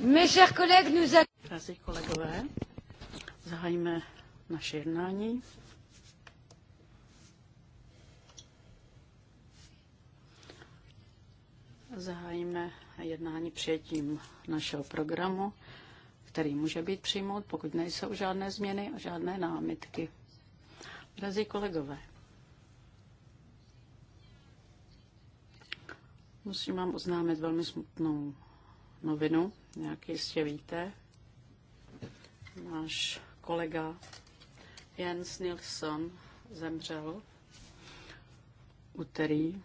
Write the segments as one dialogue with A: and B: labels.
A: Drazí kolegové, zahajíme naše jednání. Zahájíme jednání přijetím našeho programu, který může být přijmout, pokud nejsou žádné změny a žádné námitky. Drazí kolegové, musím vám oznámit velmi smutnou novinu. Jak jistě víte, náš kolega Jens Nilsson zemřel úterý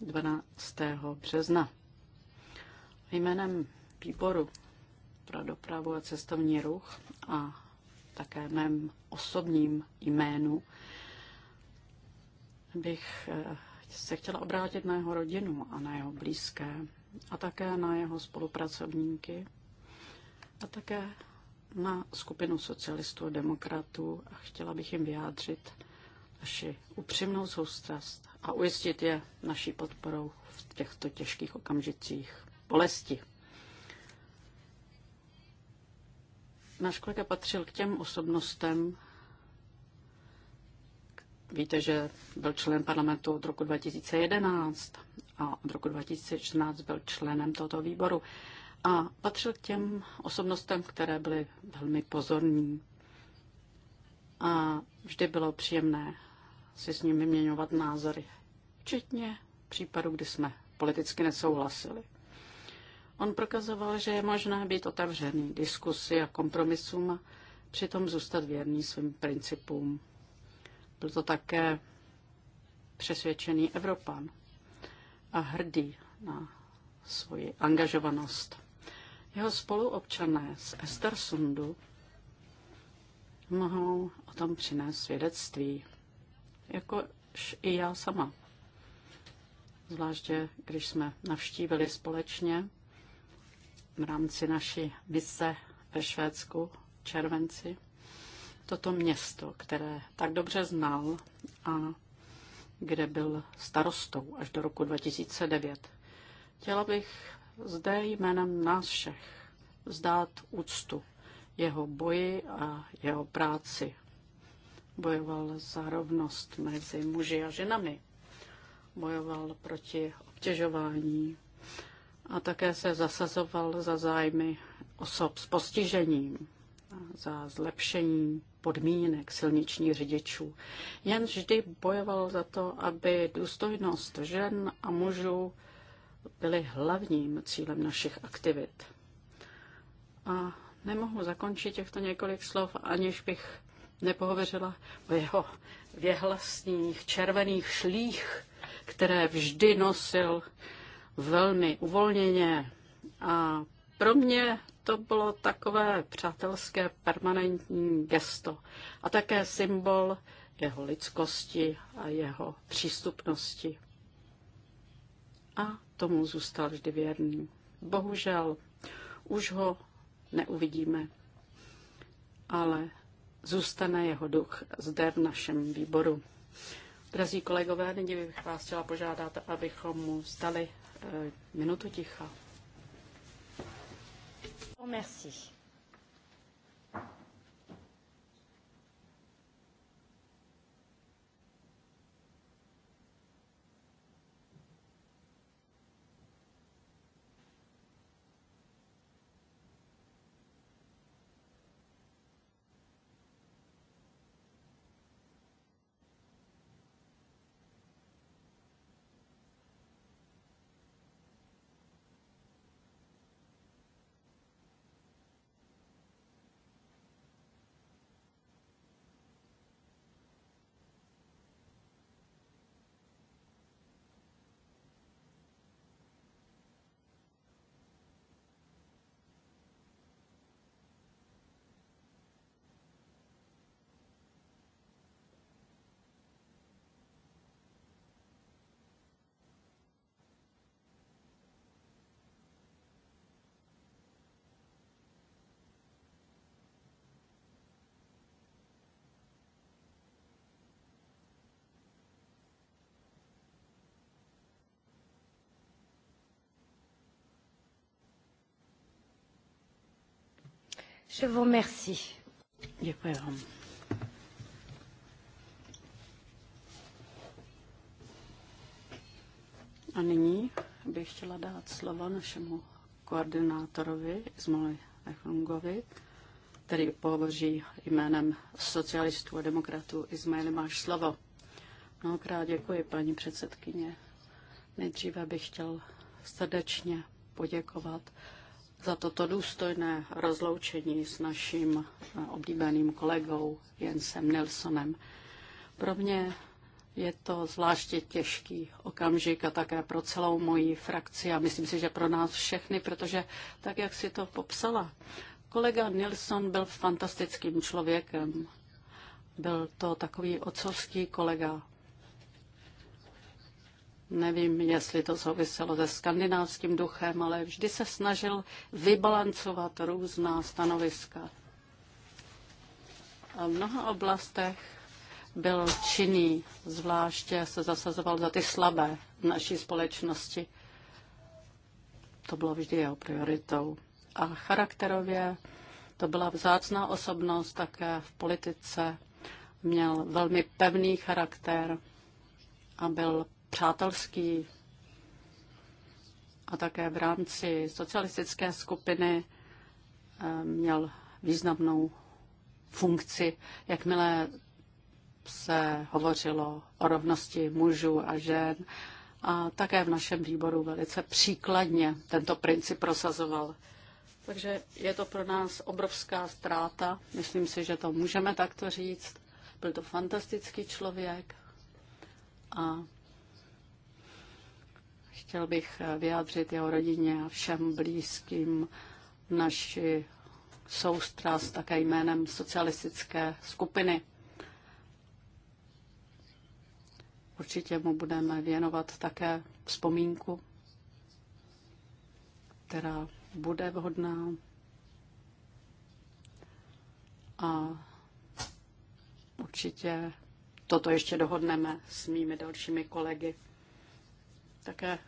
A: 12. března. Jménem výboru pro dopravu a cestovní ruch a také mém osobním jménu bych eh, se chtěla obrátit na jeho rodinu a na jeho blízké a také na jeho spolupracovníky a také na skupinu socialistů a demokratů a chtěla bych jim vyjádřit naši upřímnou soustrast a ujistit je naší podporou v těchto těžkých okamžicích bolesti. Náš kolega patřil k těm osobnostem, Víte, že byl člen parlamentu od roku 2011 a od roku 2014 byl členem tohoto výboru a patřil k těm osobnostem, které byly velmi pozorní. A vždy bylo příjemné si s ním vyměňovat názory, včetně případů, kdy jsme politicky nesouhlasili. On prokazoval, že je možné být otevřený diskusi a kompromisům a přitom zůstat věrný svým principům. Byl to také přesvědčený Evropan a hrdý na svoji angažovanost. Jeho spoluobčané z Estersundu mohou o tom přinést svědectví, jakož i já sama. Zvláště, když jsme navštívili společně v rámci naší mise ve Švédsku v červenci toto město, které tak dobře znal a kde byl starostou až do roku 2009. Chtěla bych zde jménem nás všech vzdát úctu jeho boji a jeho práci. Bojoval za rovnost mezi muži a ženami. Bojoval proti obtěžování a také se zasazoval za zájmy osob s postižením za zlepšení podmínek silničních řidičů. Jen vždy bojoval za to, aby důstojnost žen a mužů byly hlavním cílem našich aktivit. A nemohu zakončit těchto několik slov, aniž bych nepohovořila o jeho věhlasných červených šlích, které vždy nosil velmi uvolněně. A pro mě to bylo takové přátelské permanentní gesto a také symbol jeho lidskosti a jeho přístupnosti. A tomu zůstal vždy věrný. Bohužel už ho neuvidíme, ale zůstane jeho duch zde v našem výboru. Drazí kolegové, nyní bych vás chtěla požádat, abychom mu stali eh, minutu ticha. Merci.
B: Je vous remercie.
A: Děkuji vám. A nyní bych chtěla dát slovo našemu koordinátorovi Izmoli Echungovi, který pohovoří jménem socialistů a demokratů. Izmaili, máš slovo. Mnohokrát děkuji, paní předsedkyně. Nejdříve bych chtěl srdečně poděkovat za toto důstojné rozloučení s naším eh, oblíbeným kolegou Jensem Nilsonem. Pro mě je to zvláště těžký okamžik a také pro celou moji frakci a myslím si, že pro nás všechny, protože tak, jak si to popsala, kolega Nilsson byl fantastickým člověkem. Byl to takový ocovský kolega, Nevím, jestli to souviselo se skandinávským duchem, ale vždy se snažil vybalancovat různá stanoviska. A v mnoha oblastech byl činný, zvláště se zasazoval za ty slabé v naší společnosti. To bylo vždy jeho prioritou. A charakterově to byla vzácná osobnost také v politice. Měl velmi pevný charakter a byl přátelský a také v rámci socialistické skupiny eh, měl významnou funkci, jakmile se hovořilo o rovnosti mužů a žen. A také v našem výboru velice příkladně tento princip prosazoval. Takže je to pro nás obrovská ztráta. Myslím si, že to můžeme takto říct. Byl to fantastický člověk a Chtěl bych eh, vyjádřit jeho rodině a všem blízkým naši soustrast také jménem socialistické skupiny. Určitě mu budeme věnovat také vzpomínku, která bude vhodná. A určitě toto ještě dohodneme s mými dalšími kolegy. Také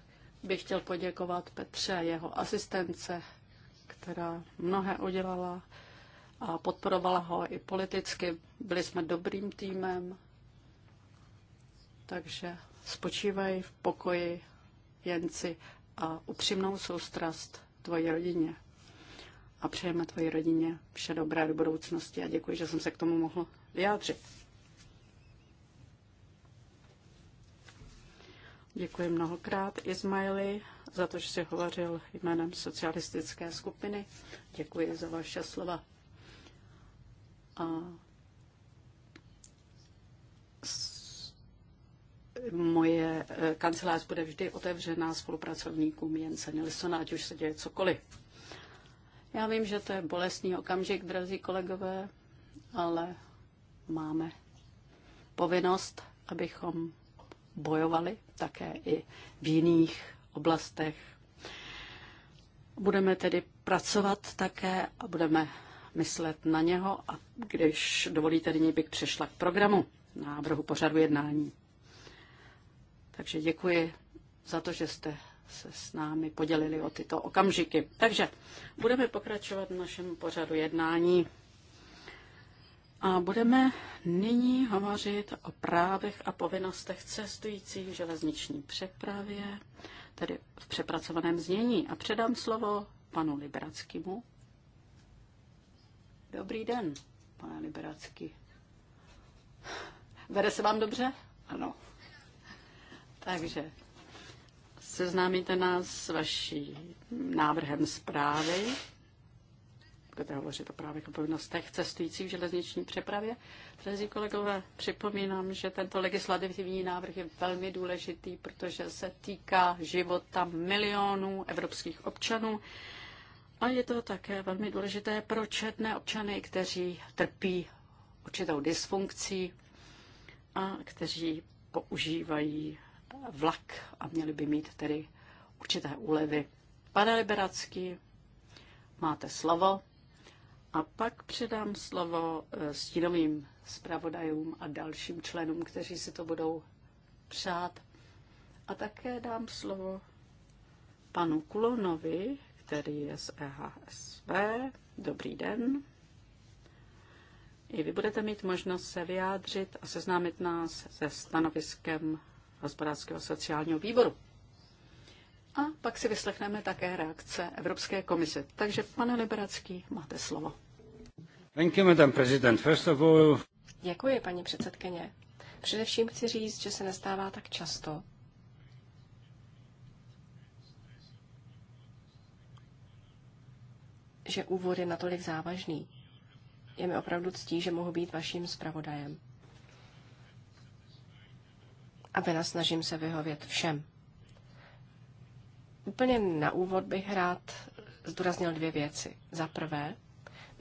A: bych chtěl poděkovat Petře a jeho asistence, která mnohé udělala a podporovala ho i politicky. Byli jsme dobrým týmem, takže spočívají v pokoji Jenci a upřímnou soustrast tvoji rodině. A přejeme tvoji rodině vše dobré do budoucnosti a děkuji, že jsem se k tomu mohl vyjádřit. Děkuji mnohokrát Ismaili, za to, že jsi hovořil jménem socialistické skupiny. Děkuji za vaše slova. A moje eh, kancelář bude vždy otevřená spolupracovníkům se Nilsona, ať už se děje cokoliv. Já vím, že to je bolestný okamžik, drazí kolegové, ale máme povinnost, abychom bojovali také i v jiných oblastech. Budeme tedy pracovat také a budeme myslet na něho a když dovolíte, nyní bych přešla k programu návrhu pořadu jednání. Takže děkuji za to, že jste se s námi podělili o tyto okamžiky. Takže budeme pokračovat v našem pořadu jednání. A budeme nyní hovořit o právech a povinnostech cestujících v železniční přepravě, tedy v přepracovaném znění. A předám slovo panu Liberackému. Dobrý den, pane Liberacký. Vede se vám dobře? Ano. Takže seznámíte nás s vaším návrhem zprávy budete hovořit o právě a povinnostech cestujících v železniční přepravě. Drazí kolegové, připomínám, že tento legislativní návrh je velmi důležitý, protože se týká života milionů evropských občanů. A je to také velmi důležité pro četné občany, kteří trpí určitou dysfunkcí a kteří používají vlak a měli by mít tedy určité úlevy. Pane Liberacký, máte slovo. A pak předám slovo eh, stínovým zpravodajům a dalším členům, kteří si to budou přát. A také dám slovo panu Kulonovi, který je z EHSV. Dobrý den. I vy budete mít možnost se vyjádřit a seznámit nás se stanoviskem hospodářského sociálního výboru. A pak si vyslechneme také reakce Evropské komise.
B: Takže, pane Liberacký, máte slovo.
C: Madam First of all...
B: Děkuji, paní předsedkyně. Především chci říct, že se nestává tak často, že úvod je natolik závažný. Je mi opravdu ctí, že mohu být vaším zpravodajem. A vynasnažím se vyhovět všem. Úplně na úvod bych rád zdůraznil dvě věci. Za prvé,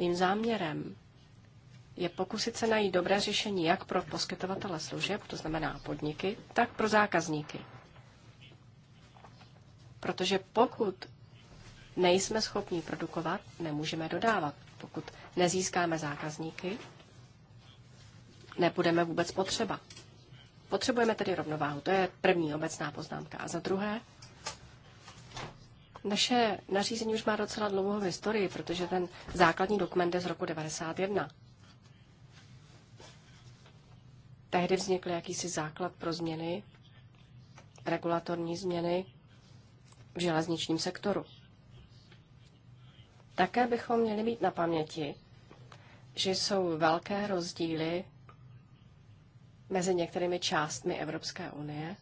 B: Mým záměrem je pokusit se najít dobré řešení jak pro poskytovatele služeb, to znamená podniky, tak pro zákazníky. Protože pokud nejsme schopni produkovat, nemůžeme dodávat. Pokud nezískáme zákazníky, nebudeme vůbec potřeba. Potřebujeme tedy rovnováhu. To je první obecná poznámka. A za druhé, naše nařízení už má docela dlouhou historii, protože ten základní dokument je z roku 91. Tehdy vznikl jakýsi základ pro změny, regulatorní změny v železničním sektoru. Také bychom měli mít na paměti, že jsou velké rozdíly mezi některými částmi Evropské unie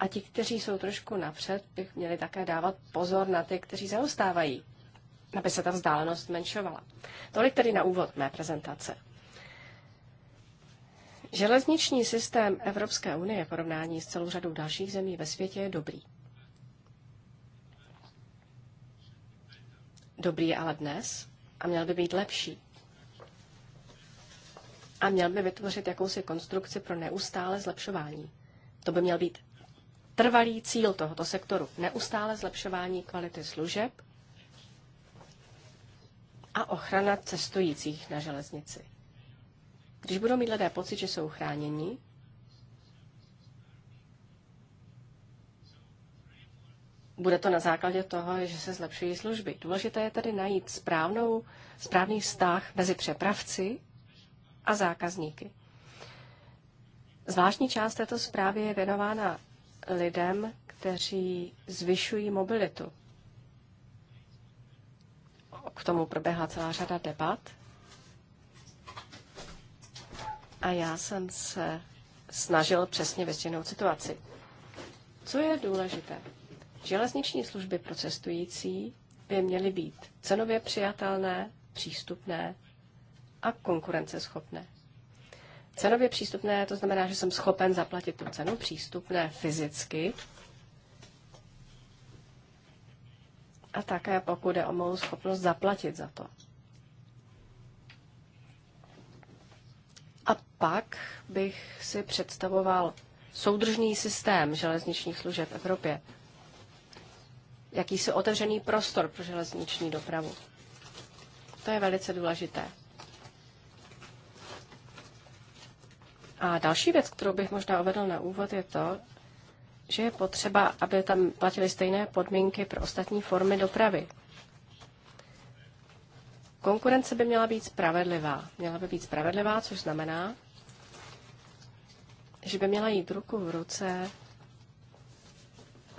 B: A ti, kteří jsou trošku napřed, bych měli také dávat pozor na ty, kteří zaostávají, aby se ta vzdálenost zmenšovala. Tolik tedy na úvod mé prezentace. Železniční systém Evropské unie v porovnání s celou řadou dalších zemí ve světě je dobrý. Dobrý je ale dnes a měl by být lepší. A měl by vytvořit jakousi konstrukci pro neustále zlepšování. To by měl být trvalý cíl tohoto sektoru. Neustále zlepšování kvality služeb a ochrana cestujících na železnici. Když budou mít lidé pocit, že jsou chráněni, bude to na základě toho, že se zlepšují služby. Důležité je tedy najít správnou, správný vztah mezi přepravci a zákazníky. Zvláštní část této zprávy je věnována lidem, kteří zvyšují mobilitu. K tomu proběhla celá řada debat. A já jsem se snažil přesně vystihnout situaci. Co je důležité? Železniční služby pro cestující by měly být cenově přijatelné, přístupné a konkurenceschopné. Cenově přístupné, to znamená, že jsem schopen zaplatit tu cenu přístupné fyzicky. A také pokud je o mou schopnost zaplatit za to. A pak bych si představoval soudržný systém železničních služeb v Evropě. Jakýsi otevřený prostor pro železniční dopravu. To je velice důležité. A další věc, kterou bych možná uvedl na úvod, je to, že je potřeba, aby tam platily stejné podmínky pro ostatní formy dopravy. Konkurence by měla být spravedlivá. Měla by být spravedlivá, což znamená, že by měla jít ruku v ruce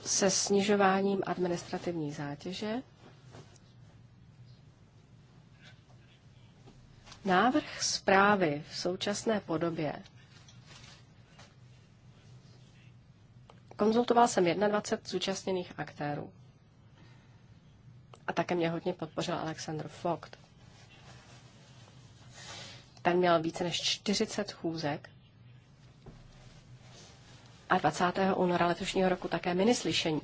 B: se snižováním administrativní zátěže. Návrh zprávy v současné podobě Konzultoval jsem 21 zúčastněných aktérů. A také mě hodně podpořil Alexander Vogt. Ten měl více než 40 chůzek a 20. února letošního roku také minislyšení.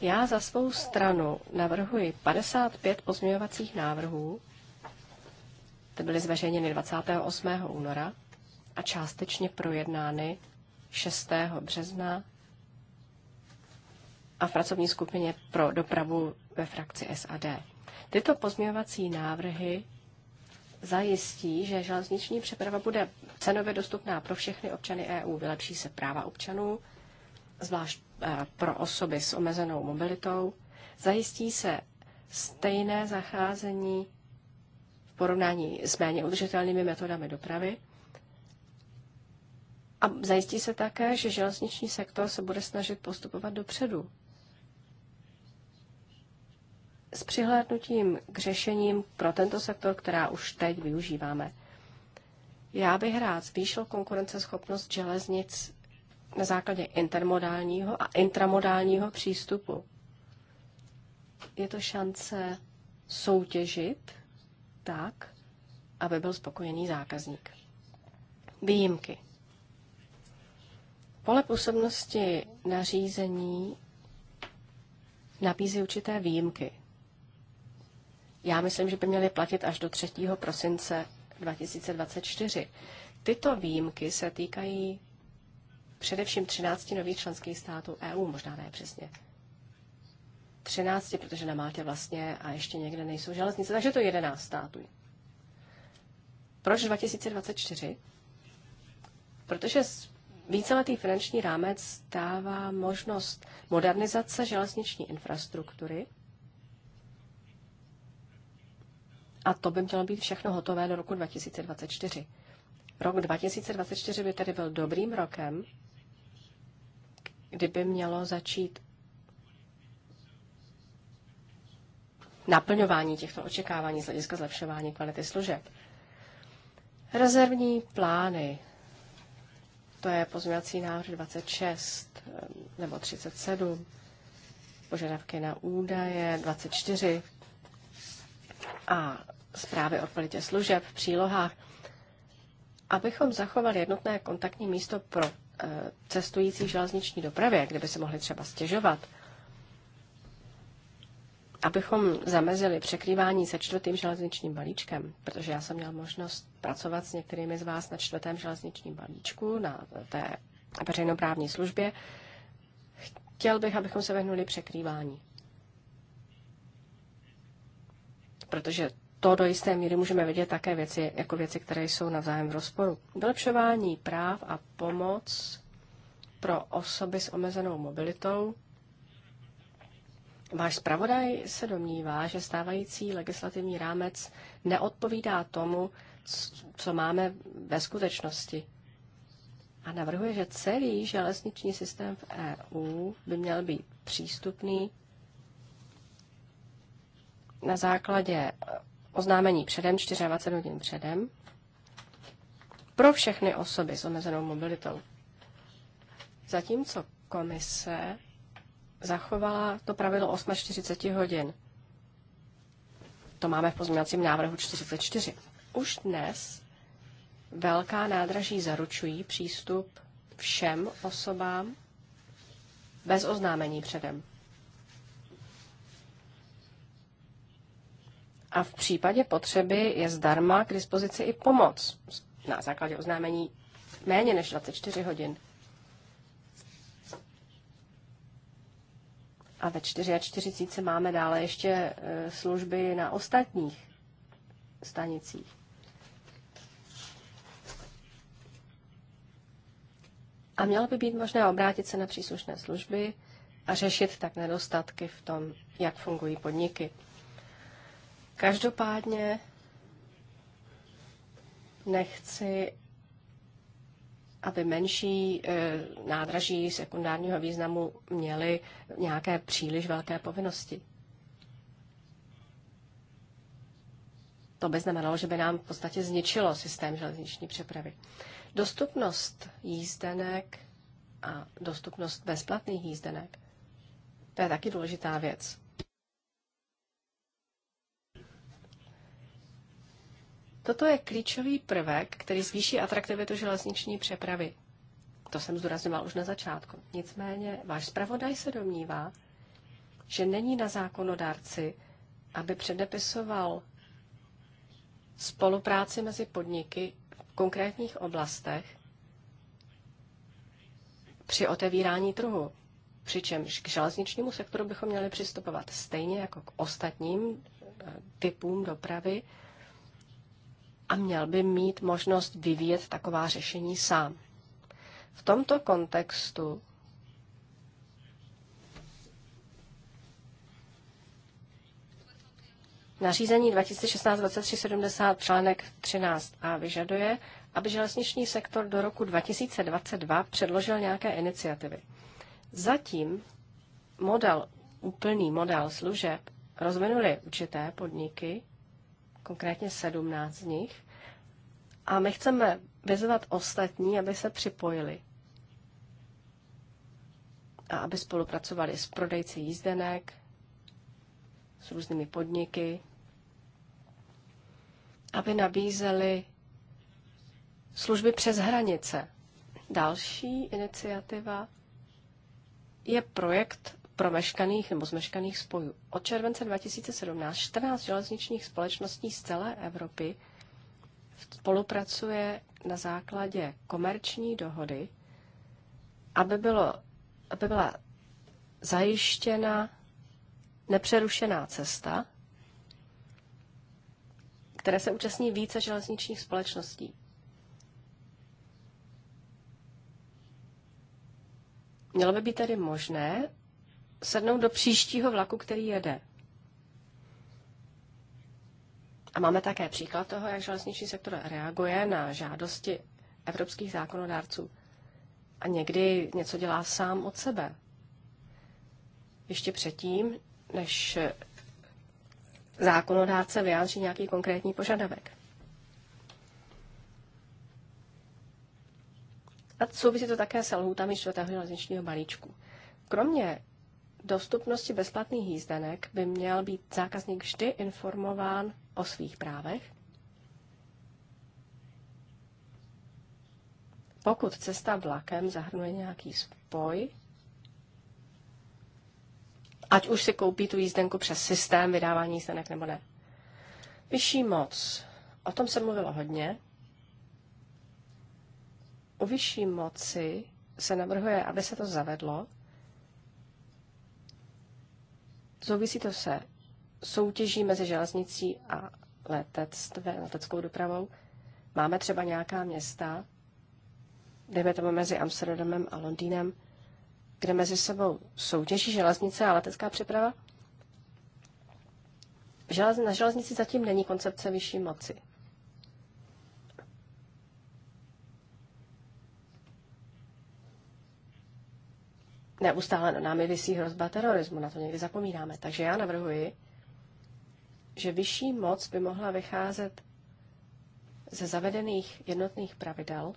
B: Já za svou stranu navrhuji 55 pozměňovacích návrhů, ty byly zveřejněny 28. února a částečně projednány 6. března a v pracovní skupině pro dopravu ve frakci SAD. Tyto pozměňovací návrhy zajistí, že železniční přeprava bude cenově dostupná pro všechny občany EU. Vylepší se práva občanů, zvlášť eh, pro osoby s omezenou mobilitou. Zajistí se stejné zacházení v porovnání s méně udržitelnými metodami dopravy a zajistí se také, že železniční sektor se bude snažit postupovat dopředu. S přihlédnutím k řešením pro tento sektor, která už teď využíváme. Já bych rád zvýšil konkurenceschopnost železnic na základě intermodálního a intramodálního přístupu. Je to šance soutěžit tak, aby byl spokojený zákazník. Výjimky. Pole působnosti nařízení nabízí určité výjimky. Já myslím, že by měly platit až do 3. prosince 2024. Tyto výjimky se týkají především 13 nových členských států EU, možná ne přesně. 13, protože na Maltě vlastně a ještě někde nejsou železnice, takže to 11 států. Proč 2024? Protože z Víceletý finanční rámec dává možnost modernizace železniční infrastruktury a to by mělo být všechno hotové do roku 2024. Rok 2024 by tedy byl dobrým rokem, kdyby mělo začít naplňování těchto očekávání z hlediska zlepšování kvality služeb. Rezervní plány to je pozměňovací návrh 26 eh, nebo 37, požadavky na údaje 24 a zprávy o kvalitě služeb v přílohách. Abychom zachovali jednotné kontaktní místo pro eh, cestující v železniční dopravě, kde by se mohli třeba stěžovat, abychom zamezili překrývání se čtvrtým železničním balíčkem, protože já jsem měl možnost pracovat s některými z vás na čtvrtém železničním balíčku, na té veřejnoprávní službě, chtěl bych, abychom se vyhnuli překrývání. Protože to do jisté míry můžeme vidět také věci, jako věci, které jsou navzájem v rozporu. Vylepšování práv a pomoc pro osoby s omezenou mobilitou Váš zpravodaj se domnívá, že stávající legislativní rámec neodpovídá tomu, co máme ve skutečnosti. A navrhuje, že celý železniční systém v EU by měl být přístupný na základě oznámení předem, 24 hodin předem, pro všechny osoby s omezenou mobilitou. Zatímco komise zachovala to pravidlo 8.40 hodin. To máme v pozměňovacím návrhu 44. Už dnes velká nádraží zaručují přístup všem osobám bez oznámení předem. A v případě potřeby je zdarma k dispozici i pomoc na základě oznámení méně než 24 hodin. A ve 44 máme dále ještě e, služby na ostatních stanicích. A mělo by být možné obrátit se na příslušné služby a řešit tak nedostatky v tom, jak fungují podniky. Každopádně nechci, aby menší eh, nádraží sekundárního významu měly nějaké příliš velké povinnosti. To by znamenalo, že by nám v podstatě zničilo systém železniční přepravy. Dostupnost jízdenek a dostupnost bezplatných jízdenek, to je taky důležitá věc. Toto je klíčový prvek, který zvýší atraktivitu železniční přepravy. To jsem zdůrazňoval už na začátku. Nicméně váš zpravodaj se domnívá, že není na zákonodárci, aby předepisoval spolupráci mezi podniky v konkrétních oblastech při otevírání trhu. Přičemž k železničnímu sektoru bychom měli přistupovat stejně jako k ostatním eh, typům dopravy a měl by mít možnost vyvíjet taková řešení sám. V tomto kontextu Nařízení 2016-2370 článek 13a vyžaduje, aby železniční sektor do roku 2022 předložil nějaké iniciativy. Zatím model, úplný model služeb rozvinuly určité podniky, konkrétně 17 z nich, a my chceme vyzvat ostatní, aby se připojili a aby spolupracovali s prodejci jízdenek, s různými podniky, aby nabízeli služby přes hranice. Další iniciativa je projekt promeškaných nebo zmeškaných spojů. Od července 2017 14 železničních společností z celé Evropy spolupracuje na základě komerční dohody, aby, bylo, aby byla zajištěna nepřerušená cesta, které se účastní více železničních společností. Mělo by být tedy možné sednout do příštího vlaku, který jede. A máme také příklad toho, jak železniční sektor reaguje na žádosti evropských zákonodárců. A někdy něco dělá sám od sebe. Ještě předtím, než zákonodárce vyjádří nějaký konkrétní požadavek. A souvisí to také se lhůtami čtvrtého železničního balíčku. Kromě dostupnosti bezplatných jízdenek by měl být zákazník vždy informován o svých právech, pokud cesta vlakem zahrnuje nějaký spoj, ať už si koupí tu jízdenku přes systém vydávání jízdenek nebo ne. Vyšší moc. O tom se mluvilo hodně. U vyšší moci se navrhuje, aby se to zavedlo. Souvisí to se soutěží mezi železnicí a letectve, leteckou dopravou. Máme třeba nějaká města, dejme tomu mezi Amsterdamem a Londýnem, kde mezi sebou soutěží železnice a letecká přeprava. Na železnici zatím není koncepce vyšší moci. Neustále na námi vysí hrozba terorismu, na to někdy zapomínáme. Takže já navrhuji, že vyšší moc by mohla vycházet ze zavedených jednotných pravidel,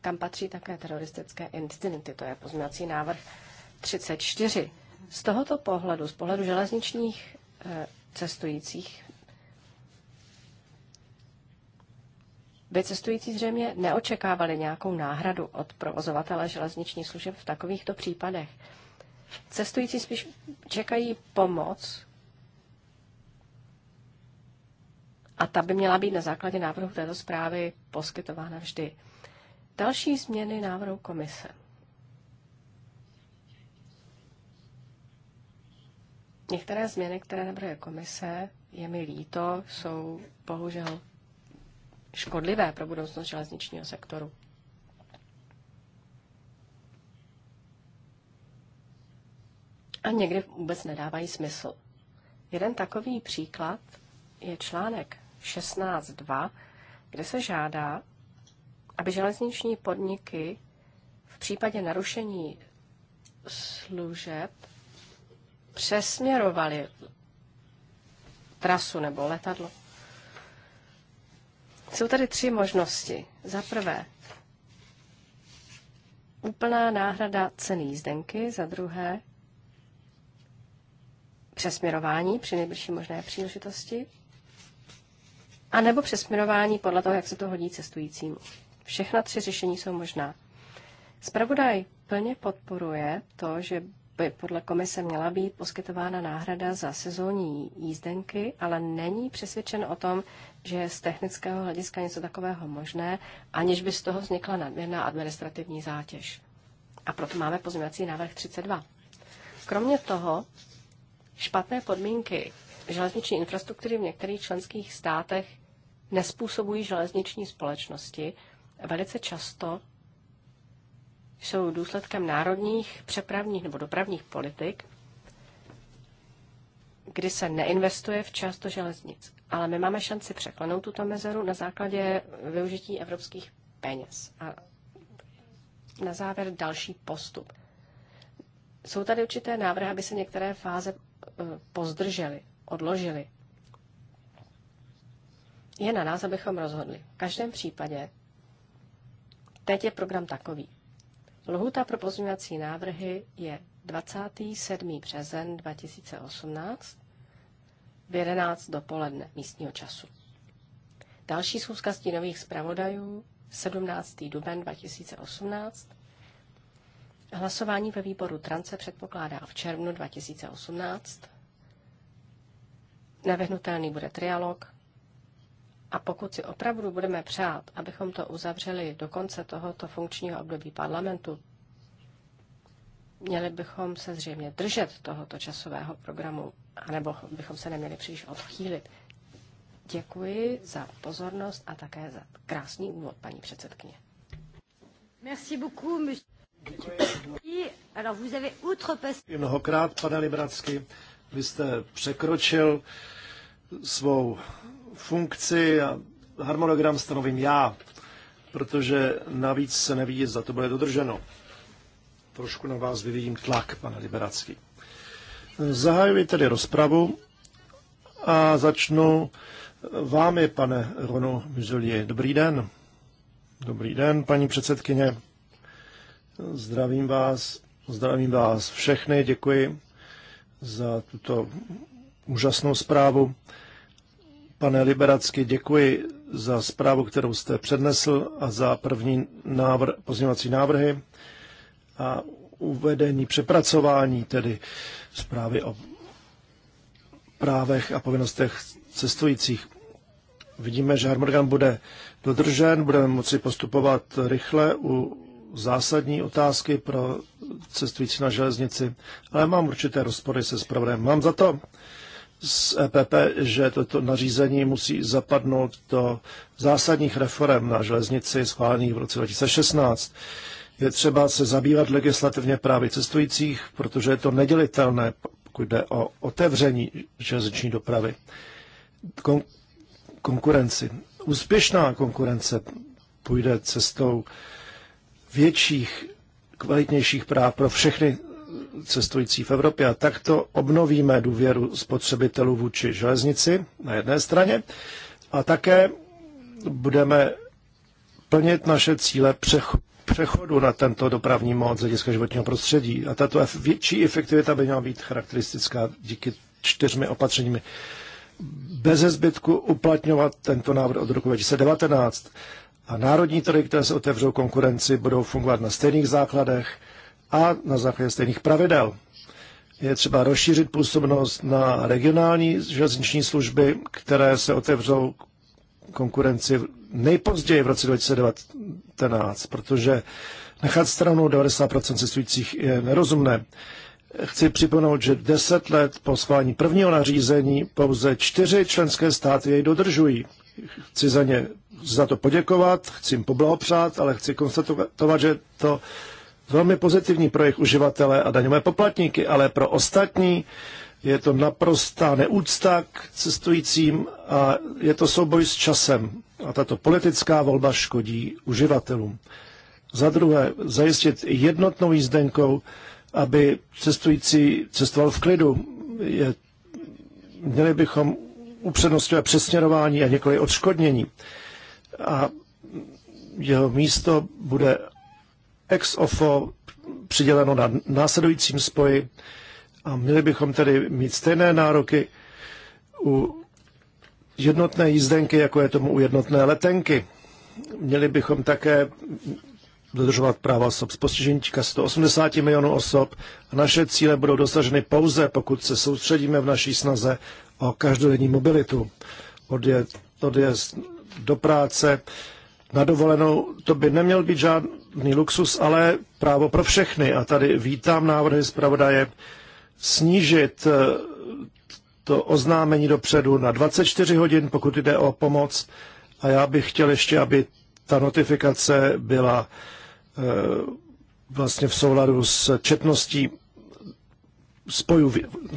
B: kam patří také teroristické incidenty. To je pozměnací návrh 34. Z tohoto pohledu, z pohledu železničních eh, cestujících, by cestující zřejmě neočekávali nějakou náhradu od provozovatele železniční služeb v takovýchto případech. Cestující spíš čekají pomoc A ta by měla být na základě návrhu této zprávy poskytována vždy. Další změny návrhu komise. Některé změny, které navrhuje komise, je mi líto, jsou bohužel škodlivé pro budoucnost železničního sektoru. A někdy vůbec nedávají smysl. Jeden takový příklad je článek 16.2, kde se žádá, aby železniční podniky v případě narušení služeb přesměrovali trasu nebo letadlo. Jsou tady tři možnosti. Za prvé, úplná náhrada ceny jízdenky, za druhé, přesměrování při nejbližší možné příležitosti a nebo přesměrování podle toho, jak se to hodí cestujícímu. Všechna tři řešení jsou možná. Spravodaj plně podporuje to, že by podle komise měla být poskytována náhrada za sezónní jízdenky, ale není přesvědčen o tom, že je z technického hlediska něco takového možné, aniž by z toho vznikla nadměrná administrativní zátěž. A proto máme pozměňovací návrh 32. Kromě toho, špatné podmínky železniční infrastruktury v některých členských státech nespůsobují železniční společnosti, velice často jsou důsledkem národních přepravních nebo dopravních politik, kdy se neinvestuje v často železnic. Ale my máme šanci překlenout tuto mezeru na základě využití evropských peněz. A na závěr další postup. Jsou tady určité návrhy, aby se některé fáze eh, pozdržely, odložily. Je na nás, abychom rozhodli. V každém případě teď je program takový. Lhuta pro pozměňovací návrhy je 27. březen 2018 v 11 dopoledne místního času. Další schůzka stínových zpravodajů 17. duben 2018. Hlasování ve výboru Trance předpokládá v červnu 2018. Nevyhnutelný bude trialog a pokud si opravdu budeme přát, abychom to uzavřeli do konce tohoto funkčního období parlamentu, měli bychom se zřejmě držet tohoto časového programu, anebo bychom se neměli příliš odchýlit. Děkuji za pozornost a také za krásný úvod, paní předsedkyně.
A: Merci beaucoup, monsieur.
C: Mnohokrát, pane Libracky, vy jste překročil svou funkci a harmonogram stanovím já, protože navíc se neví, zda to bude dodrženo. Trošku na vás vyvíjím tlak, pane Liberacký. Zahajuji tedy rozpravu a začnu vámi, pane Rono Muzelie. Dobrý den. Dobrý den, paní předsedkyně. Zdravím vás, zdravím vás všechny, děkuji za tuto úžasnou zprávu. Pane Liberacky, děkuji za zprávu, kterou jste přednesl a za první návr, pozměňovací návrhy a uvedení, přepracování tedy zprávy o právech a povinnostech cestujících. Vidíme, že harmonogram bude dodržen, budeme moci postupovat rychle u zásadní otázky pro cestující na železnici, ale mám určité rozpory se zpravodajem. Mám za to, z EPP, že toto nařízení musí zapadnout do zásadních reform na železnici schválených v roce 2016. Je třeba se zabývat legislativně právě cestujících, protože je to nedělitelné, pokud jde o otevření železniční dopravy. Kon- konkurenci. Úspěšná konkurence půjde cestou větších, kvalitnějších práv pro všechny cestující v Evropě. A takto obnovíme důvěru spotřebitelů vůči železnici na jedné straně a také budeme plnit naše cíle přechodu na tento dopravní mod z hlediska životního prostředí. A tato větší efektivita by měla být charakteristická díky čtyřmi opatřeními. Bez zbytku uplatňovat tento návrh od roku 2019 a národní trhy, které se otevřou konkurenci, budou fungovat na stejných základech a na základě stejných pravidel. Je třeba rozšířit působnost na regionální železniční služby, které se otevřou konkurenci nejpozději v roce 2019, protože nechat stranou 90% cestujících je nerozumné. Chci připomenout, že 10 let po schválení prvního nařízení pouze čtyři členské státy jej dodržují. Chci za ně za to poděkovat, chci jim poblahopřát, ale chci konstatovat, že to velmi pozitivní pro jejich uživatele a daňové poplatníky, ale pro ostatní je to naprostá neúcta k cestujícím a je to souboj s časem. A tato politická volba škodí uživatelům. Za druhé, zajistit jednotnou jízdenkou, aby cestující cestoval v klidu. Je, měli bychom upřednostňovat přesměrování a několik odškodnění. A jeho místo bude ex ofo přiděleno na následujícím spoji a měli bychom tedy mít stejné nároky u jednotné jízdenky, jako je tomu u jednotné letenky. Měli bychom také dodržovat práva osob s postižením týká 180 milionů osob a naše cíle budou dosaženy pouze, pokud se soustředíme v naší snaze o každodenní mobilitu. Odjezd, odjezd do práce, na dovolenou, to by neměl být žádný luxus, ale právo pro všechny. A tady vítám návrhy zpravodaje snížit eh, to oznámení dopředu na 24 hodin, pokud jde o pomoc. A já bych chtěl ještě, aby ta notifikace byla eh, vlastně v souladu s četností spojů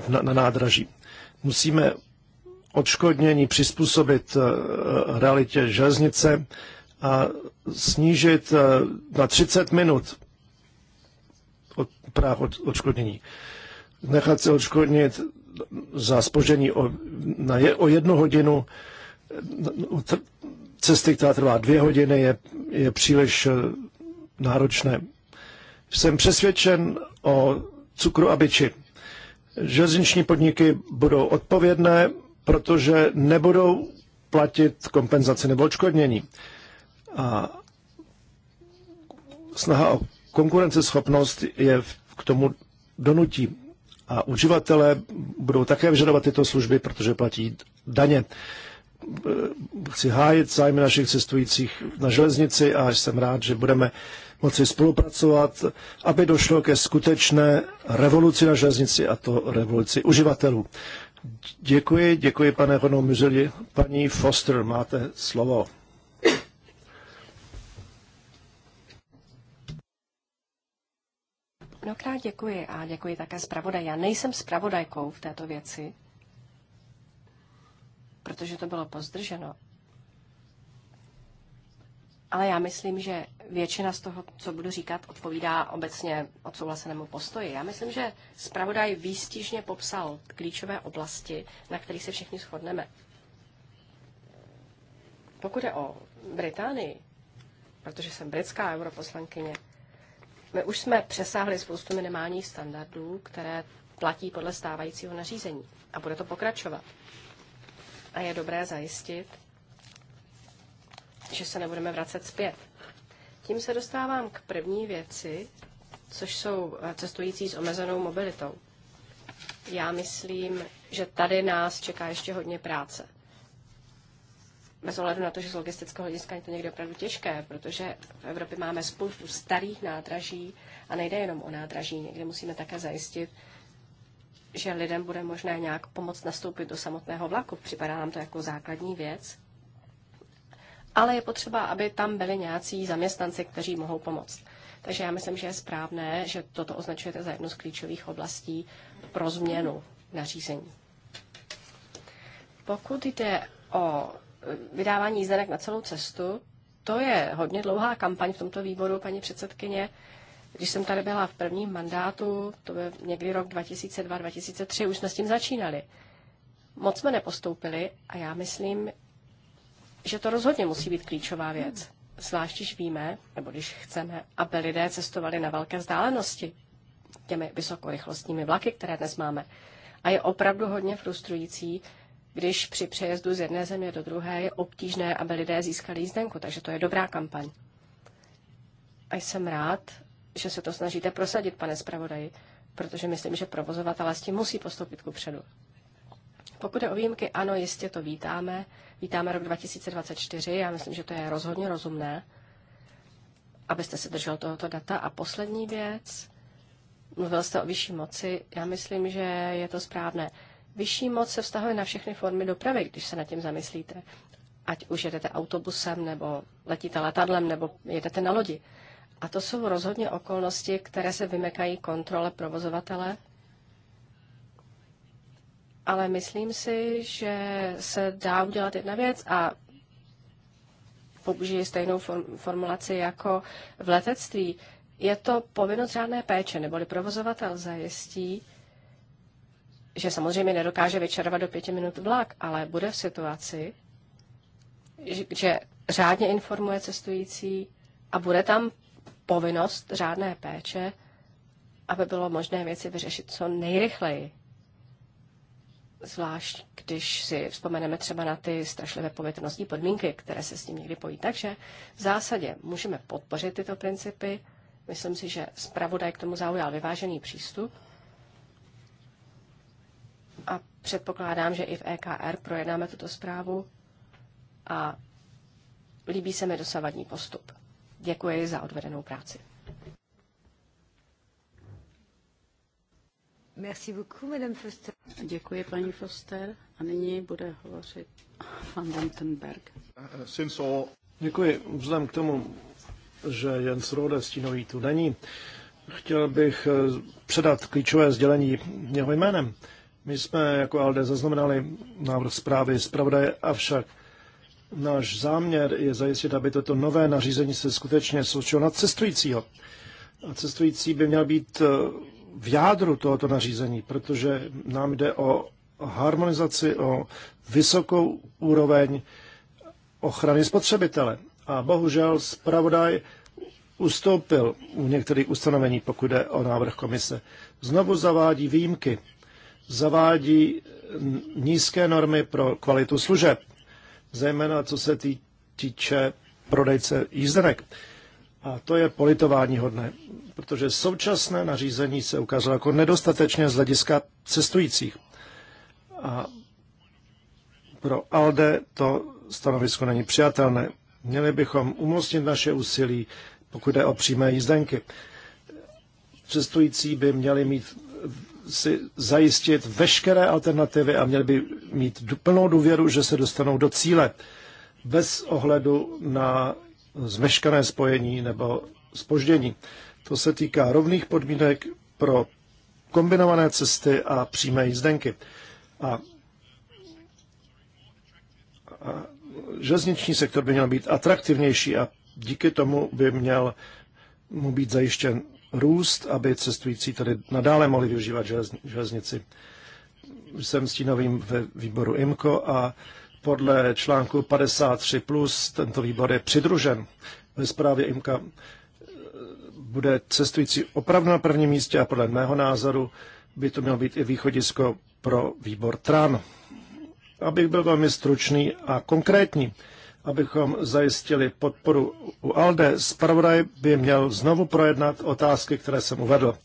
C: na, nádraží. Musíme odškodnění přizpůsobit eh, realitě železnice a snížit eh, na 30 minut od práv od, odškodnění. Nechat se odškodnit za spožení o, na je, o jednu hodinu, eh, cesty, která trvá dvě hodiny, je, je příliš eh, náročné. Jsem přesvědčen o cukru a byči. Železniční podniky budou odpovědné, protože nebudou platit kompenzaci nebo odškodnění. A snaha o konkurenceschopnost je k tomu donutí. A uživatelé budou také vyžadovat tyto služby, protože platí daně. E, chci hájit zájmy našich cestujících na železnici a jsem rád, že budeme moci spolupracovat, aby došlo ke skutečné revoluci na železnici a to revoluci uživatelů. Děkuji, děkuji pane Honou Muzeli. Paní Foster, máte slovo.
B: Mnohokrát děkuji a děkuji také zpravodaj. Já nejsem zpravodajkou v této věci, protože to bylo pozdrženo. Ale já myslím, že většina z toho, co budu říkat, odpovídá obecně odsouhlasenému postoji. Já myslím, že zpravodaj výstižně popsal klíčové oblasti, na kterých se všichni shodneme. Pokud je o Británii, protože jsem britská europoslankyně, my už jsme přesáhli spoustu minimálních standardů, které platí podle stávajícího nařízení. A bude to pokračovat. A je dobré zajistit, že se nebudeme vracet zpět. Tím se dostávám k první věci, což jsou eh, cestující s omezenou mobilitou. Já myslím, že tady nás čeká ještě hodně práce bez ohledu na to, že z logistického hlediska je to někdy opravdu těžké, protože v Evropě máme spoustu starých nádraží a nejde jenom o nádraží, někdy musíme také zajistit, že lidem bude možné nějak pomoct nastoupit do samotného vlaku. Připadá nám to jako základní věc. Ale je potřeba, aby tam byli nějací zaměstnanci, kteří mohou pomoct. Takže já myslím, že je správné, že toto označujete za jednu z klíčových oblastí pro změnu nařízení. Pokud jde o vydávání jízdenek na celou cestu, to je hodně dlouhá kampaň v tomto výboru, paní předsedkyně. Když jsem tady byla v prvním mandátu, to byl někdy rok 2002-2003, už jsme s tím začínali. Moc jsme nepostoupili a já myslím, že to rozhodně musí být klíčová věc. Zvlášť, když víme, nebo když chceme, aby lidé cestovali na velké vzdálenosti těmi vysokorychlostními vlaky, které dnes máme. A je opravdu hodně frustrující, když při přejezdu z jedné země do druhé je obtížné, aby lidé získali jízdenku. Takže to je dobrá kampaň. A jsem rád, že se to snažíte prosadit, pane zpravodaji, protože myslím, že provozovatelé s tím musí postoupit ku předu. Pokud je o výjimky, ano, jistě to vítáme. Vítáme rok 2024, já myslím, že to je rozhodně rozumné, abyste se držel tohoto data. A poslední věc, mluvil jste o vyšší moci, já myslím, že je to správné. Vyšší moc se vztahuje na všechny formy dopravy, když se nad tím zamyslíte. Ať už jedete autobusem, nebo letíte letadlem, nebo jedete na lodi. A to jsou rozhodně okolnosti, které se vymekají kontrole provozovatele. Ale myslím si, že se dá udělat jedna věc a použije stejnou form- formulaci jako v letectví. Je to povinnost řádné péče, neboli provozovatel zajistí, že samozřejmě nedokáže vyčervat do pěti minut vlak, ale bude v situaci, že řádně informuje cestující a bude tam povinnost řádné péče, aby bylo možné věci vyřešit co nejrychleji. Zvlášť, když si vzpomeneme třeba na ty strašlivé povětrnostní podmínky, které se s tím někdy pojí. Takže v zásadě můžeme podpořit tyto principy. Myslím si, že zpravodaj k tomu zaujal vyvážený přístup Předpokládám, že i v EKR projednáme tuto zprávu a líbí se mi dosavadní postup. Děkuji za odvedenou práci.
A: Merci beaucoup, Madame Foster. Děkuji, paní Foster. A nyní bude hovořit pan Vandenberg.
C: Děkuji. Vzhledem k tomu, že Jens Rode stínový tu není, chtěl bych eh, předat klíčové sdělení jeho jménem. My jsme jako ALDE zaznamenali návrh zprávy zpravodaje, avšak náš záměr je zajistit, aby toto nové nařízení se skutečně součilo na cestujícího. A cestující by měl být eh, v jádru tohoto nařízení, protože nám jde o harmonizaci, o vysokou úroveň ochrany spotřebitele. A bohužel zpravodaj ustoupil u některých ustanovení, pokud jde o návrh komise. Znovu zavádí výjimky zavádí nízké normy pro kvalitu služeb, zejména co se týče prodejce jízdenek. A to je politování hodné, protože současné nařízení se ukázalo jako nedostatečně z hlediska cestujících. A pro ALDE to stanovisko není přijatelné. Měli bychom umocnit naše úsilí, pokud jde o přímé jízdenky. Cestující by měli mít si zajistit veškeré alternativy a měli by mít plnou důvěru, že se dostanou do cíle bez ohledu na zmeškané spojení nebo spoždění. To se týká rovných podmínek pro kombinované cesty a přímé jízdenky. A, a železniční sektor by měl být atraktivnější a díky tomu by měl mu být zajištěn růst, aby cestující tady nadále mohli využívat železnici. Jsem stínovým ve výboru IMCO a podle článku 53 plus tento výbor je přidružen ve zprávě IMCA eh, bude cestující opravdu na prvním místě a podle mého názoru by to mělo být i východisko pro výbor TRAN. Abych byl velmi stručný a konkrétní, abychom zajistili podporu u ALDE. Spravodaj by měl znovu projednat otázky, které jsem uvedl.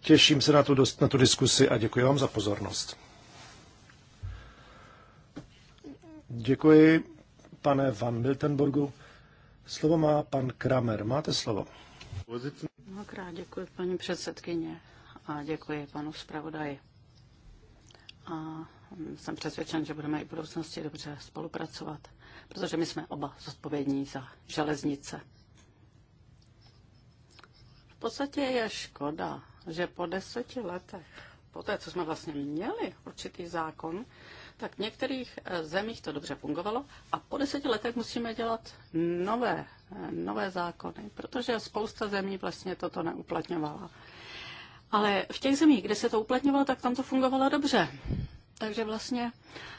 C: Těším se na tu, na tu diskusi a děkuji vám za pozornost. Děkuji, pane Van Miltenburgu. Slovo má pan Kramer. Máte slovo.
A: Mnohokrát děkuji, paní předsedkyně, a děkuji panu zpravodaji. A jsem přesvědčen, že budeme i v budoucnosti dobře spolupracovat protože my jsme oba zodpovědní za železnice. V podstatě je škoda, že po deseti letech, po té, co jsme vlastně měli určitý zákon, tak v některých eh, zemích to dobře fungovalo a po deseti letech musíme dělat nové, eh, nové zákony, protože spousta zemí vlastně toto neuplatňovala. Ale v těch zemích, kde se to uplatňovalo, tak tam to fungovalo dobře. Takže vlastně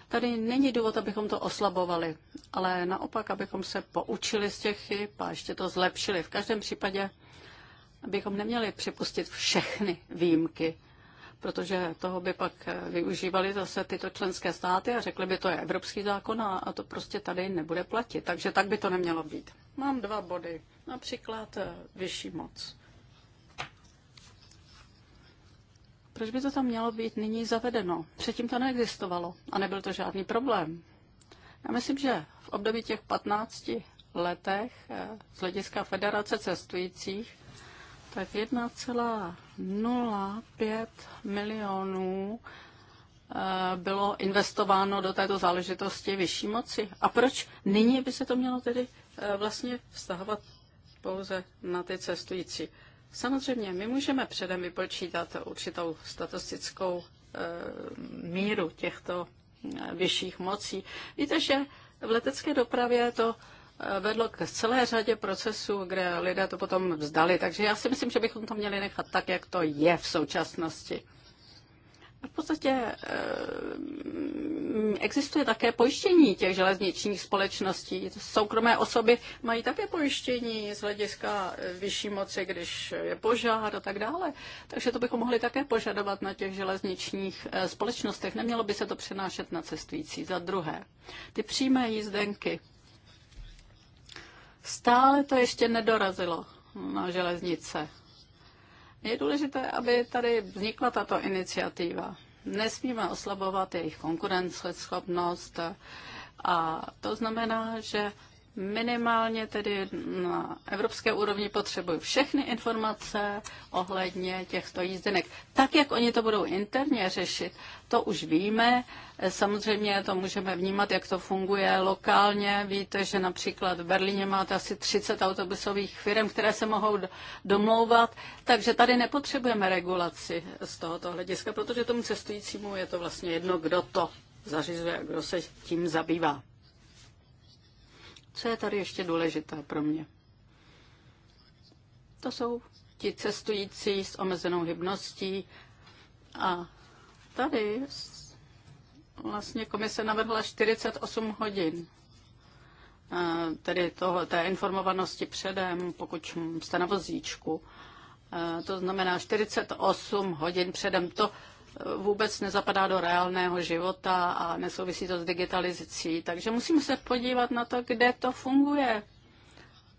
A: tady není důvod, abychom to oslabovali, ale naopak, abychom se poučili z těch chyb a ještě to zlepšili. V každém případě, abychom neměli připustit všechny výjimky, protože toho by pak využívali zase tyto členské státy a řekli by, to je evropský zákon a, to prostě tady nebude platit. Takže tak by to nemělo být. Mám dva body. Například eh, vyšší moc. Proč by to tam mělo být nyní zavedeno? Předtím to neexistovalo a nebyl to žádný problém. Já myslím, že v období těch 15 letech eh, z hlediska Federace cestujících, tak 1,05 milionů eh, bylo investováno do této záležitosti vyšší moci. A proč nyní by se to mělo tedy eh, vlastně vztahovat pouze na ty cestující? Samozřejmě, my můžeme předem vypočítat určitou statistickou eh, míru těchto eh, vyšších mocí. Víte, že v letecké dopravě to eh, vedlo k celé řadě procesů, kde lidé to potom vzdali. Takže já si myslím, že bychom to měli nechat tak, jak to je v současnosti. V podstatě eh, existuje také pojištění těch železničních společností. Soukromé osoby mají také pojištění z hlediska eh, vyšší moci, když je požár a tak dále. Takže to bychom mohli také požadovat na těch železničních eh, společnostech. Nemělo by se to přenášet na cestující. Za druhé, ty přímé jízdenky. Stále to ještě nedorazilo na železnice. Je důležité, aby tady vznikla tato iniciativa. Nesmíme oslabovat jejich konkurenceschopnost a to znamená, že minimálně tedy na evropské úrovni potřebují všechny informace ohledně těchto jízdenek. Tak, jak oni to budou interně řešit, to už víme. Samozřejmě to můžeme vnímat, jak to funguje lokálně. Víte, že například v Berlíně máte asi 30 autobusových firm, které se mohou domlouvat, takže tady nepotřebujeme regulaci z tohoto hlediska, protože tomu cestujícímu je to vlastně jedno, kdo to zařizuje, kdo se tím zabývá. Co je tady ještě důležité pro mě? To jsou ti cestující s omezenou hybností a tady vlastně komise navrhla 48 hodin. Tedy tohle, té informovanosti předem, pokud jste na vozíčku. To znamená 48 hodin předem. To vůbec nezapadá do reálného života a nesouvisí to s digitalizací. Takže musíme se podívat na to, kde to funguje.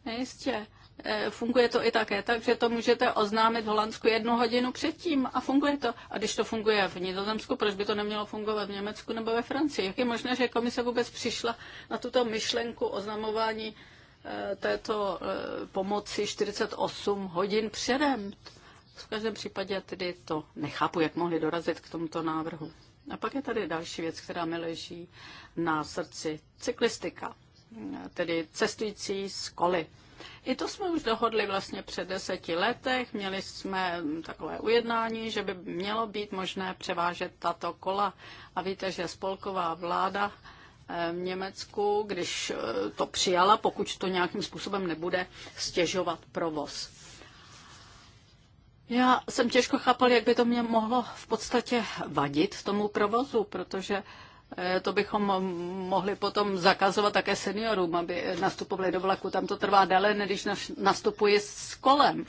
A: Nejistě. E, funguje to i také tak, že to můžete oznámit v Holandsku jednu hodinu předtím a funguje to. A když to funguje v Nizozemsku, proč by to nemělo fungovat v Německu nebo ve Francii? Jak je možné, že komise vůbec přišla na tuto myšlenku oznamování e, této e, pomoci 48 hodin předem? V každém případě tedy to nechápu, jak mohli dorazit k tomuto návrhu. A pak je tady další věc, která mi leží na srdci. Cyklistika, tedy cestující z koly. I to jsme už dohodli vlastně před deseti letech. Měli jsme takové ujednání, že by mělo být možné převážet tato kola. A víte, že spolková vláda eh, v Německu, když eh, to přijala, pokud to nějakým způsobem nebude stěžovat provoz. Já jsem těžko chápal, jak by to mě mohlo v podstatě vadit tomu provozu, protože eh, to bychom mohli potom zakazovat také seniorům, aby nastupovali do vlaku. Tam to trvá déle, než nastupuji s kolem.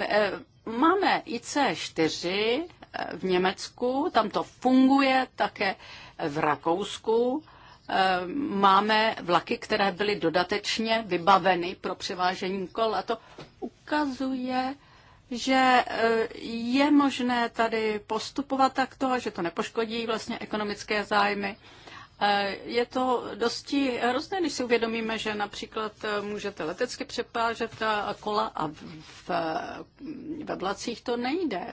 A: Eh, máme IC4 eh, v Německu, tam to funguje, také v Rakousku. Máme vlaky, které byly dodatečně vybaveny pro převážení kol a to ukazuje, že eh, je možné tady postupovat takto že to nepoškodí vlastně ekonomické zájmy. Eh, je to dosti hrozné, když si uvědomíme, že například eh, můžete letecky přepážet kola a v, ve vlacích to nejde.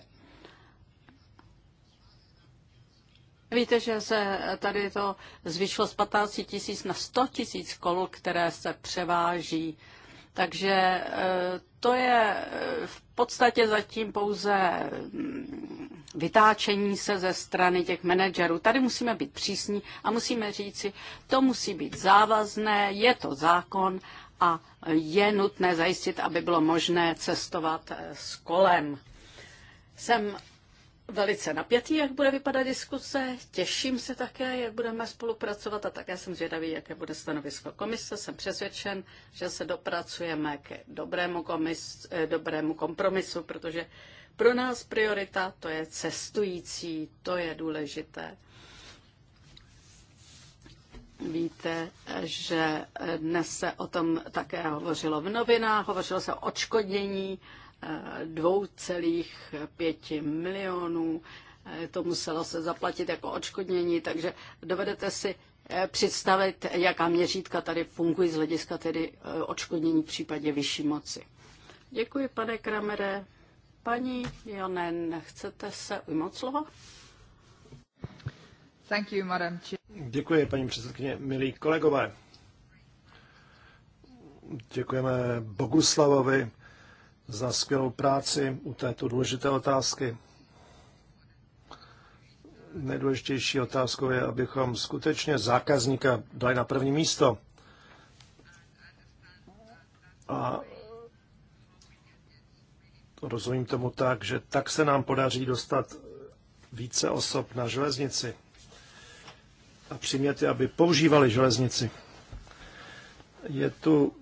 A: Víte, že se tady to zvyšlo z 15 tisíc na 100 tisíc kol, které se převáží. Takže to je v podstatě zatím pouze mm, vytáčení se ze strany těch manažerů. Tady musíme být přísní a musíme říci, to musí být závazné, je to zákon a je nutné zajistit, aby bylo možné cestovat eh, s kolem. Jsem velice napjatý, jak bude vypadat diskuse. Těším se také, jak budeme spolupracovat a také jsem zvědavý, jaké bude stanovisko komise. Jsem přesvědčen, že se dopracujeme k dobrému, komis, eh, dobrému kompromisu, protože pro nás priorita to je cestující, to je důležité. Víte, že dnes se o tom také hovořilo v novinách, hovořilo se o odškodnění 2,5 milionů. To muselo se zaplatit jako odškodnění, takže dovedete si eh, představit, jaká měřítka tady fungují z hlediska tedy eh, odškodnění v případě vyšší moci. Děkuji, pane Kramere. Paní Jonen, chcete
C: se ujmout slova? Thank you, madam. Děkuji, paní předsedkyně, milí kolegové. Děkujeme Boguslavovi za skvělou práci u této důležité otázky. Nejdůležitější otázkou je, abychom skutečně zákazníka dali na první místo. A rozumím tomu tak, že tak se nám podaří dostat více osob na železnici a přimět je, aby používali železnici. Je tu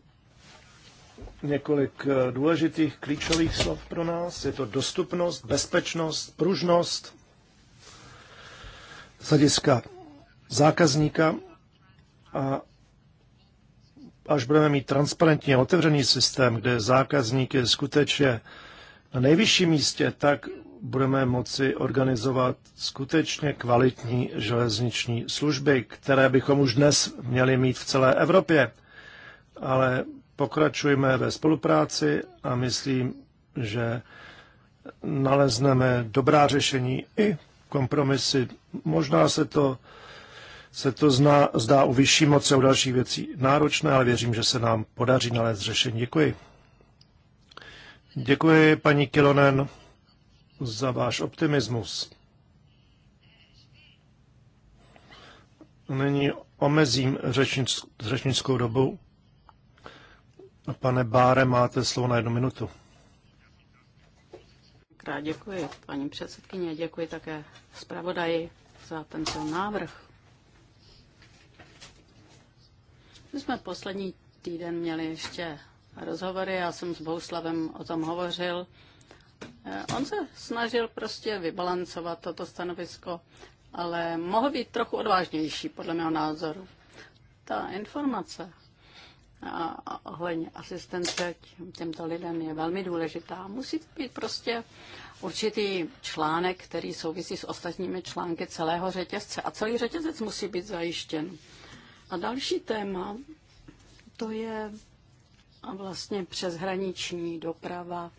C: několik eh, důležitých klíčových slov pro nás. Je to dostupnost, bezpečnost, pružnost z hlediska zákazníka a až budeme mít transparentně otevřený systém, kde zákazník je skutečně na nejvyšším místě, tak budeme moci organizovat skutečně kvalitní železniční služby, které bychom už dnes měli mít v celé Evropě. Ale Pokračujeme ve spolupráci a myslím, že nalezneme dobrá řešení i kompromisy. Možná se to, se to zná, zdá u vyšší moci a u dalších věcí náročné, ale věřím, že se nám podaří nalézt řešení. Děkuji. Děkuji, paní Kilonen, za váš optimismus. Nyní omezím řečnickou dobu Pane Báre, máte slovo na jednu minutu.
A: Krát děkuji, paní předsedkyně, děkuji také zpravodaji za tento návrh. My jsme poslední týden měli ještě rozhovory, já jsem s Bouslavem o tom hovořil. Eh, on se snažil prostě vybalancovat toto stanovisko, ale mohl být trochu odvážnější, podle mého názoru. Ta informace, ohledně asistence těmto lidem je velmi důležitá. Musí to být prostě určitý článek, který souvisí s ostatními články celého řetězce a celý řetězec musí být zajištěn. A další téma, to je vlastně přeshraniční doprava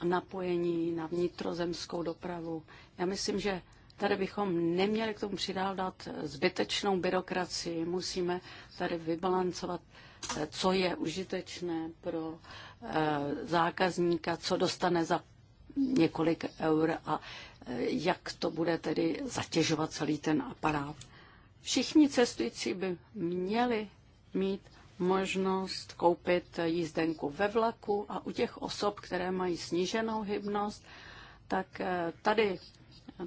A: a napojení na vnitrozemskou dopravu. Já myslím, že tady bychom neměli k tomu přidávat zbytečnou byrokracii. Musíme tady vybalancovat Eh, co je užitečné pro eh, zákazníka, co dostane za několik eur a eh, jak to bude tedy zatěžovat celý ten aparát. Všichni cestující by měli mít možnost koupit jízdenku ve vlaku a u těch osob, které mají sníženou hybnost, tak tady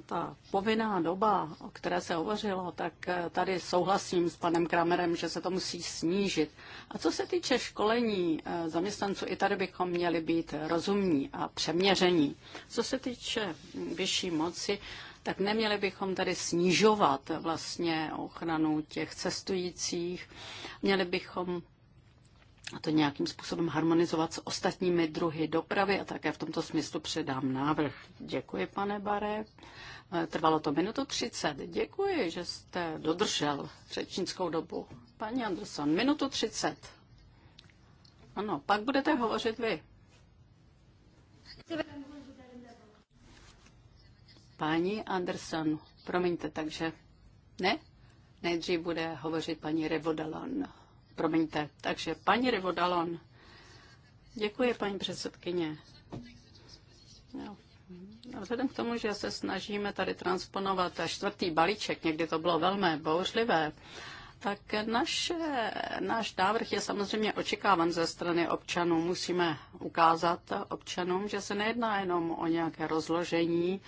A: ta povinná doba, o které se hovořilo, tak eh, tady souhlasím s panem Kramerem, že se to musí snížit. A co se týče školení eh, zaměstnanců, i tady bychom měli být rozumní a přeměření. Co se týče hm, vyšší moci, tak neměli bychom tady snižovat vlastně ochranu těch cestujících. Měli bychom a to nějakým způsobem harmonizovat s ostatními druhy dopravy a také v tomto smyslu předám návrh. Děkuji, pane Bare. E, trvalo to minutu 30. Děkuji, že jste dodržel řečnickou dobu. Paní Anderson, minutu 30. Ano, pak budete hovořit vy. Paní Anderson, promiňte, takže ne? Nejdřív bude hovořit paní Revodalon. Promiňte. Takže paní Rivodalon. Děkuji, paní předsedkyně. Jo. No, vzhledem k tomu, že se snažíme tady transponovat čtvrtý balíček, někdy to bylo velmi bouřlivé, tak naše náš návrh je samozřejmě očekávan ze strany občanů. Musíme ukázat občanům, že se nejedná jenom o nějaké rozložení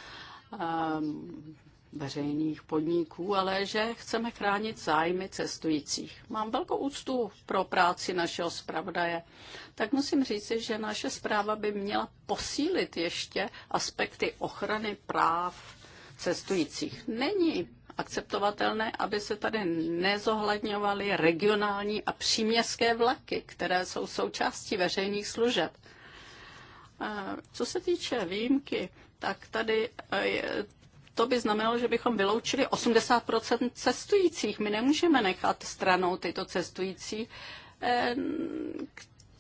A: um, veřejných podniků, ale že chceme chránit zájmy cestujících. Mám velkou úctu pro práci našeho zpravodaje, tak musím říci, že naše zpráva by měla posílit ještě aspekty ochrany práv cestujících. Není akceptovatelné, aby se tady nezohledňovaly regionální a příměstské vlaky, které jsou součástí veřejných služeb. Co se týče výjimky, tak tady eh, to by znamenalo, že bychom vyloučili 80 cestujících. My nemůžeme nechat stranou tyto cestující, eh,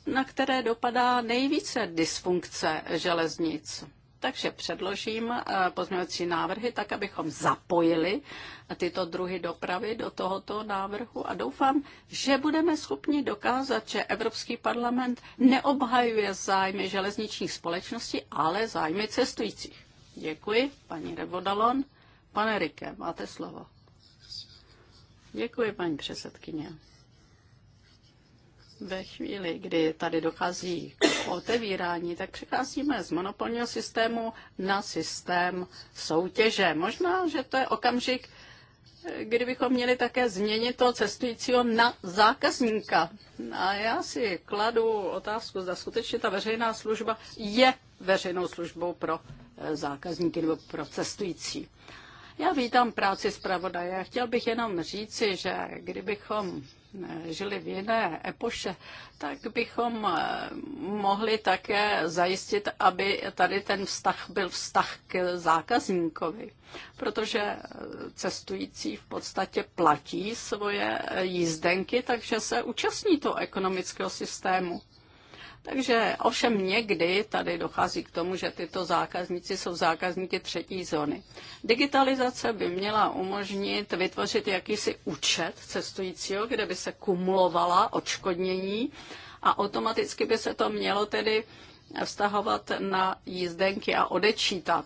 A: na které dopadá nejvíce dysfunkce železnic. Takže předložím eh, pozměňovací návrhy tak, abychom zapojili eh, tyto druhy dopravy do tohoto návrhu a doufám, že budeme schopni dokázat, že Evropský parlament neobhajuje zájmy železničních společností, ale zájmy cestujících. Děkuji, paní Revodalon. Pane Rike, máte slovo. Děkuji, paní předsedkyně. Ve chvíli, kdy tady dochází k otevírání, tak přecházíme z monopolního systému na systém soutěže. Možná, že to je okamžik, kdybychom měli také změnit toho cestujícího na zákazníka. A já si kladu otázku, zda skutečně ta veřejná služba je veřejnou službou pro zákazníky nebo pro cestující. Já vítám práci zpravodaje. Chtěl bych jenom říci, že kdybychom eh, žili v jiné epoše, tak bychom eh, mohli také zajistit, aby tady ten vztah byl vztah k zákazníkovi, protože eh, cestující v podstatě platí svoje jízdenky, takže se účastní toho ekonomického systému. Takže ovšem někdy tady dochází k tomu, že tyto zákazníci jsou zákazníky třetí zóny. Digitalizace by měla umožnit vytvořit jakýsi účet cestujícího, kde by se kumulovala odškodnění a automaticky by se to mělo tedy vztahovat na jízdenky a odečítat.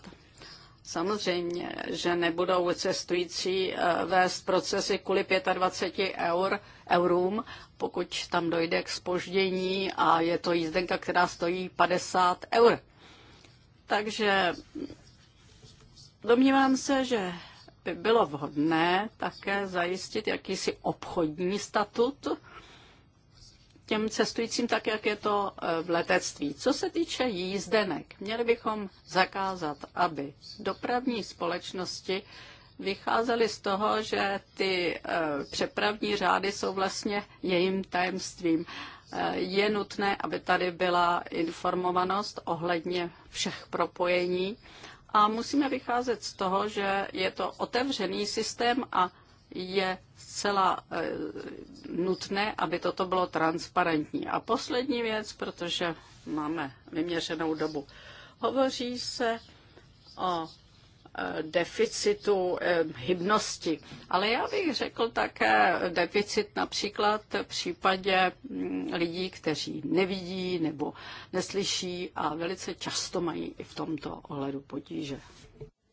A: Samozřejmě, že nebudou cestující eh, vést procesy kvůli 25 eur, eurům, pokud tam dojde k spoždění a je to jízdenka, která stojí 50 eur. Takže domnívám se, že by bylo vhodné také zajistit jakýsi obchodní statut těm cestujícím tak, jak je to eh, v letectví. Co se týče jízdenek, měli bychom zakázat, aby dopravní společnosti vycházely z toho, že ty eh, přepravní řády jsou vlastně jejím tajemstvím. Eh, je nutné, aby tady byla informovanost ohledně všech propojení a musíme vycházet z toho, že je to otevřený systém a je zcela e, nutné, aby toto bylo transparentní. A poslední věc, protože máme vyměřenou dobu. Hovoří se o eh, deficitu eh, hybnosti. Ale já bych řekl také deficit například v případě mm, lidí, kteří nevidí nebo neslyší a velice často mají i v tomto ohledu potíže.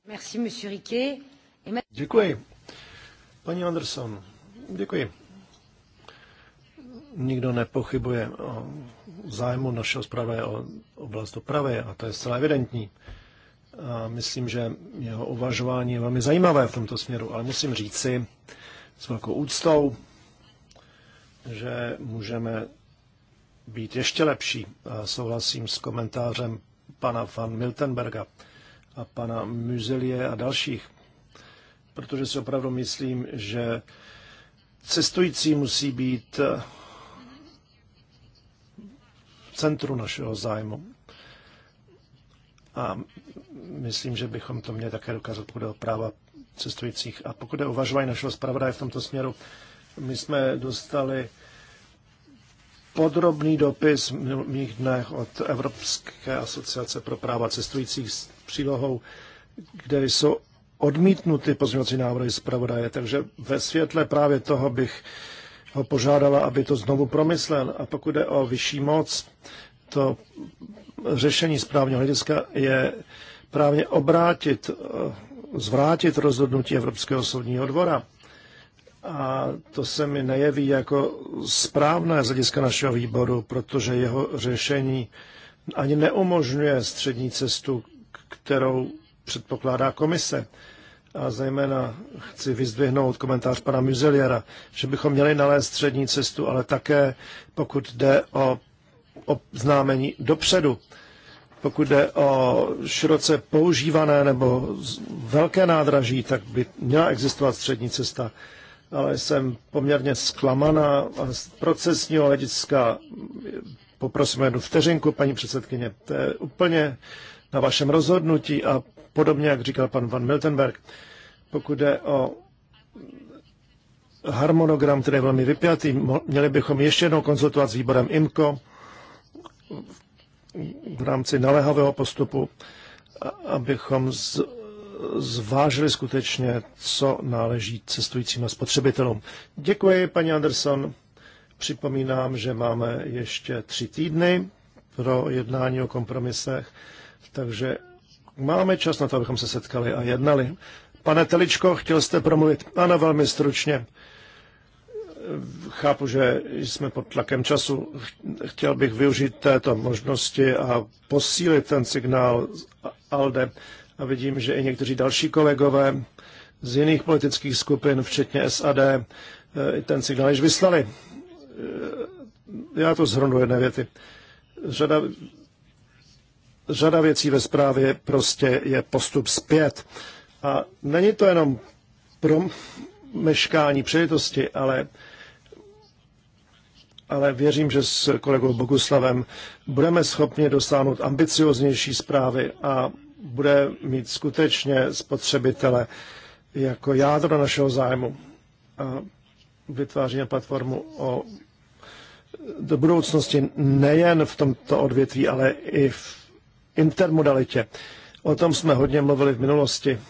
B: Merci, monsieur Riquet.
C: Děkuji. Paní Anderson, děkuji. Nikdo nepochybuje o zájmu našeho zpravodaje o oblast dopravy a to je zcela evidentní. A myslím, že jeho uvažování je velmi zajímavé v tomto směru, ale musím říci s velkou úctou, že můžeme být ještě lepší. A souhlasím s komentářem pana van Miltenberga a pana Muzelie a dalších protože si opravdu myslím, že cestující musí být eh, v centru našeho zájmu. A myslím, že bychom to měli také dokázat, pokud je o práva cestujících. A pokud je uvažování našeho zpravodaje v tomto směru, my jsme dostali podrobný dopis v mých dnech od Evropské asociace pro práva cestujících s přílohou, kde jsou odmítnuty pozměňovací návrhy zpravodaje, takže ve světle právě toho bych ho požádala, aby to znovu promyslel. A pokud jde o vyšší moc, to řešení správního hlediska je právě obrátit, zvrátit rozhodnutí Evropského soudního dvora. A to se mi nejeví jako správné z hlediska našeho výboru, protože jeho řešení ani neumožňuje střední cestu, kterou předpokládá komise. A zejména chci vyzdvihnout komentář pana Muzeliera, že bychom měli nalézt střední cestu, ale také pokud jde o oznámení dopředu, pokud jde o široce používané nebo velké nádraží, tak by měla existovat střední cesta. Ale jsem poměrně zklamaná a z procesního hlediska poprosím jednu vteřinku, paní předsedkyně, to je úplně na vašem rozhodnutí a podobně jak říkal pan Van Miltenberg. Pokud jde o harmonogram, který je velmi vypjatý, měli bychom ještě jednou konzultovat s výborem IMCO v rámci naléhavého postupu, abychom z, zvážili skutečně, co náleží cestujícím a spotřebitelům. Děkuji, paní Anderson. Připomínám, že máme ještě tři týdny pro jednání o kompromisech, takže Máme čas na to, abychom se setkali a jednali. Pane Teličko, chtěl jste promluvit? Ano, velmi stručně. Chápu, že jsme pod tlakem času. Chtěl bych využít této možnosti a posílit ten signál ALDE. A vidím, že i někteří další kolegové z jiných politických skupin, včetně SAD, ten signál již vyslali. Já to zhrnu jedné věty. Řada řada věcí ve zprávě prostě je postup zpět. A není to jenom pro meškání přejitosti, ale, ale věřím, že s kolegou Boguslavem budeme schopni dosáhnout ambicioznější zprávy a bude mít skutečně spotřebitele jako jádro našeho zájmu. A vytváříme platformu o do budoucnosti nejen v tomto odvětví, ale i v intermodalitě. O tom jsme hodně mluvili v minulosti.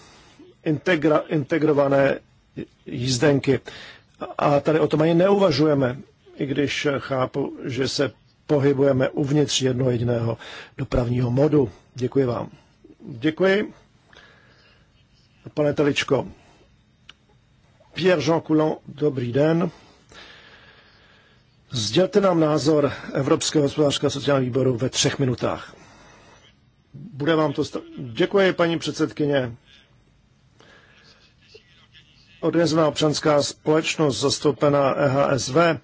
C: Integra, integrované jízdenky. A tady o tom ani neuvažujeme, i když chápu, že se pohybujeme uvnitř jednoho jediného dopravního modu. Děkuji vám. Děkuji. Pane Teličko, Pierre-Jean Coulon, dobrý den. Sdělte nám názor Evropského hospodářského sociálního výboru ve třech minutách. Bude vám to sta- Děkuji, paní předsedkyně. Organizovaná občanská společnost zastoupená EHSV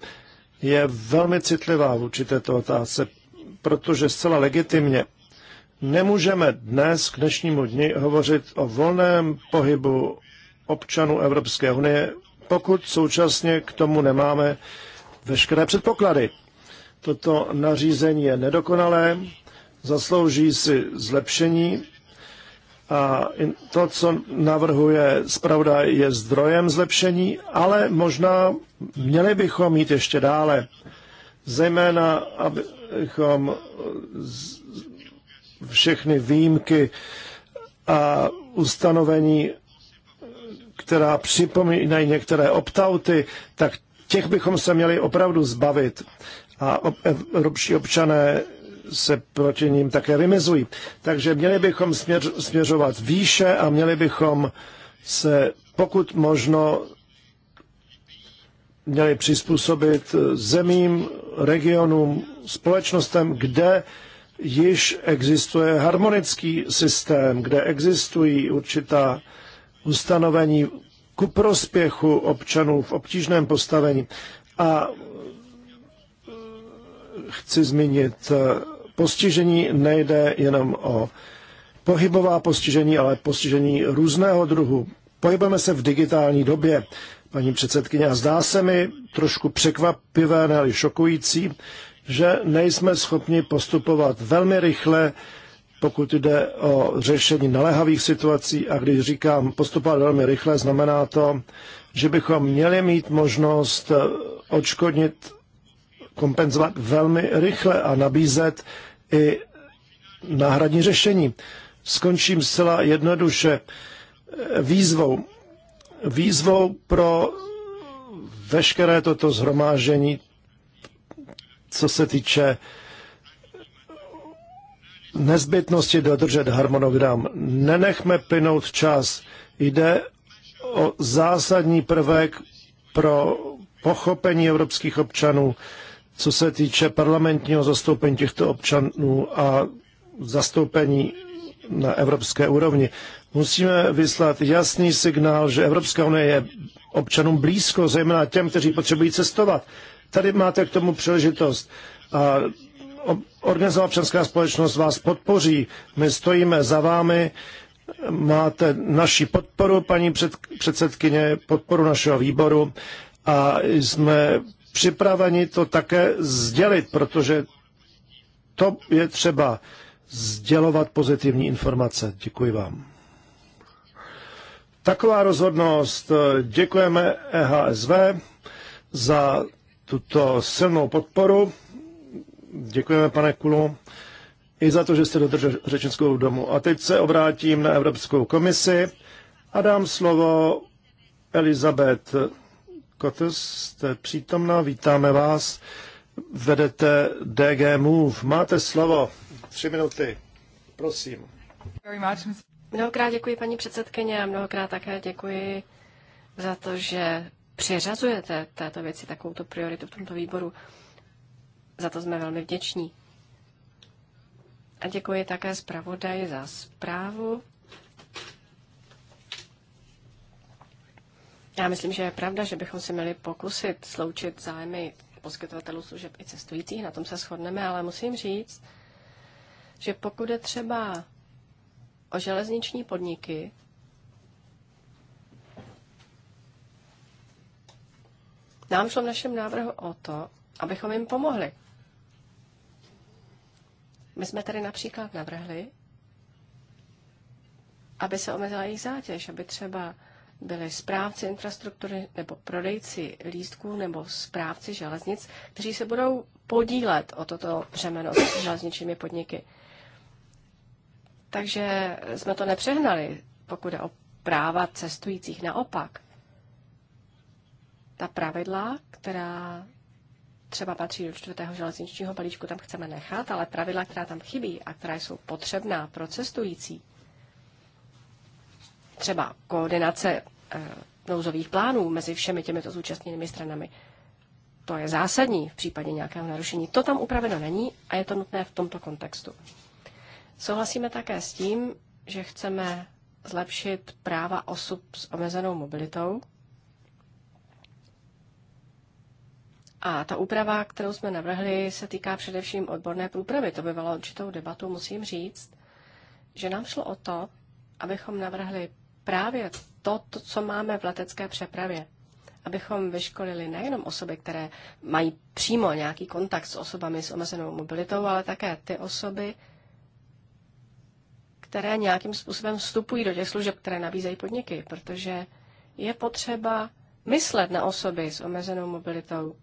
C: je velmi citlivá vůči této otázce, protože zcela legitimně nemůžeme dnes k dnešnímu dni hovořit o volném pohybu občanů Evropské unie, pokud současně k tomu nemáme veškeré předpoklady. Toto nařízení je nedokonalé, zaslouží si zlepšení a to, co navrhuje zpravodaj, je zdrojem zlepšení, ale možná měli bychom jít ještě dále. Zejména, abychom všechny výjimky a ustanovení, která připomínají některé optauty, tak těch bychom se měli opravdu zbavit. A evropští občané se proti ním také vymezují. Takže měli bychom směř, směřovat výše a měli bychom se pokud možno měli přizpůsobit zemím, regionům, společnostem, kde již existuje harmonický systém, kde existují určitá ustanovení ku prospěchu občanů v obtížném postavení. A chci zmínit postižení nejde jenom o pohybová postižení, ale postižení různého druhu. Pohybujeme se v digitální době, paní předsedkyně, a zdá se mi trošku překvapivé, ne šokující, že nejsme schopni postupovat velmi rychle, pokud jde o řešení naléhavých situací. A když říkám postupovat velmi rychle, znamená to, že bychom měli mít možnost odškodnit kompenzovat velmi rychle a nabízet i náhradní řešení. Skončím zcela jednoduše výzvou. Výzvou pro veškeré toto zhromážení, co se týče nezbytnosti dodržet harmonogram. Nenechme plynout čas. Jde o zásadní prvek pro pochopení evropských občanů co se týče parlamentního zastoupení těchto občanů a zastoupení na evropské úrovni. Musíme vyslat jasný signál, že Evropská unie je občanům blízko, zejména těm, kteří potřebují cestovat. Tady máte k tomu příležitost. A organizovaná občanská společnost vás podpoří. My stojíme za vámi. Máte naši podporu, paní předsedkyně, podporu našeho výboru a jsme připraveni to také sdělit, protože to je třeba sdělovat pozitivní informace. Děkuji vám. Taková rozhodnost. Děkujeme EHSV za tuto silnou podporu. Děkujeme, pane Kulu i za to, že jste dodržel řečenskou domu. A teď se obrátím na Evropskou komisi a dám slovo Elizabeth Kotes, jste přítomná, vítáme vás. Vedete DG Move. Máte slovo. Tři minuty. Prosím.
B: Mnohokrát děkuji, paní předsedkyně, a mnohokrát také děkuji za to, že přiřazujete této věci takovou prioritu v tomto výboru. Za to jsme velmi vděční. A děkuji také zpravodaji za zprávu Já myslím, že je pravda, že bychom si měli pokusit sloučit zájmy poskytovatelů služeb i cestujících, na tom se shodneme, ale musím říct, že pokud je třeba o železniční podniky, nám šlo v našem návrhu o to, abychom jim pomohli. My jsme tady například navrhli, aby se omezila jejich zátěž, aby třeba byli správci infrastruktury nebo prodejci lístků nebo správci železnic, kteří se budou podílet o toto břemeno s železničními podniky. Takže jsme to nepřehnali, pokud je o práva cestujících. Naopak, ta pravidla, která třeba patří do čtvrtého železničního balíčku, tam chceme nechat, ale pravidla, která tam chybí a která jsou potřebná pro cestující, třeba koordinace Eh, nouzových plánů mezi všemi těmito zúčastněnými stranami. To je zásadní v případě nějakého narušení. To tam upraveno není a je to nutné v tomto kontextu. Souhlasíme také s tím, že chceme zlepšit práva osob s omezenou mobilitou. A ta úprava, kterou jsme navrhli, se týká především odborné průpravy. To bylo určitou debatu, musím říct, že nám šlo o to, abychom navrhli právě to, to, co máme v letecké přepravě. Abychom vyškolili nejenom osoby, které mají přímo nějaký kontakt s osobami s omezenou mobilitou, ale také ty osoby, které nějakým způsobem vstupují do těch služeb, které nabízejí podniky, protože je potřeba myslet na osoby s omezenou mobilitou.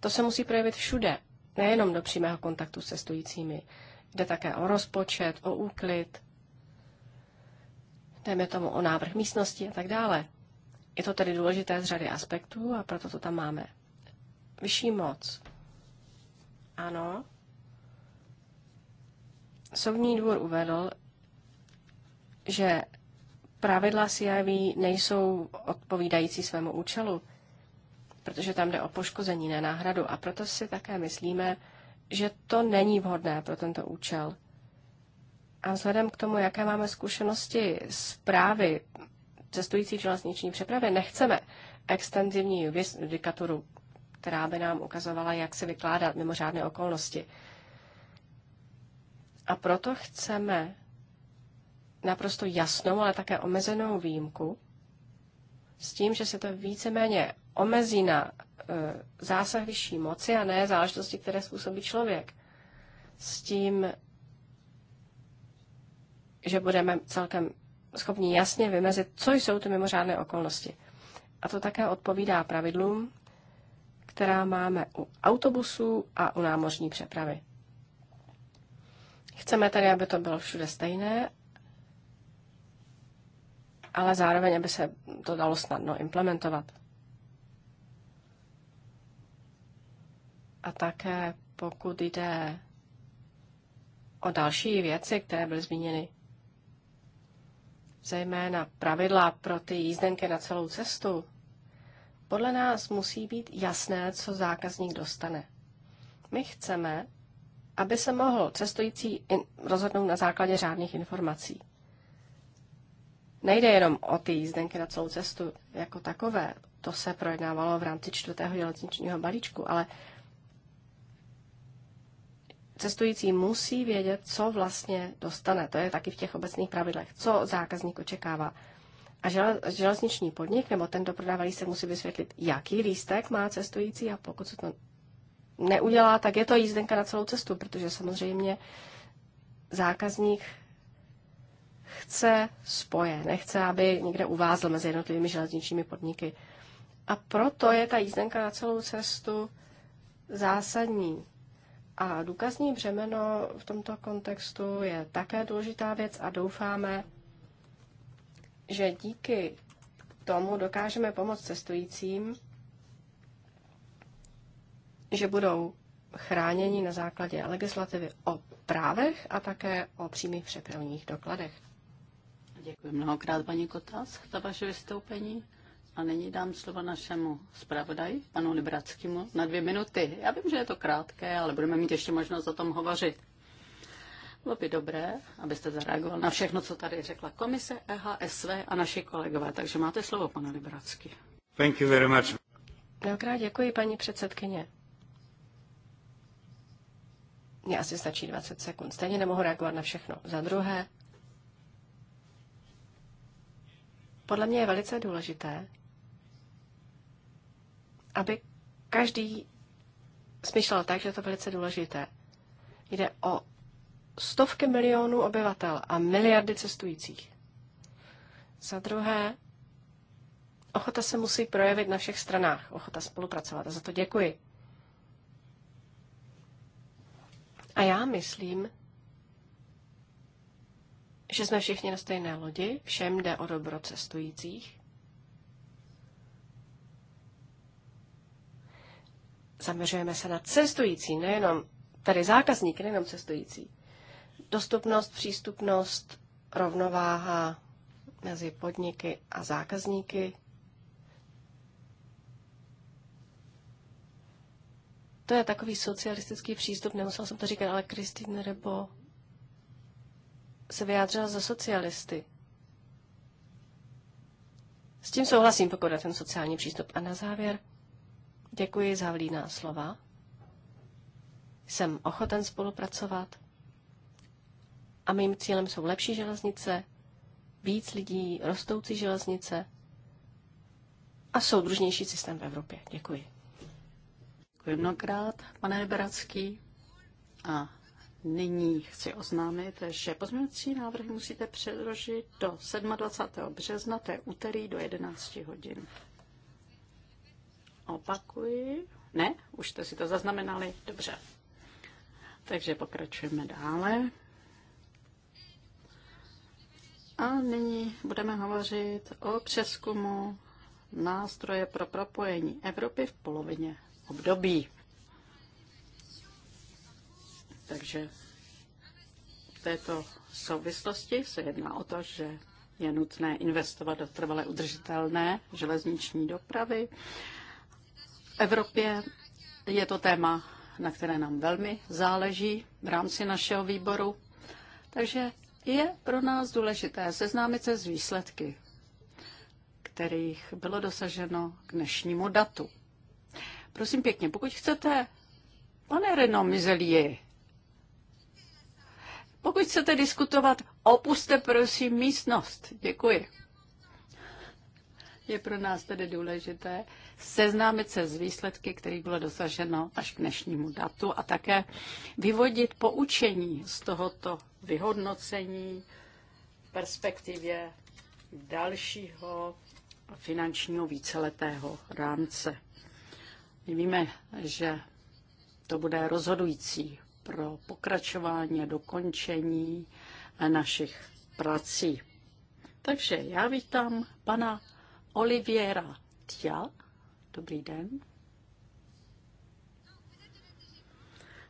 B: To se musí projevit všude, nejenom do přímého kontaktu s cestujícími. Jde také o rozpočet, o úklid, dejme tomu o návrh místnosti a tak dále. Je to tedy důležité z řady aspektů a proto to tam máme. Vyšší moc. Ano. Soudní dvůr uvedl, že pravidla CIV nejsou odpovídající svému účelu protože tam jde o poškození, ne náhradu. A proto si také myslíme, že to není vhodné pro tento účel. A vzhledem k tomu, jaké máme zkušenosti s právy cestujících v železniční přepravě, nechceme extenzivní judikaturu, která by nám ukazovala, jak se vykládat mimořádné okolnosti. A proto chceme naprosto jasnou, ale také omezenou výjimku s tím, že se to víceméně omezí na e, zásah vyšší moci a ne záležitosti, které způsobí člověk. S tím, že budeme celkem schopni jasně vymezit, co jsou ty mimořádné okolnosti. A to také odpovídá pravidlům, která máme u autobusů a u námořní přepravy. Chceme tedy, aby to bylo všude stejné, ale zároveň, aby se to dalo snadno implementovat. A také pokud jde o další věci, které byly zmíněny, zejména pravidla pro ty jízdenky na celou cestu, podle nás musí být jasné, co zákazník dostane. My chceme, aby se mohl cestující rozhodnout na základě řádných informací. Nejde jenom o ty jízdenky na celou cestu jako takové, to se projednávalo v rámci čtvrtého železničního balíčku, ale cestující musí vědět, co vlastně dostane. To je taky v těch obecných pravidlech, co zákazník očekává. A železniční podnik nebo ten, kdo se musí vysvětlit, jaký lístek má cestující a pokud se to neudělá, tak je to jízdenka na celou cestu, protože samozřejmě zákazník chce spoje, nechce, aby někde uvázl mezi jednotlivými železničními podniky. A proto je ta jízdenka na celou cestu zásadní. A důkazní břemeno v tomto kontextu je také důležitá věc a doufáme, že díky tomu dokážeme pomoct cestujícím, že budou chráněni na základě legislativy o právech a také o přímých přepravních dokladech. Děkuji mnohokrát, paní Kotas,
A: za vaše vystoupení. A nyní dám slovo našemu zpravodaji, panu Librackému, na dvě minuty. Já vím, že je to krátké, ale budeme mít ještě možnost o tom hovořit. Bylo by dobré, abyste zareagoval na všechno, co tady řekla komise, EHSV a naši kolegové. Takže máte slovo, pane Libracký.
C: Thank you very much.
A: Mnohokrát děkuji,
B: paní předsedkyně. Mně asi stačí 20 sekund. Stejně nemohu reagovat na všechno. Za druhé, podle mě je velice důležité, aby každý smyšlel tak, že je to velice důležité. Jde o stovky milionů obyvatel a miliardy cestujících. Za druhé, ochota se musí projevit na všech stranách, ochota spolupracovat a za to děkuji. A já myslím, že jsme všichni na stejné lodi, všem jde o dobro cestujících Zaměřujeme se na cestující, nejenom tady zákazníky, nejenom cestující. Dostupnost, přístupnost, rovnováha mezi podniky a zákazníky. To je takový socialistický přístup, nemusel jsem to říkat, ale Kristýn Rebo se vyjádřila za socialisty. S tím souhlasím, pokud je ten sociální přístup. A na závěr Děkuji za vlídná slova. Jsem ochoten spolupracovat. A mým cílem jsou lepší železnice, víc lidí, rostoucí železnice a soudružnější systém v Evropě. Děkuji. Děkuji mnohokrát, pane Beracký. A nyní
A: chci oznámit, že pozměňovací návrhy musíte předložit do 27. března, to je úterý do 11 hodin. Opakuji. Ne? Už jste si to zaznamenali? Dobře. Takže pokračujeme dále. A nyní budeme hovořit o přeskumu nástroje pro propojení Evropy v polovině období. Takže v této souvislosti se jedná o to, že je nutné investovat do trvale udržitelné železniční dopravy Evropě je to téma, na které nám velmi záleží v rámci našeho výboru, takže je pro nás důležité seznámit se s výsledky, kterých bylo dosaženo k dnešnímu datu. Prosím pěkně, pokud chcete, pane Renom Mizelie, pokud chcete diskutovat, opuste prosím místnost. Děkuji. Je pro nás tedy důležité seznámit se s výsledky, které bylo dosaženo až k dnešnímu datu a také vyvodit poučení z tohoto vyhodnocení v perspektivě dalšího finančního víceletého rámce. My víme, že to bude rozhodující pro pokračování a dokončení našich prací. Takže já vítám pana Oliviera Tia. Dobrý den.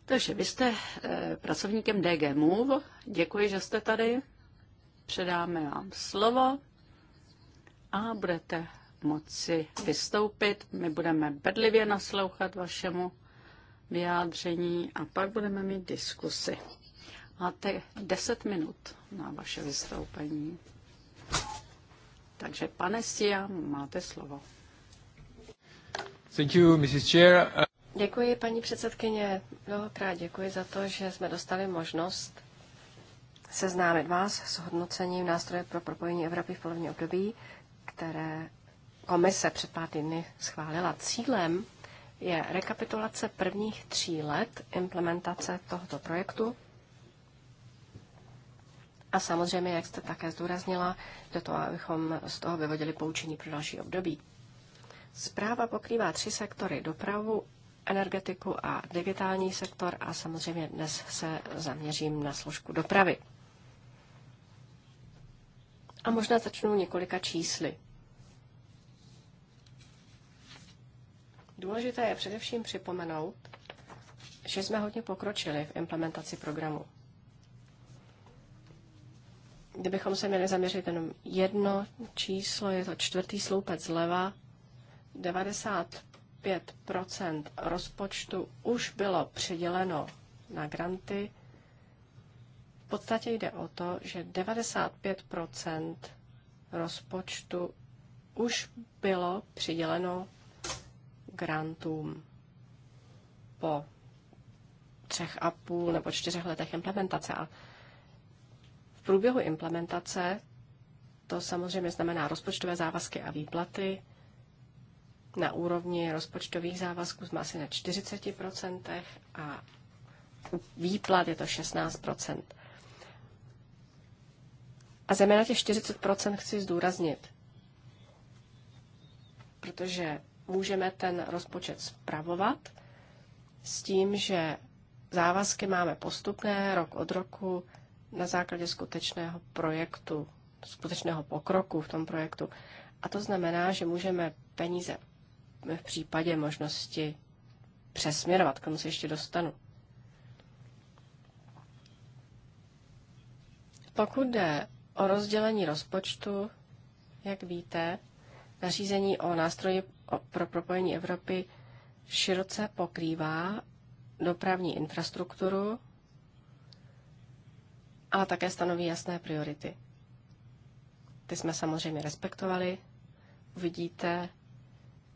A: Takže vy jste eh, pracovníkem DG Move. Děkuji, že jste tady. Předáme vám slovo a budete moci vystoupit. My budeme bedlivě naslouchat vašemu vyjádření a pak budeme mít diskusy. Máte 10 minut na vaše vystoupení.
B: Takže pane Sia, máte slovo.
A: Thank you, Mrs. Chair.
B: Děkuji, paní předsedkyně. Mnohokrát děkuji za to, že jsme dostali možnost seznámit vás s hodnocením nástroje pro propojení Evropy v polovní období, které komise před pár týdny schválila. Cílem je rekapitulace prvních tří let implementace tohoto projektu a samozřejmě, jak jste také zdůraznila, do toho, abychom z toho vyvodili poučení pro další období. Zpráva pokrývá tři sektory. Dopravu, energetiku a digitální sektor a samozřejmě dnes se zaměřím na složku dopravy. A možná začnu několika čísly. Důležité je především připomenout, že jsme hodně pokročili v implementaci programu. Kdybychom se měli zaměřit jenom jedno číslo, je to čtvrtý sloupec zleva, 95 rozpočtu už bylo přiděleno na granty. V podstatě jde o to, že 95 rozpočtu už bylo přiděleno grantům po třech a půl nebo čtyřech letech implementace. A průběhu implementace to samozřejmě znamená rozpočtové závazky a výplaty. Na úrovni rozpočtových závazků jsme asi na 40% a výplat je to 16%. A zejména těch 40% chci zdůraznit, protože můžeme ten rozpočet spravovat s tím, že závazky máme postupné rok od roku, na základě skutečného projektu, skutečného pokroku v tom projektu. A to znamená, že můžeme peníze v případě možnosti přesměrovat, k tomu se ještě dostanu. Pokud jde o rozdělení rozpočtu, jak víte, nařízení o nástroji pro propojení Evropy široce pokrývá dopravní infrastrukturu, ale také stanoví jasné priority. Ty jsme samozřejmě respektovali. Uvidíte,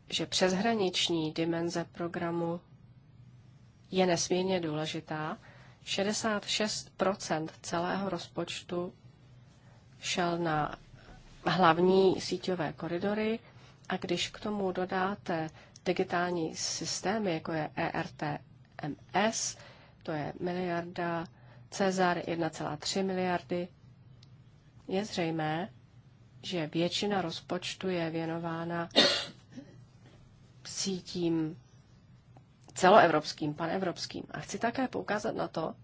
B: že přeshraniční dimenze programu je nesmírně důležitá. 66 celého rozpočtu šel na hlavní síťové koridory a když k tomu dodáte digitální systémy, jako je ERTMS, to je miliarda Cezar 1,3 miliardy. Je zřejmé, že většina rozpočtu je věnována sítím celoevropským, panevropským. A chci také poukázat na to,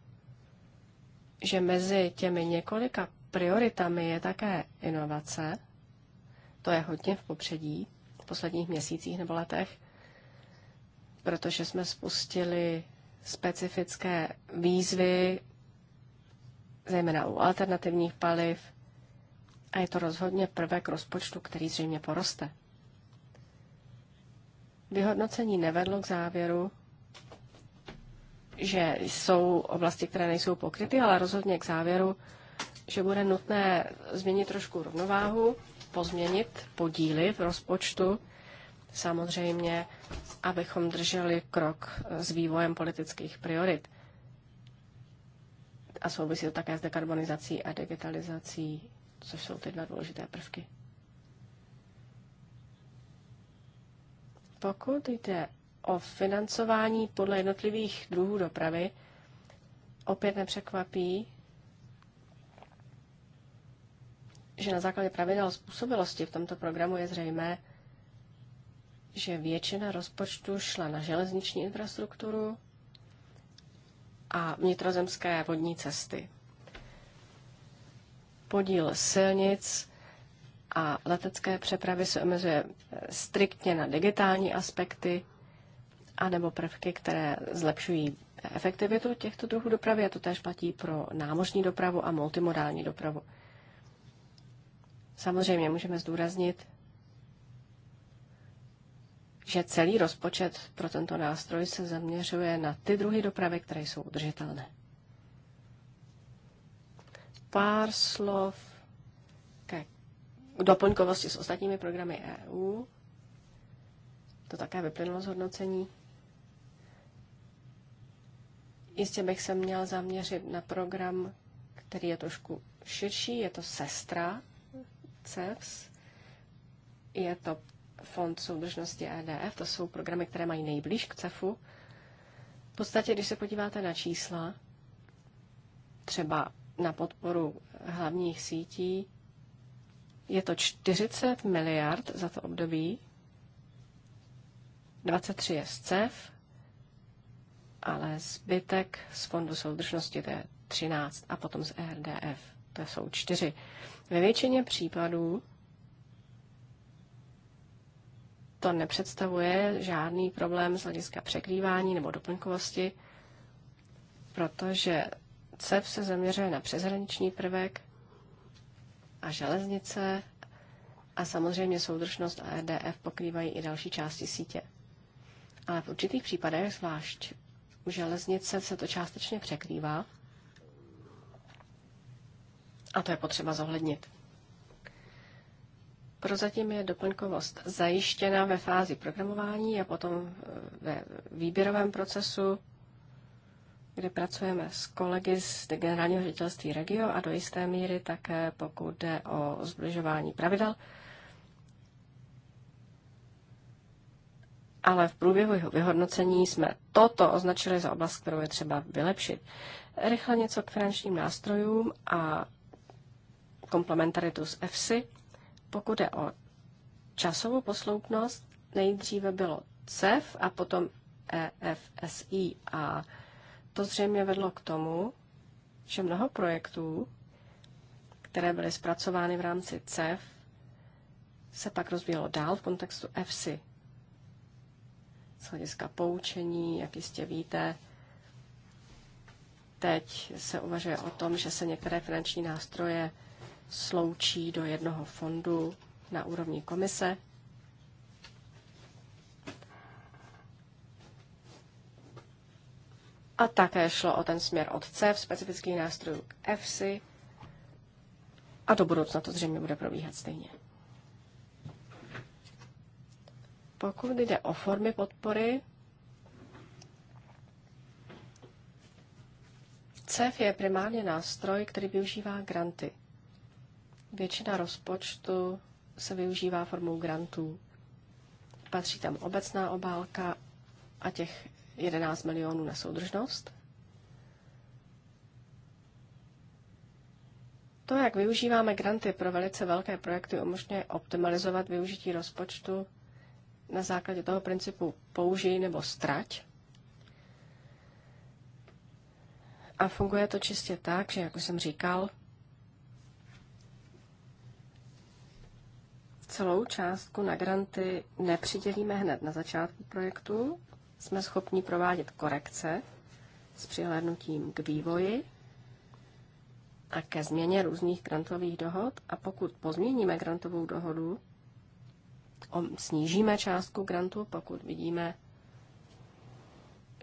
B: že mezi těmi několika prioritami je také inovace. To je hodně v popředí v posledních měsících nebo letech, protože jsme spustili specifické výzvy zejména u alternativních paliv, a je to rozhodně prvek rozpočtu, který zřejmě poroste. Vyhodnocení nevedlo k závěru, že jsou oblasti, které nejsou pokryty, ale rozhodně k závěru, že bude nutné změnit trošku rovnováhu, pozměnit podíly v rozpočtu, samozřejmě, abychom drželi krok s vývojem politických priorit a souvisí to také s dekarbonizací a digitalizací, což jsou ty dva důležité prvky. Pokud jde o financování podle jednotlivých druhů dopravy, opět nepřekvapí, že na základě pravidel způsobilosti v tomto programu je zřejmé, že většina rozpočtu šla na železniční infrastrukturu, a vnitrozemské vodní cesty. Podíl silnic a letecké přepravy se omezuje eh, striktně na digitální aspekty anebo prvky, které zlepšují efektivitu těchto druhů dopravy a to též platí pro námořní dopravu a multimodální dopravu. Samozřejmě můžeme zdůraznit, že celý rozpočet pro tento nástroj se zaměřuje na ty druhy dopravy, které jsou udržitelné. Pár slov ke doplňkovosti s ostatními programy EU. To také vyplynulo z hodnocení. Jistě bych se měl zaměřit na program, který je trošku širší. Je to sestra CEPS. Je to Fond soudržnosti EDF, to jsou programy, které mají nejblíž k CEFu. V podstatě, když se podíváte na čísla, třeba na podporu hlavních sítí, je to 40 miliard za to období, 23 je z CEF, ale zbytek z Fondu soudržnosti to je 13 a potom z ERDF, to jsou 4. Ve většině případů to nepředstavuje žádný problém z hlediska překrývání nebo doplňkovosti, protože CEP se zaměřuje na přeshraniční prvek a železnice a samozřejmě soudržnost a RDF e pokrývají i další části sítě. Ale v určitých případech, zvlášť u železnice, se to částečně překrývá a to je potřeba zohlednit. Prozatím je doplňkovost zajištěna ve fázi programování a potom eh, ve výběrovém procesu, kde pracujeme s kolegy z generálního ředitelství Regio a do jisté míry také pokud jde o zbližování pravidel. ale v průběhu jeho vyhodnocení jsme toto označili za oblast, kterou je třeba vylepšit. Rychle něco k finančním nástrojům a komplementaritu s EFSI. Pokud je o časovou posloupnost, nejdříve bylo CEF a potom EFSI a to zřejmě vedlo k tomu, že mnoho projektů, které byly zpracovány v rámci CEF, se pak rozvíjelo dál v kontextu EFSI. Z hlediska poučení, jak jistě víte, teď se uvažuje o tom, že se některé finanční nástroje sloučí do jednoho fondu na úrovni komise. A také šlo o ten směr od CEF, specifický nástrojů k EFSI. A do budoucna to zřejmě bude probíhat stejně. Pokud jde o formy podpory, CEF je primárně nástroj, který využívá granty. Většina rozpočtu se využívá formou grantů. Patří tam obecná obálka a těch 11 milionů na soudržnost. To, jak využíváme granty pro velice velké projekty, umožňuje optimalizovat využití rozpočtu na základě toho principu použij nebo strať. A funguje to čistě tak, že, jak už jsem říkal, celou částku na granty nepřidělíme hned na začátku projektu, jsme schopni provádět korekce s přihlédnutím k vývoji a ke změně různých grantových dohod. A pokud pozměníme grantovou dohodu, snížíme částku grantu, pokud vidíme,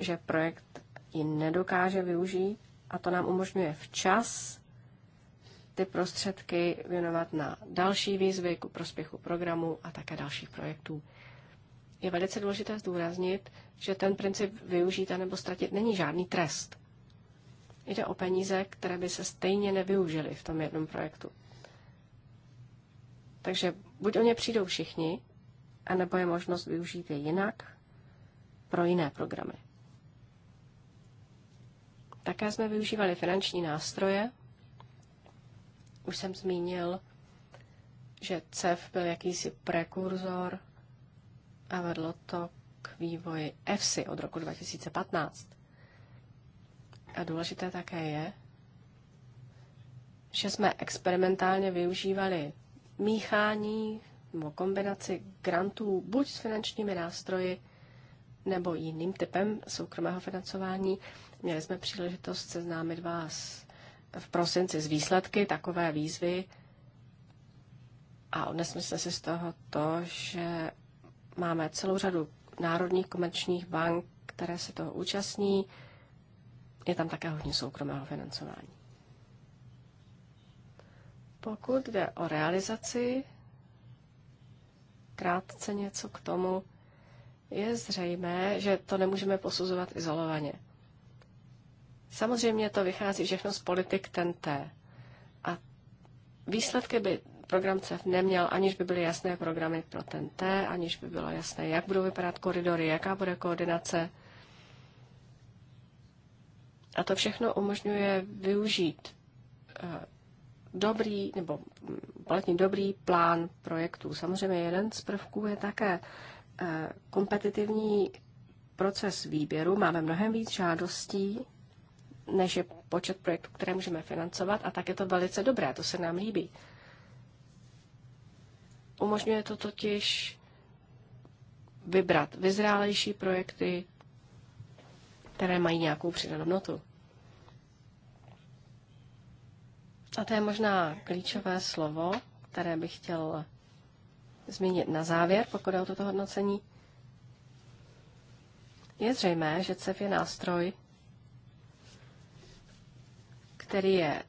B: že projekt ji nedokáže využít a to nám umožňuje včas ty prostředky věnovat na další výzvy ku prospěchu programu a také dalších projektů. Je velice důležité zdůraznit, že ten princip využít a nebo ztratit není žádný trest. Jde o peníze, které by se stejně nevyužily v tom jednom projektu. Takže buď o ně přijdou všichni, anebo je možnost využít je jinak pro jiné programy. Také jsme využívali finanční nástroje, už jsem zmínil, že CEF byl jakýsi prekurzor a vedlo to k vývoji EFSI od roku 2015. A důležité také je, že jsme experimentálně využívali míchání nebo kombinaci grantů buď s finančními nástroji nebo jiným typem soukromého financování. Měli jsme příležitost seznámit vás v prosinci z výsledky takové výzvy a odnesli jsme si z toho to, že máme celou řadu národních komerčních bank, které se toho účastní. Je tam také hodně soukromého financování. Pokud jde o realizaci, krátce něco k tomu, je zřejmé, že to nemůžeme posuzovat izolovaně. Samozřejmě to vychází všechno z politik TNT. A výsledky by program CEF neměl, aniž by byly jasné programy pro TNT, aniž by bylo jasné, jak budou vypadat koridory, jaká bude koordinace. A to všechno umožňuje využít eh, dobrý nebo platný dobrý plán projektů. Samozřejmě jeden z prvků je také eh, kompetitivní proces výběru. Máme mnohem víc žádostí než je počet projektů, které můžeme financovat a tak je to velice dobré, to se nám líbí. Umožňuje to totiž vybrat vyzrálejší projekty, které mají nějakou přidanou hodnotu. A to je možná klíčové slovo, které bych chtěl zmínit na závěr, pokud je o toto hodnocení. Je zřejmé, že CEF je nástroj, který je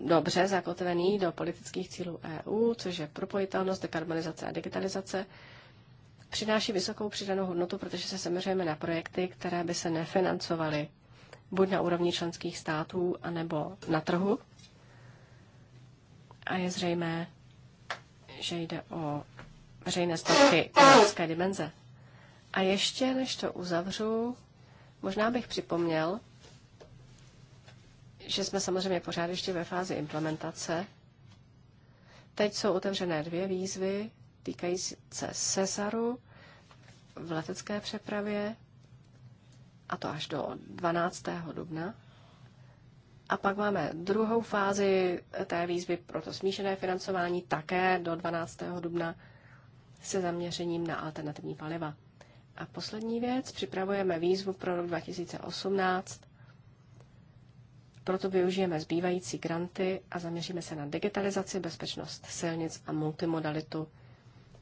B: dobře zakotvený do politických cílů EU, což je propojitelnost, dekarbonizace a digitalizace, přináší vysokou přidanou hodnotu, protože se zaměřujeme na projekty, které by se nefinancovaly buď na úrovni členských států, anebo na trhu. A je zřejmé, že jde o veřejné statky evropské dimenze. A ještě, než to uzavřu, možná bych připomněl, že jsme samozřejmě pořád ještě ve fázi implementace. Teď jsou otevřené dvě výzvy týkající se Cezaru v letecké přepravě, a to až do 12. dubna. A pak máme druhou fázi té výzvy pro to smíšené financování také do 12. dubna se zaměřením na alternativní paliva. A poslední věc, připravujeme výzvu pro rok 2018 proto využijeme zbývající granty a zaměříme se na digitalizaci, bezpečnost silnic a multimodalitu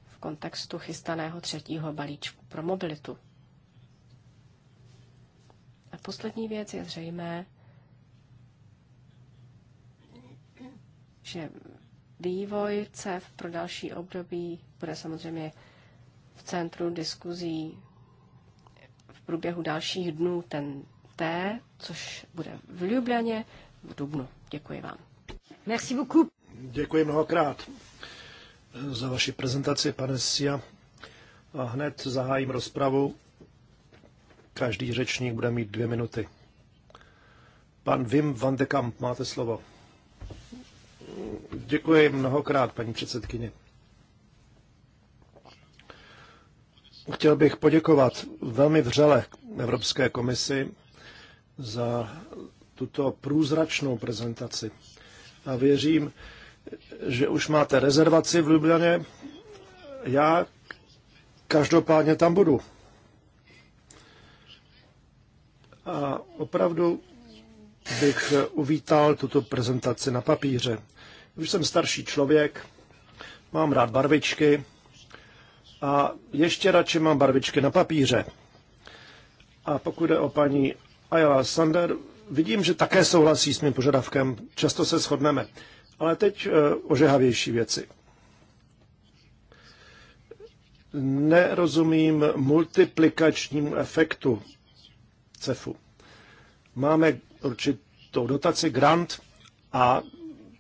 B: v kontextu chystaného třetího balíčku pro mobilitu. A poslední věc je zřejmé, že vývoj CEF pro další období bude samozřejmě v centru diskuzí v průběhu dalších dnů ten té, což bude v Ljubljaně v Dubnu.
C: Děkuji vám. Merci beaucoup. Děkuji mnohokrát za vaši prezentaci, pane Sia. A hned zahájím rozpravu. Každý řečník bude mít dvě minuty. Pan Wim van de Kamp, máte slovo. Děkuji mnohokrát, paní předsedkyně. Chtěl bych poděkovat velmi vřele Evropské komisi za tuto průzračnou prezentaci. A věřím, že už máte rezervaci v Ljubljaně. Já každopádně tam budu. A opravdu bych uvítal tuto prezentaci na papíře. Už jsem starší člověk, mám rád barvičky a ještě radši mám barvičky na papíře. A pokud jde o paní a já, Sander, vidím, že také souhlasí s mým požadavkem, často se shodneme. Ale teď eh, ožehavější věci. Nerozumím multiplikačnímu efektu CEFu. Máme určitou dotaci, grant, a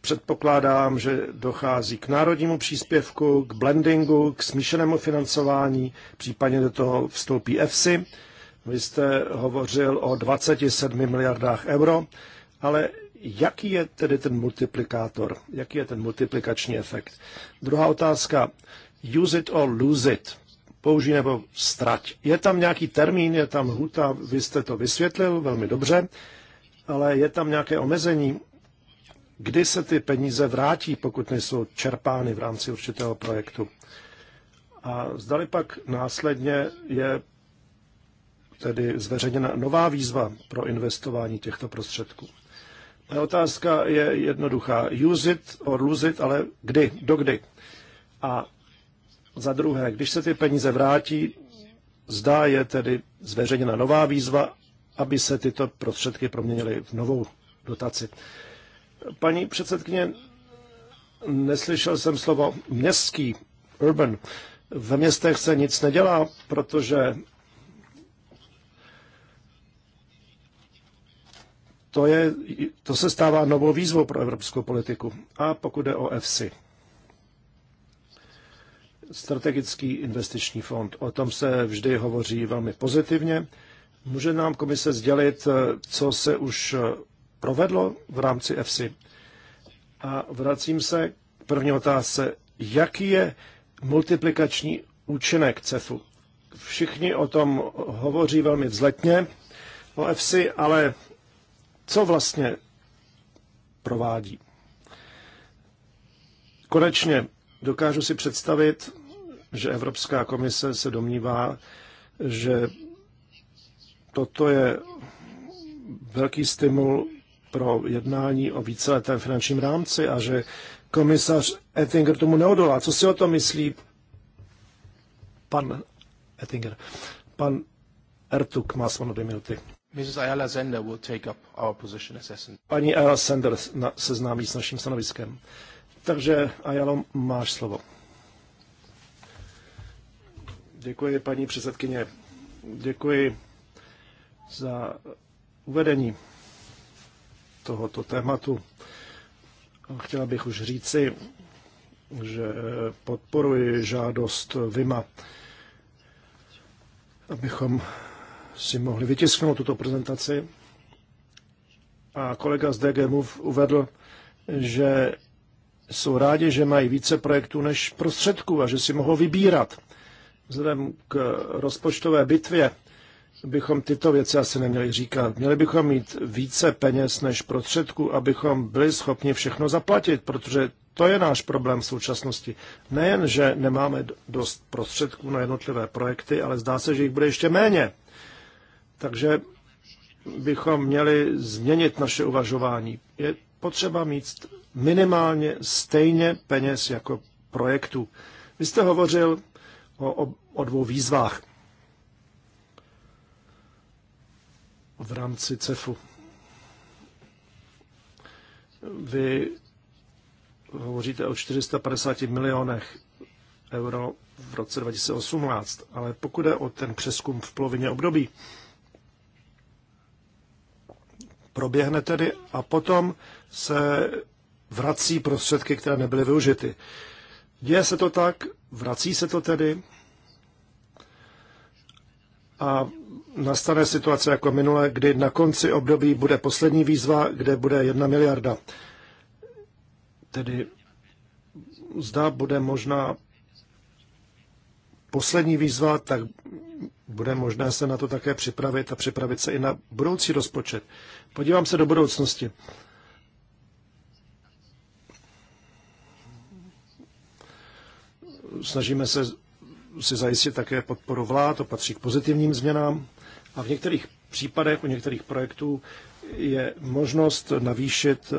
C: předpokládám, že dochází k národnímu příspěvku, k blendingu, k smíšenému financování, případně do toho vstoupí EFSI vy jste hovořil o 27 miliardách euro, ale jaký je tedy ten multiplikátor? Jaký je ten multiplikační efekt? Druhá otázka. Use it or lose it. Použij nebo strať. Je tam nějaký termín, je tam huta, vy jste to vysvětlil velmi dobře, ale je tam nějaké omezení, kdy se ty peníze vrátí, pokud nejsou čerpány v rámci určitého projektu. A zdali pak následně je tedy zveřejněna nová výzva pro investování těchto prostředků. Moje otázka je jednoduchá. Use it or lose it, ale kdy, dokdy? A za druhé, když se ty peníze vrátí, zdá je tedy zveřejněna nová výzva, aby se tyto prostředky proměnily v novou dotaci. Paní předsedkyně, neslyšel jsem slovo městský, urban. Ve městech se nic nedělá, protože to, je, to se stává novou výzvou pro evropskou politiku. A pokud jde o EFSI, strategický investiční fond, o tom se vždy hovoří velmi pozitivně. Může nám komise sdělit, co se už provedlo v rámci EFSI? A vracím se k první otázce. Jaký je multiplikační účinek CEFu? Všichni o tom hovoří velmi vzletně, o EFSI, ale co vlastně provádí. Konečně dokážu si představit, že Evropská komise se domnívá, že toto je velký stimul pro jednání o víceletém finančním rámci a že komisař Ettinger tomu neodolá. Co si o to myslí pan Ettinger? Pan Ertuk má slovo dvě minuty. Mrs. Ayala Zender will take up our position as SND. Pani Ayala Sender seznámí s naším stanoviskem. Takže Ayala, máš slovo. Děkuji, paní předsedkyně. Děkuji za uvedení tohoto tématu. Chtěla bych už říci, že podporuji žádost VIMA, abychom si mohli vytisknout tuto prezentaci. A kolega z DG Move uvedl, že jsou rádi, že mají více projektů než prostředků a že si mohou vybírat. Vzhledem k rozpočtové bitvě bychom tyto věci asi neměli říkat. Měli bychom mít více peněz než prostředků, abychom byli schopni všechno zaplatit, protože to je náš problém v současnosti. Nejen, že nemáme dost prostředků na jednotlivé projekty, ale zdá se, že jich bude ještě méně. Takže bychom měli změnit naše uvažování. Je potřeba mít minimálně stejně peněz jako projektu. Vy jste hovořil o, o, o dvou výzvách v rámci CEFu. Vy hovoříte o 450 milionech euro v roce 2018, ale pokud je o ten přeskum v polovině období, proběhne tedy a potom se vrací prostředky, které nebyly využity. Děje se to tak, vrací se to tedy a nastane situace jako minule, kdy na konci období bude poslední výzva, kde bude jedna miliarda. Tedy zda bude možná poslední výzva, tak bude možné se na to také připravit a připravit se i na budoucí rozpočet. Podívám se do budoucnosti. Snažíme se si zajistit také podporu vlád, to patří k pozitivním změnám a v některých případech, u některých projektů je možnost navýšit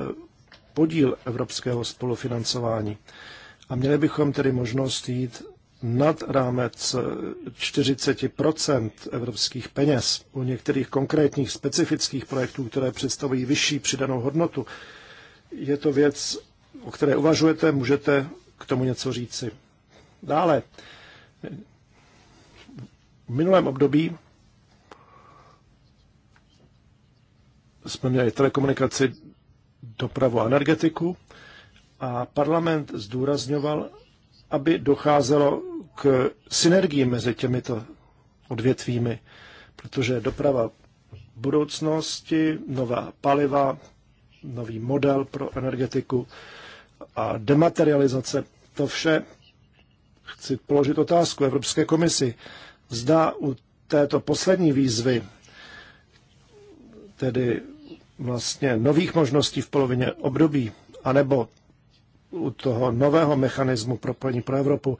C: podíl evropského spolufinancování. A měli bychom tedy možnost jít nad rámec 40 eh, evropských peněz u některých konkrétních specifických projektů, které představují vyšší přidanou hodnotu. Je to věc, o které uvažujete, můžete k tomu něco říci. Dále, v minulém období jsme měli telekomunikaci, dopravu a energetiku a parlament zdůrazňoval, aby docházelo k synergii mezi těmito odvětvími, protože doprava budoucnosti, nová paliva, nový model pro energetiku a dematerializace, to vše chci položit otázku Evropské komisi. Zdá u této poslední výzvy, tedy vlastně nových možností v polovině období, anebo u toho nového mechanismu propojení pro Evropu,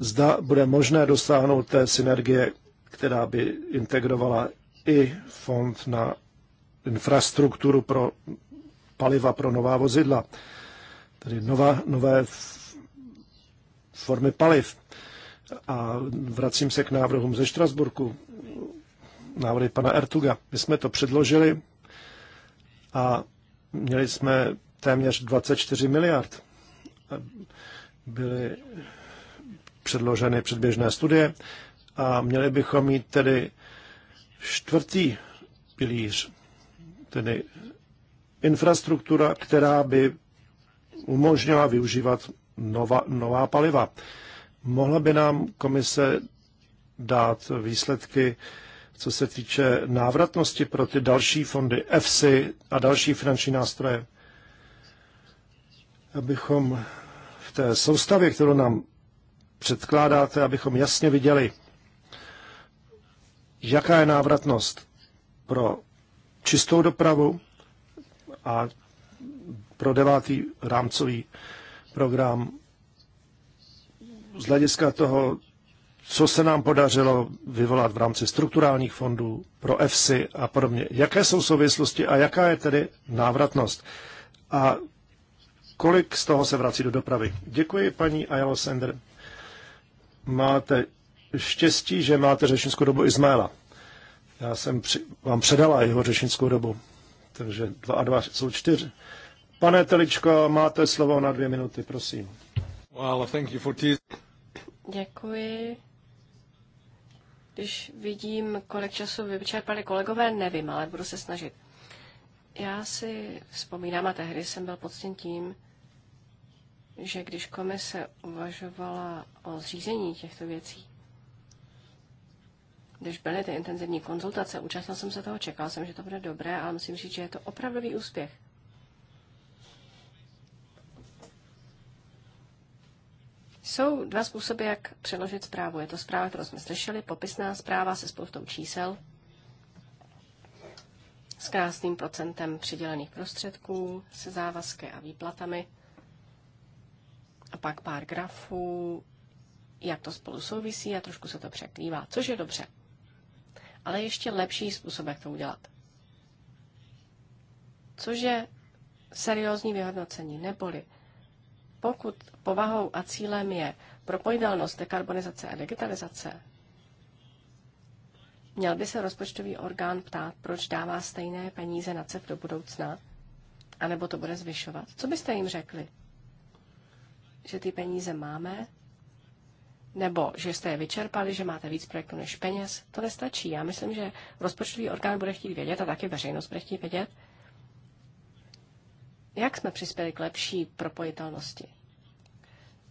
C: zda bude možné dosáhnout té synergie, která by integrovala i fond na infrastrukturu pro paliva pro nová vozidla, tedy nová, nové formy paliv. A vracím se k návrhům ze Štrasburku, návrhy pana Ertuga. My jsme to předložili a měli jsme téměř 24 miliard. Byly předloženy předběžné studie a měli bychom mít tedy čtvrtý pilíř, tedy infrastruktura, která by umožnila využívat nova, nová paliva. Mohla by nám komise dát výsledky, co se týče návratnosti pro ty další fondy EFSI a další finanční nástroje, abychom v té soustavě, kterou nám předkládáte, abychom jasně viděli, jaká je návratnost pro čistou dopravu a pro devátý rámcový program z hlediska toho, co se nám podařilo vyvolat v rámci strukturálních fondů pro EFSI a podobně. Jaké jsou souvislosti a jaká je tedy návratnost? A kolik z toho se vrací do dopravy? Děkuji paní Ayala Sender máte štěstí, že máte řečnickou dobu Izmaela. Já jsem při, vám předala jeho řečnickou dobu, takže dva a dva jsou čtyři. Pane Teličko, máte slovo na dvě minuty, prosím. Well, thank you for
B: Děkuji. Když vidím, kolik času vyčerpali kolegové, nevím, ale budu se snažit. Já si vzpomínám, a tehdy jsem byl poctěn tím, že když komise uvažovala o zřízení těchto věcí, když byly ty intenzivní konzultace, účastnil jsem se toho, čekal jsem, že to bude dobré, ale musím říct, že je to opravdový úspěch. Jsou dva způsoby, jak přeložit zprávu. Je to zpráva, kterou jsme slyšeli, popisná zpráva se spoustou čísel, s krásným procentem přidělených prostředků, se závazky a výplatami – a pak pár grafů, jak to spolu souvisí a trošku se to překrývá, což je dobře. Ale ještě lepší způsob, jak to udělat. Což je seriózní vyhodnocení, neboli pokud povahou a cílem je propojitelnost dekarbonizace a digitalizace, měl by se rozpočtový orgán ptát, proč dává stejné peníze na CEF do budoucna, anebo to bude zvyšovat. Co byste jim řekli? že ty peníze máme, nebo že jste je vyčerpali, že máte víc projektů než peněz, to nestačí. Já myslím, že rozpočtový orgán bude chtít vědět a taky veřejnost bude chtít vědět, jak jsme přispěli k lepší propojitelnosti.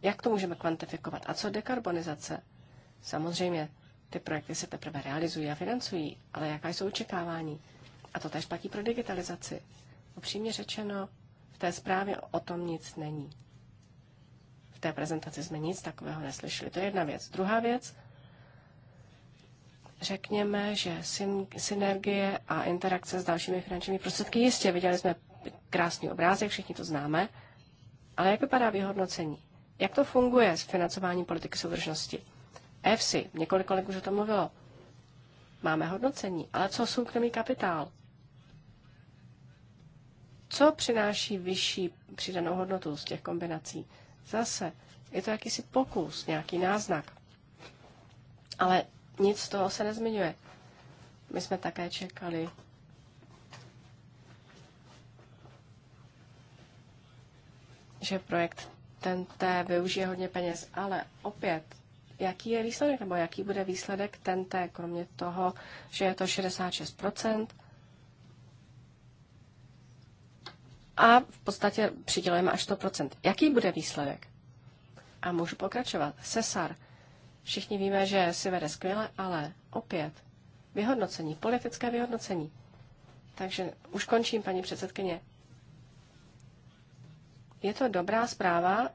B: Jak to můžeme kvantifikovat? A co dekarbonizace? Samozřejmě, ty projekty se teprve realizují a financují, ale jaká jsou očekávání? A to tež platí pro digitalizaci. Upřímně řečeno, v té zprávě o tom nic není té prezentaci jsme nic takového neslyšeli. To je jedna věc. Druhá věc, řekněme, že syn, synergie a interakce s dalšími finančními prostředky, jistě viděli jsme krásný obrázek, všichni to známe, ale jak vypadá vyhodnocení? Jak to funguje s financováním politiky soudržnosti? EFSI, několik kolegů už o tom mluvilo. Máme hodnocení, ale co soukromý kapitál? Co přináší vyšší přidanou hodnotu z těch kombinací? Zase je to jakýsi pokus, nějaký náznak. Ale nic z toho se nezmiňuje. My jsme také čekali že projekt TNT využije hodně peněz, ale opět, jaký je výsledek, nebo jaký bude výsledek TNT, kromě toho, že je to a v podstatě přidělujeme až 100%. Jaký bude výsledek? A můžu pokračovat. Cesar. Všichni víme, že si vede skvěle, ale opět vyhodnocení, politické vyhodnocení. Takže už končím, paní předsedkyně. Je to dobrá zpráva,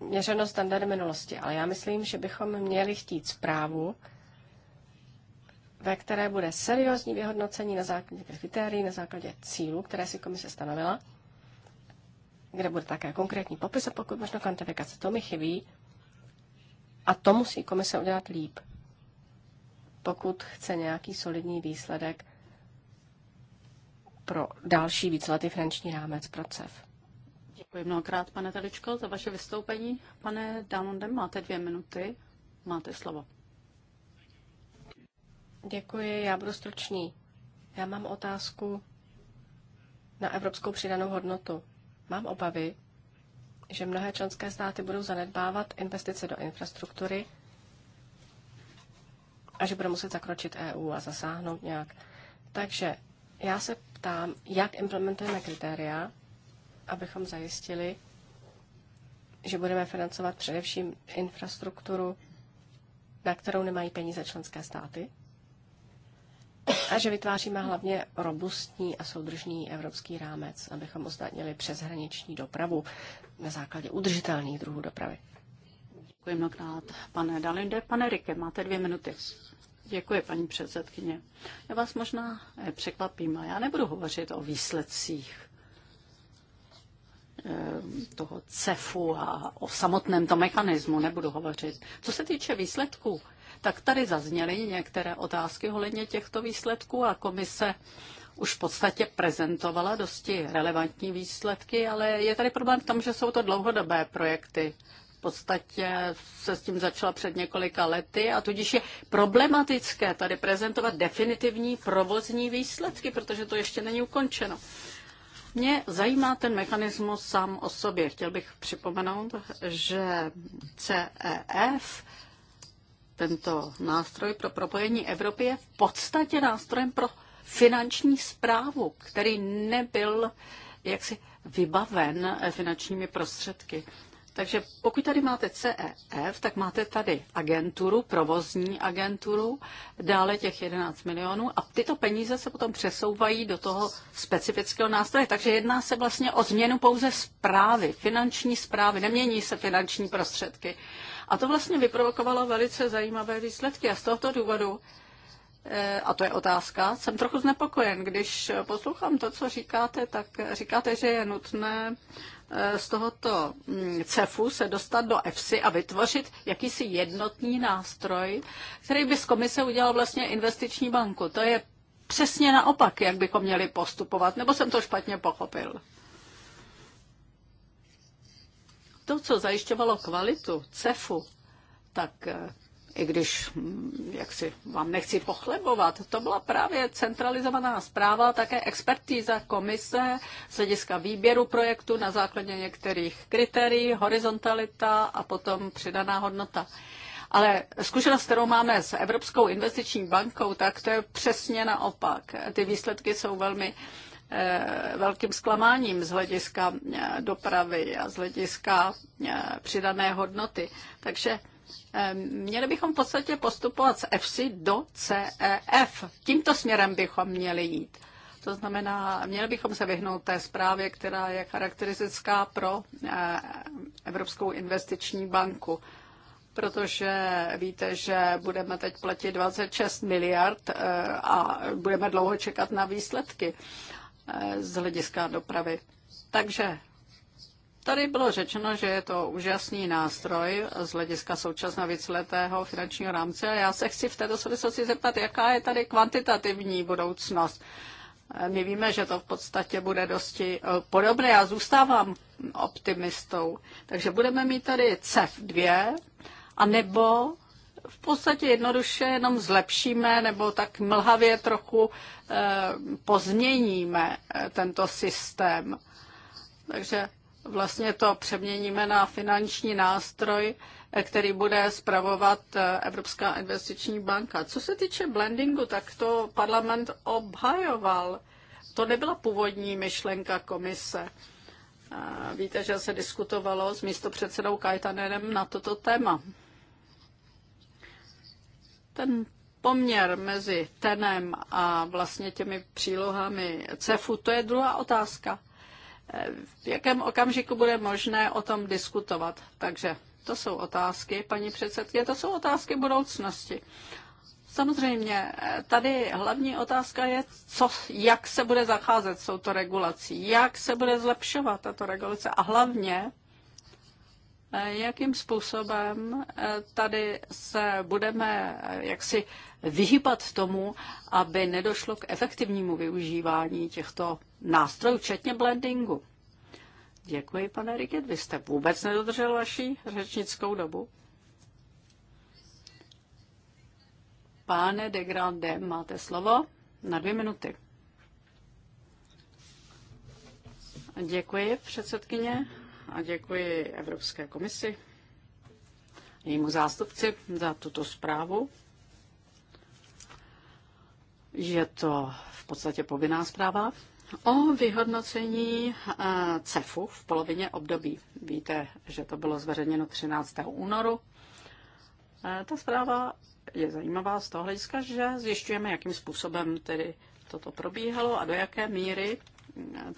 B: měřeno standardy minulosti, ale já myslím, že bychom měli chtít zprávu, ve které bude seriózní vyhodnocení na základě kritérií, na základě cílů, které si komise stanovila, kde bude také konkrétní popis a pokud možno kvantifikace. To mi chybí a to musí komise udělat líp, pokud chce nějaký solidní výsledek pro další víceletý finanční rámec pro CEF.
A: Děkuji mnohokrát, pane Teličko, za vaše vystoupení. Pane Dalmondem, máte dvě minuty,
B: máte slovo. Děkuji, já budu stručný. Já mám otázku na evropskou přidanou hodnotu. Mám obavy, že mnohé členské státy budou zanedbávat investice do infrastruktury a že bude muset zakročit EU a zasáhnout nějak. Takže já se ptám, jak implementujeme kritéria, abychom zajistili, že budeme financovat především infrastrukturu, na kterou nemají peníze členské státy a že vytváříme hlavně robustní a soudržný evropský rámec, abychom usnadnili přeshraniční dopravu na základě udržitelných druhů dopravy. Děkuji mnohokrát,
A: pane Dalinde. Pane Rike, máte dvě minuty. Děkuji, paní předsedkyně. Já vás možná eh, překvapím, ale já nebudu hovořit o výsledcích eh, toho CEFu a o samotném to mechanismu nebudu hovořit. Co se týče výsledků, tak tady zazněly některé otázky ohledně těchto výsledků a komise už v podstatě prezentovala dosti relevantní výsledky, ale je tady problém v tom, že jsou to dlouhodobé projekty. V podstatě se s tím začala před několika lety a tudíž je problematické tady prezentovat definitivní provozní výsledky, protože to ještě není ukončeno. Mě zajímá ten mechanismus sám o sobě. Chtěl bych připomenout, že CEF tento nástroj pro propojení Evropy je v podstatě nástrojem pro finanční zprávu, který nebyl jaksi vybaven eh, finančními prostředky. Takže pokud tady máte CEF, tak máte tady agenturu, provozní agenturu, dále těch 11 milionů a tyto peníze se potom přesouvají do toho specifického nástroje. Takže jedná se vlastně o změnu pouze zprávy, finanční zprávy, nemění se finanční prostředky. A to vlastně vyprovokovalo velice zajímavé výsledky. A z tohoto důvodu, eh, a to je otázka, jsem trochu znepokojen. Když poslouchám to, co říkáte, tak říkáte, že je nutné eh, z tohoto mm, CEFu se dostat do EFSI a vytvořit jakýsi jednotný nástroj, který by z komise udělal vlastně investiční banku. To je přesně naopak, jak bychom měli postupovat, nebo jsem to špatně pochopil. to, co zajišťovalo kvalitu CEFu, tak eh, i když, hm, jak si vám nechci pochlebovat, to byla právě centralizovaná zpráva, také expertíza komise z hlediska výběru projektu na základě některých kritérií, horizontalita a potom přidaná hodnota. Ale zkušenost, kterou máme s Evropskou investiční bankou, tak to je přesně naopak. Ty výsledky jsou velmi Eh, velkým zklamáním z hlediska eh, dopravy a z hlediska eh, přidané hodnoty. Takže měli bychom v podstatě postupovat z FC do CEF. Tímto směrem bychom měli jít. To znamená, měli bychom se vyhnout té zprávě, která je charakteristická pro Evropskou investiční banku protože víte, že budeme teď platit 26 miliard a budeme dlouho čekat na výsledky. Eh, z hlediska dopravy. Takže tady bylo řečeno, že je to úžasný nástroj z hlediska současného víceletého finančního rámce a já se chci v této souvislosti zeptat, jaká je tady kvantitativní budoucnost. Eh, my víme, že to v podstatě bude dosti eh, podobné. Já zůstávám optimistou. Takže budeme mít tady CEF 2 a nebo v podstatě jednoduše jenom zlepšíme nebo tak mlhavě trochu eh, pozměníme eh, tento systém. Takže vlastně to přeměníme na finanční nástroj, eh, který bude spravovat Evropská investiční banka. Co se týče blendingu, tak to parlament obhajoval. To nebyla původní myšlenka komise. Víte, že se diskutovalo s místopředsedou Kajtanenem na toto téma. Ten poměr mezi tenem a vlastně těmi přílohami CEFu, to je druhá otázka. Eh, v jakém okamžiku bude možné o tom diskutovat? Takže to jsou otázky, paní předsedkyně, to jsou otázky budoucnosti. Samozřejmě, eh, tady hlavní otázka je, co, jak se bude zacházet s touto regulací, jak se bude zlepšovat tato regulace a hlavně, jakým způsobem eh, tady se budeme eh, jaksi vyhýbat tomu, aby nedošlo k efektivnímu využívání těchto nástrojů, včetně blendingu. Děkuji, pane Riket. Vy jste vůbec nedodržel vaši řečnickou dobu. Pane de Grande, máte slovo na dvě minuty. Děkuji, předsedkyně a děkuji Evropské komisi, jejímu zástupci za tuto zprávu. Je to v podstatě povinná zpráva o vyhodnocení eh, CEFu v polovině období. Víte, že to bylo zveřejněno 13. únoru. Eh, ta zpráva je zajímavá z toho hlediska, že zjišťujeme, jakým způsobem tedy toto probíhalo a do jaké míry eh,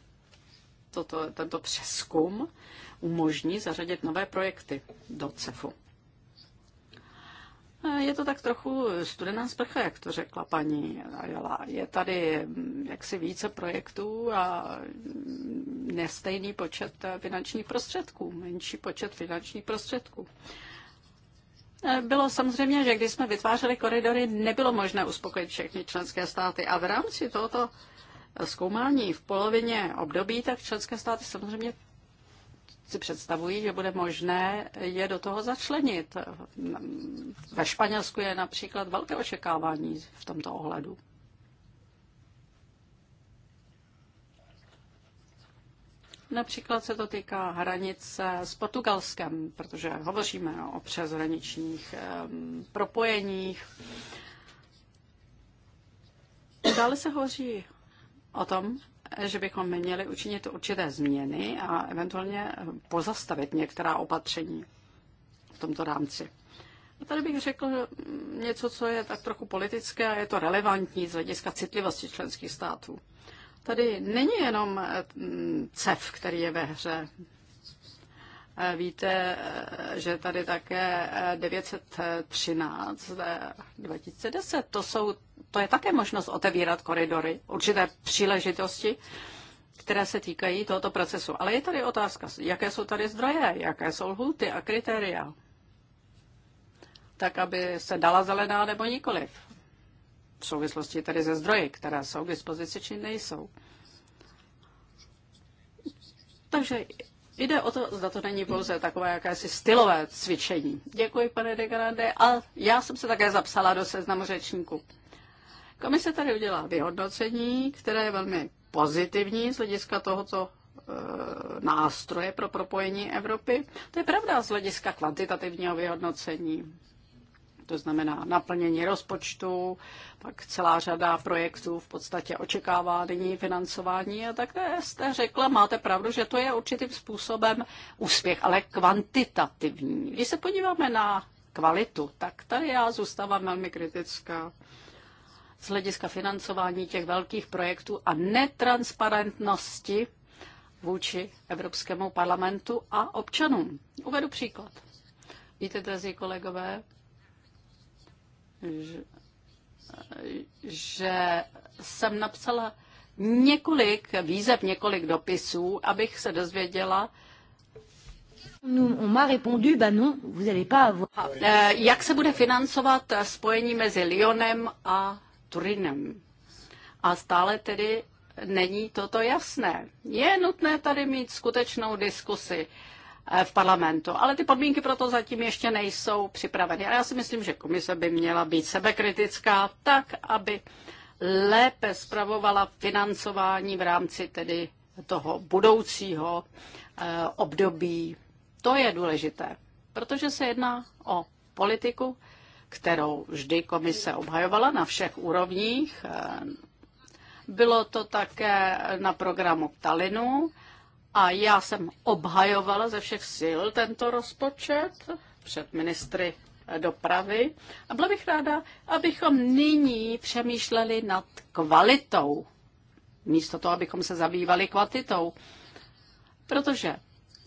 A: toto, tento přeskum umožní zařadit nové projekty do CEFu. Eh, je to tak trochu studená sprcha, jak to řekla paní Ajela. Je tady hm, jaksi více projektů a hm, nestejný počet eh, finančních prostředků, menší počet finančních prostředků. Eh, bylo samozřejmě, že když jsme vytvářeli koridory, nebylo možné uspokojit všechny členské státy. A v rámci tohoto zkoumání v polovině období, tak členské státy samozřejmě si představují, že bude možné je do toho začlenit. Ve Španělsku je například velké očekávání v tomto ohledu. Například se to týká hranice s Portugalskem, protože hovoříme o přeshraničních propojeních. Dále se hovoří o tom, že bychom měli učinit určité změny a eventuálně pozastavit některá opatření v tomto rámci. A tady bych řekl něco, co je tak trochu politické a je to relevantní z hlediska citlivosti členských států. Tady není jenom eh, CEF, který je ve hře. Eh, víte, eh, že tady také 913 eh, 2010, to, jsou, to je také možnost otevírat koridory, určité příležitosti, které se týkají tohoto procesu. Ale je tady otázka, jaké jsou tady zdroje, jaké jsou lhuty a kritéria, tak aby se dala zelená nebo nikoliv. V souvislosti tedy ze zdroji, které jsou k dispozici či nejsou. Takže Jde o to, zda to není pouze takové jakési stylové cvičení. Děkuji, pane de Grande. a já jsem se také zapsala do seznamu řečníků. Komise tady udělá vyhodnocení, které je velmi pozitivní z hlediska tohoto e, nástroje pro propojení Evropy. To je pravda z hlediska kvantitativního vyhodnocení to znamená naplnění rozpočtu, pak celá řada projektů v podstatě očekává denní financování a také jste řekla, máte pravdu, že to je určitým způsobem úspěch, ale kvantitativní. Když se podíváme na kvalitu, tak tady já zůstávám velmi kritická z hlediska financování těch velkých projektů a netransparentnosti vůči Evropskému parlamentu a občanům. Uvedu příklad. Víte, drazí kolegové, že jsem napsala několik výzev, několik dopisů, abych se dozvěděla,
B: eh, jak
A: se bude financovat spojení mezi Lyonem a Turinem? A stále tedy není toto jasné. Je nutné tady mít skutečnou diskusi Eh, v parlamentu. Ale ty podmínky pro to zatím ještě nejsou připraveny. A já si myslím, že komise by měla být sebekritická tak, aby lépe spravovala financování v rámci tedy toho budoucího eh, období. To je důležité, protože se jedná o politiku, kterou vždy komise obhajovala na všech úrovních. Eh, bylo to také na programu Talinu a já jsem obhajovala ze všech sil tento rozpočet před ministry dopravy a byla bych ráda, abychom nyní přemýšleli nad kvalitou, místo toho, abychom se zabývali kvantitou. Protože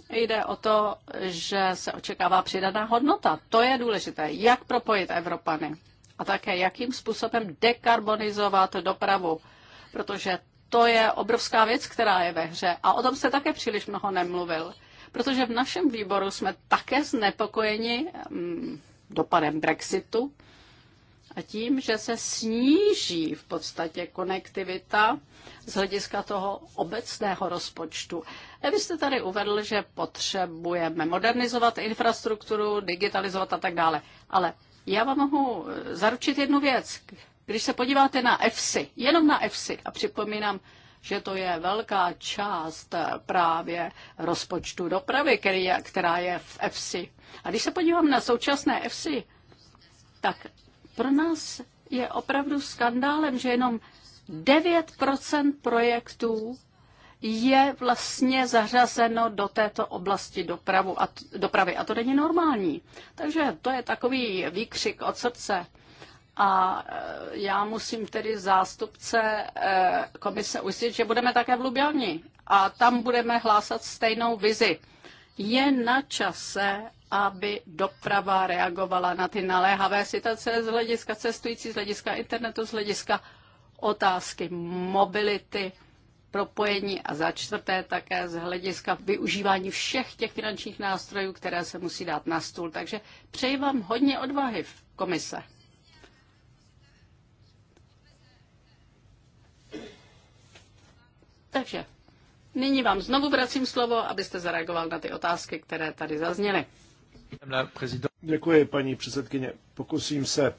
A: jde o to, že se očekává přidaná hodnota. To je důležité. Jak propojit Evropany a také jakým způsobem dekarbonizovat dopravu, protože to je obrovská věc, která je ve hře. A o tom se také příliš mnoho nemluvil, protože v našem výboru jsme také znepokojeni mm, dopadem Brexitu a tím, že se sníží v podstatě konektivita z hlediska toho obecného rozpočtu. Vy jste tady uvedl, že potřebujeme modernizovat infrastrukturu, digitalizovat a tak dále. Ale já vám mohu zaručit jednu věc. Když se podíváte na EFSI, jenom na EFSI, a připomínám, že to je velká část eh, právě rozpočtu dopravy, který je, která je v EFSI. A když se podívám na současné EFSI, tak pro nás je opravdu skandálem, že jenom 9% projektů je vlastně zařazeno do této oblasti dopravu a, dopravy. A to není normální. Takže to je takový výkřik od srdce. A e, já musím tedy zástupce e, komise ujistit, že budeme také v Lubělni a tam budeme hlásat stejnou vizi. Je na čase, aby doprava reagovala na ty naléhavé situace z hlediska cestující, z hlediska internetu, z hlediska otázky mobility, propojení a za čtvrté také z hlediska využívání všech těch finančních nástrojů, které se musí dát na stůl. Takže přeji vám hodně odvahy v komise. Takže nyní vám znovu vracím slovo, abyste zareagoval na ty otázky, které tady zazněly.
C: Děkuji, paní předsedkyně. Pokusím se eh,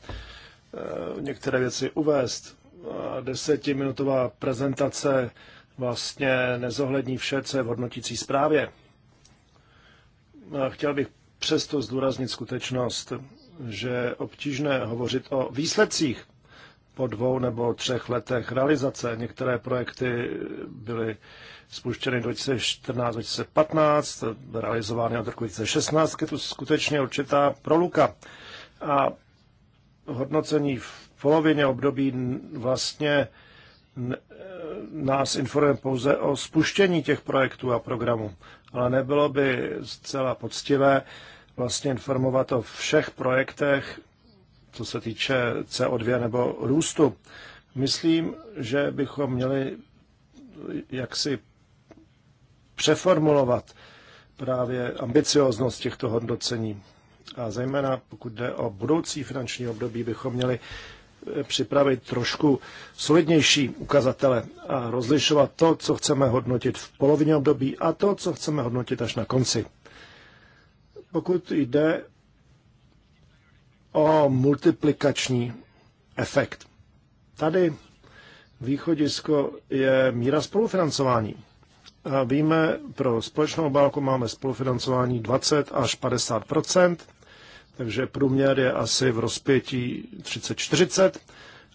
C: některé věci uvést. Eh, desetiminutová prezentace vlastně nezohlední vše, co je v hodnotící zprávě. Eh, chtěl bych přesto zdůraznit skutečnost, že je obtížné hovořit o výsledcích po dvou nebo třech letech realizace. Některé projekty byly spuštěny do 2014-2015, realizovány od roku 2016, je tu skutečně určitá proluka. A hodnocení v polovině období vlastně nás informuje pouze o spuštění těch projektů a programů, ale nebylo by zcela poctivé vlastně informovat o všech projektech co se týče CO2 nebo růstu. Myslím, že bychom měli jaksi přeformulovat právě ambicioznost těchto hodnocení. A zejména pokud jde o budoucí finanční období, bychom měli eh, připravit trošku solidnější ukazatele a rozlišovat to, co chceme hodnotit v polovině období a to, co chceme hodnotit až na konci. Pokud jde o multiplikační efekt. Tady východisko je míra spolufinancování. A víme, pro společnou obálku máme spolufinancování 20 až 50 takže průměr je asi v rozpětí 30-40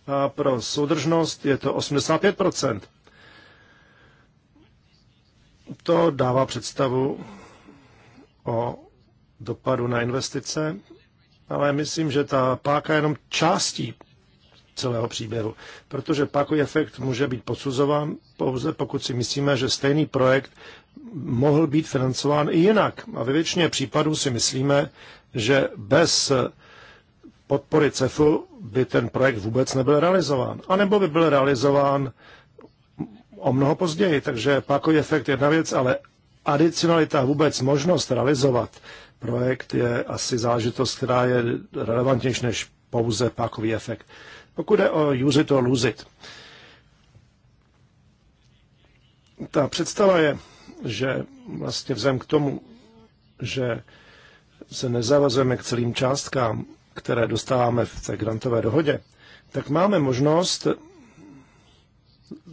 C: a pro soudržnost je to 85 To dává představu o dopadu na investice ale myslím, že ta páka je jenom částí celého příběhu, protože pákový efekt může být posuzován pouze pokud si myslíme, že stejný projekt mohl být financován i jinak. A ve většině případů si myslíme, že bez podpory CEFu by ten projekt vůbec nebyl realizován. A nebo by byl realizován o mnoho později. Takže pákový efekt je jedna věc, ale adicionalita, vůbec možnost realizovat projekt je asi záležitost, která je relevantnější než pouze pákový efekt. Pokud je o use it or lose it, ta představa je, že vlastně vzem k tomu, že se nezavazujeme k celým částkám, které dostáváme v té grantové dohodě, tak máme možnost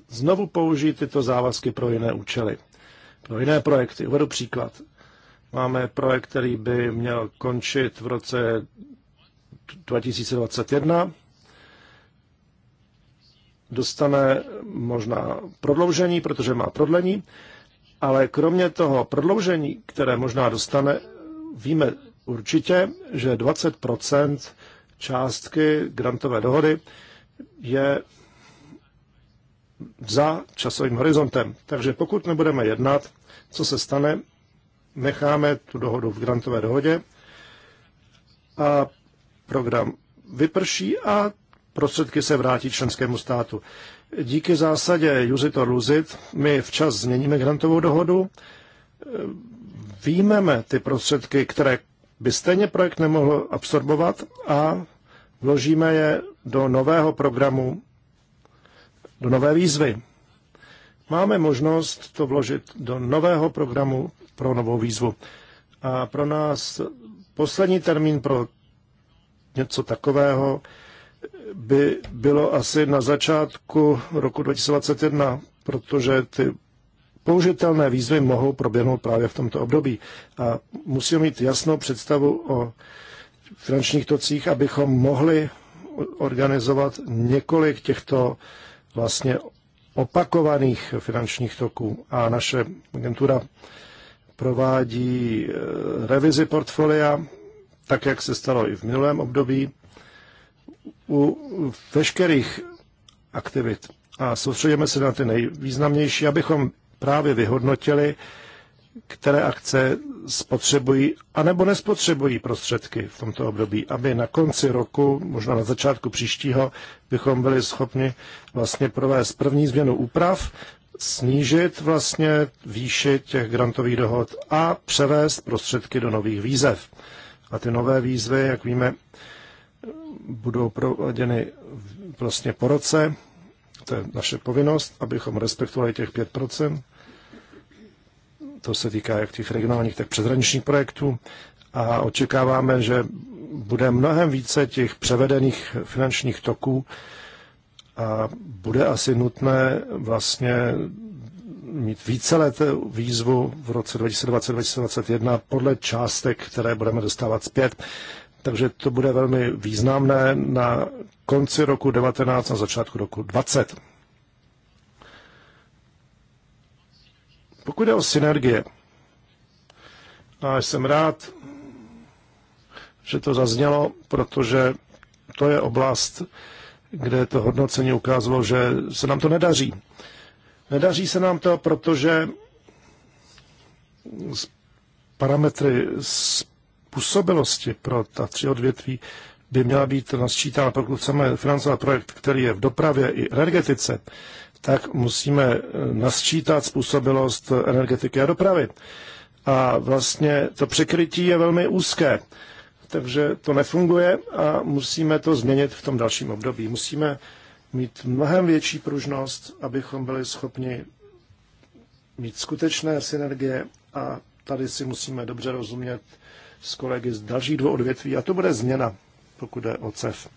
C: znovu použít tyto závazky pro jiné účely, pro jiné projekty. Uvedu příklad. Máme projekt, který by měl končit v roce 2021. Dostane možná prodloužení, protože má prodlení, ale kromě toho prodloužení, které možná dostane, víme určitě, že 20 částky grantové dohody je za časovým horizontem. Takže pokud nebudeme jednat, co se stane, necháme tu dohodu v grantové dohodě a program vyprší a prostředky se vrátí členskému státu. Díky zásadě use it or my včas změníme grantovou dohodu, výjmeme ty prostředky, které by stejně projekt nemohl absorbovat a vložíme je do nového programu, do nové výzvy. Máme možnost to vložit do nového programu pro novou výzvu. A pro nás poslední termín pro něco takového by bylo asi na začátku roku 2021, protože ty použitelné výzvy mohou proběhnout právě v tomto období. A musíme mít jasnou představu o finančních tocích, abychom mohli organizovat několik těchto vlastně opakovaných finančních toků a naše agentura provádí eh, revizi portfolia, tak jak se stalo i v minulém období, u veškerých aktivit. A soustředíme se na ty nejvýznamnější, abychom právě vyhodnotili, které akce spotřebují anebo nespotřebují prostředky v tomto období, aby na konci roku, možná na začátku příštího, bychom byli schopni vlastně provést první změnu úprav, snížit vlastně výši těch grantových dohod a převést prostředky do nových výzev. A ty nové výzvy, jak víme, budou prováděny vlastně po roce, to je naše povinnost, abychom respektovali těch 5%, to se týká jak těch regionálních, tak přeshraničních projektů. A očekáváme, že bude mnohem více těch převedených finančních toků a bude asi nutné vlastně mít let výzvu v roce 2020-2021 podle částek, které budeme dostávat zpět. Takže to bude velmi významné na konci roku 19 a začátku roku 20. Pokud je o synergie, a jsem rád, že to zaznělo, protože to je oblast, kde to hodnocení ukázalo, že se nám to nedaří. Nedaří se nám to, protože parametry způsobilosti pro ta tři odvětví by měla být nasčítána, pokud chceme financovat projekt, který je v dopravě i energetice, tak musíme eh, nasčítat způsobilost energetiky a dopravy. A vlastně to překrytí je velmi úzké, takže to nefunguje a musíme to změnit v tom dalším období. Musíme mít mnohem větší pružnost, abychom byli schopni mít skutečné synergie a tady si musíme dobře rozumět s kolegy z dalších dvou odvětví a to bude změna, pokud jde o CEF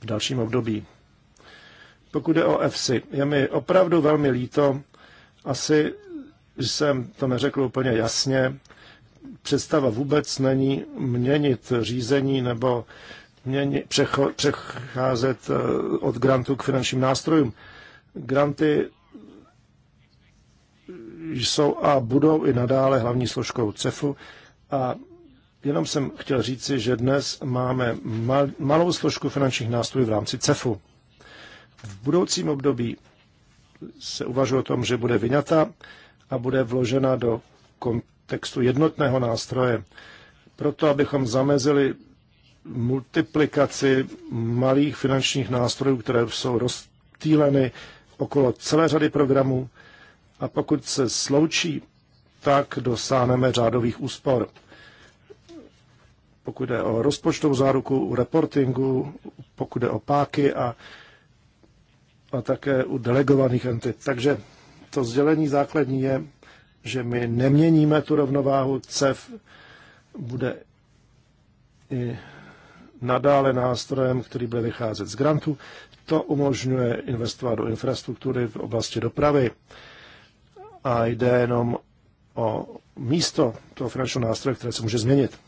C: v dalším období. Pokud jde o EFSI, je mi opravdu velmi líto, asi jsem to neřekl úplně jasně, představa vůbec není měnit řízení nebo měnit, přecho, přecházet eh, od grantů k finančním nástrojům. Granty jsou a budou i nadále hlavní složkou CEFu a jenom jsem chtěl říci, že dnes máme mal, malou složku finančních nástrojů v rámci CEFu. V budoucím období se uvažuje o tom, že bude vyňata a bude vložena do kontextu jednotného nástroje. Proto, abychom zamezili multiplikaci malých finančních nástrojů, které jsou rozptýleny okolo celé řady programů a pokud se sloučí, tak dosáhneme řádových úspor. Pokud jde o rozpočtovou záruku, reportingu, pokud jde o páky a a také u delegovaných entit. Takže to sdělení základní je, že my neměníme tu rovnováhu. CEF bude i nadále nástrojem, který bude vycházet z grantu. To umožňuje investovat do infrastruktury v oblasti dopravy a jde jenom o místo toho finančního nástroje, které se může změnit,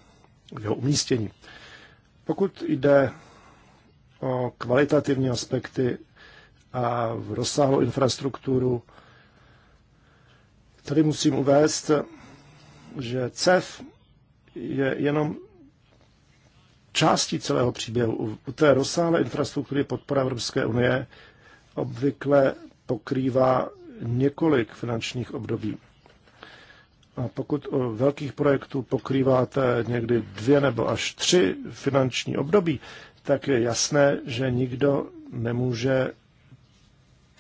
C: jeho umístění. Pokud jde o kvalitativní aspekty a v rozsáhlou infrastrukturu. Tady musím uvést, že CEF je jenom částí celého příběhu. U té rozsáhlé infrastruktury podpora Evropské unie obvykle pokrývá několik finančních období. A pokud o velkých projektů pokrýváte někdy dvě nebo až tři finanční období, tak je jasné, že nikdo nemůže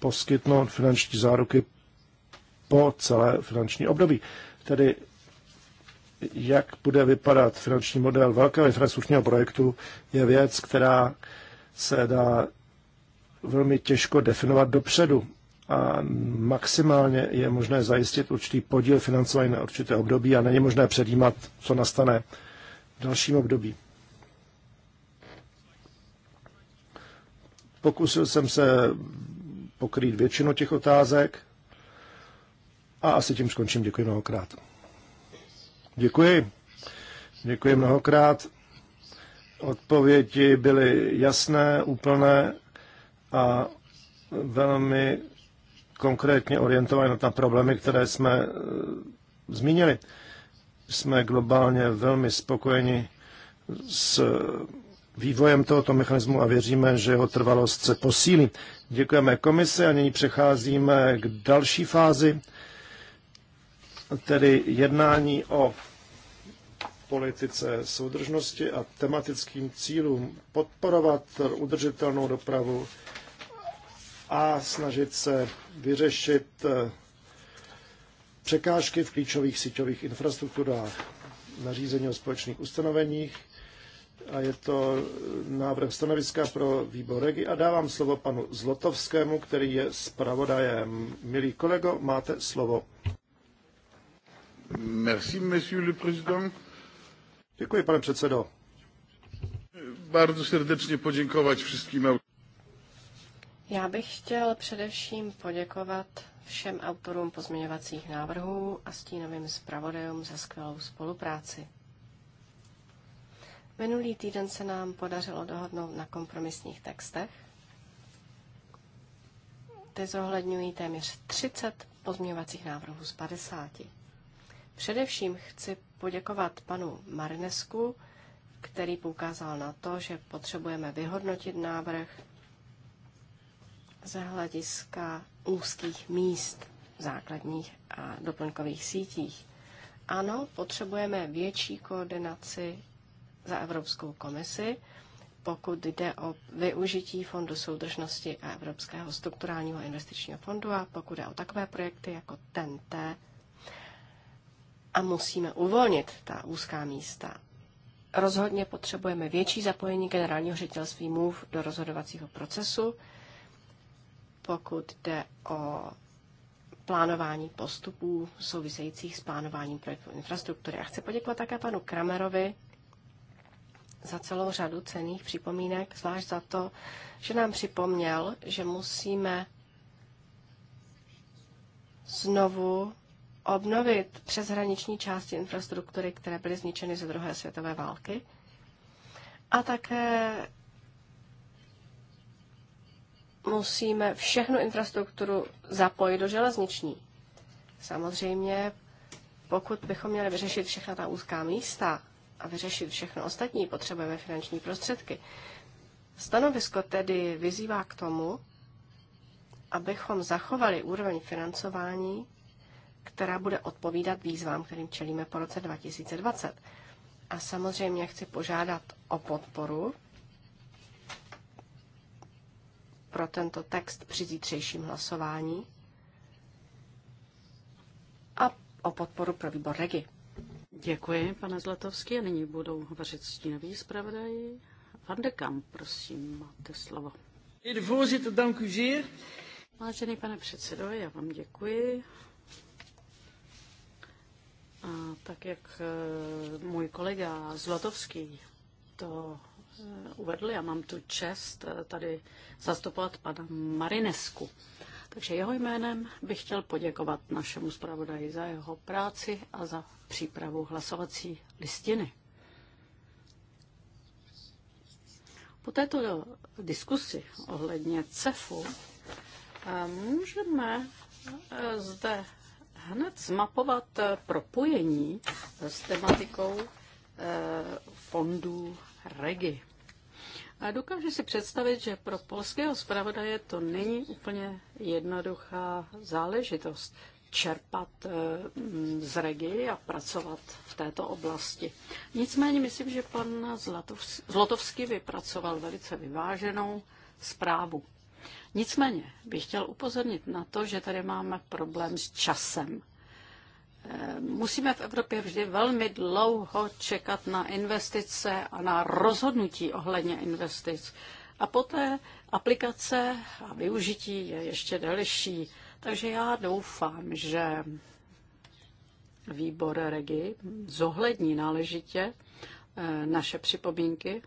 C: poskytnout finanční záruky po celé finanční období. Tedy jak bude vypadat finanční model velkého infrastrukturního projektu, je věc, která se dá velmi těžko definovat dopředu a maximálně je možné zajistit určitý podíl financování na určité období a není možné předjímat, co nastane v dalším období. Pokusil jsem se pokrýt většinu těch otázek. A asi tím skončím. Děkuji mnohokrát. Děkuji. Děkuji mnohokrát. Odpovědi byly jasné, úplné a velmi konkrétně orientované na problémy, které jsme eh, zmínili. Jsme globálně velmi spokojeni s vývojem tohoto mechanismu a věříme, že jeho trvalost se posílí. Děkujeme komisi a nyní přecházíme k další fázi, tedy jednání o politice soudržnosti a tematickým cílům podporovat udržitelnou dopravu a snažit se vyřešit eh, překážky v klíčových síťových infrastrukturách, nařízení o společných ustanoveních a je to návrh stanoviska pro výbor Regi a dávám slovo panu Zlotovskému, který je zpravodajem. Milý kolego, máte slovo. Merci, monsieur le président. Děkuji, pane předsedo. Bardzo srdečně poděkovat všem.
B: Já bych chtěl především poděkovat všem autorům pozměňovacích návrhů a stínovým zpravodajům za skvělou spolupráci. Minulý týden se nám podařilo dohodnout na kompromisních textech. Ty zohledňují téměř 30 pozměňovacích návrhů z 50. Především chci poděkovat panu Marinesku, který poukázal na to, že potřebujeme vyhodnotit návrh ze hlediska úzkých míst v základních a doplňkových sítích. Ano, potřebujeme větší koordinaci za Evropskou komisi, pokud jde o využití Fondu soudržnosti a Evropského strukturálního investičního fondu a pokud jde o takové projekty jako TNT. A musíme uvolnit ta úzká místa. Rozhodně potřebujeme větší zapojení generálního ředitelství MOVE do rozhodovacího procesu, pokud jde o plánování postupů souvisejících s plánováním projektů infrastruktury. A chci poděkovat také panu Kramerovi za celou řadu cených připomínek, zvlášť za to, že nám připomněl, že musíme znovu obnovit přeshraniční části infrastruktury, které byly zničeny ze druhé světové války. A také musíme všechnu infrastrukturu zapojit do železniční. Samozřejmě, pokud bychom měli vyřešit všechna ta úzká místa, a vyřešit všechno ostatní, potřebujeme finanční prostředky. Stanovisko tedy vyzývá k tomu, abychom zachovali úroveň financování, která bude odpovídat výzvám, kterým čelíme po roce 2020. A samozřejmě chci požádat o podporu pro tento text při zítřejším hlasování a o podporu pro výbor REGI.
A: Děkuji, pane Zlatovský. A nyní budou hovořit stínový zpravodaj. Van de Kamp, prosím, máte slovo. Vážený pane předsedo, já vám děkuji. A tak jak eh, můj kolega Zlatovský to eh, uvedl, já mám tu čest eh, tady zastupovat pana Marinesku. Takže jeho jménem bych chtěl poděkovat našemu zpravodaji za jeho práci a za přípravu hlasovací listiny. Po této diskusi ohledně CEFu eh, můžeme eh, zde hned zmapovat eh, propojení s tematikou fondů REGI. A dokážu si představit, že pro polského zpravodaje to není úplně jednoduchá záležitost čerpat eh, mm, z regi a pracovat v této oblasti. Nicméně myslím, že pan Zlotovský vypracoval velice vyváženou zprávu. Nicméně bych chtěl upozornit na to, že tady máme problém s časem. Eh, musíme v Evropě vždy velmi dlouho čekat na investice a na rozhodnutí ohledně investic. A poté aplikace a využití je ještě delší. Takže já doufám, že výbor Regi zohlední náležitě eh, naše připomínky,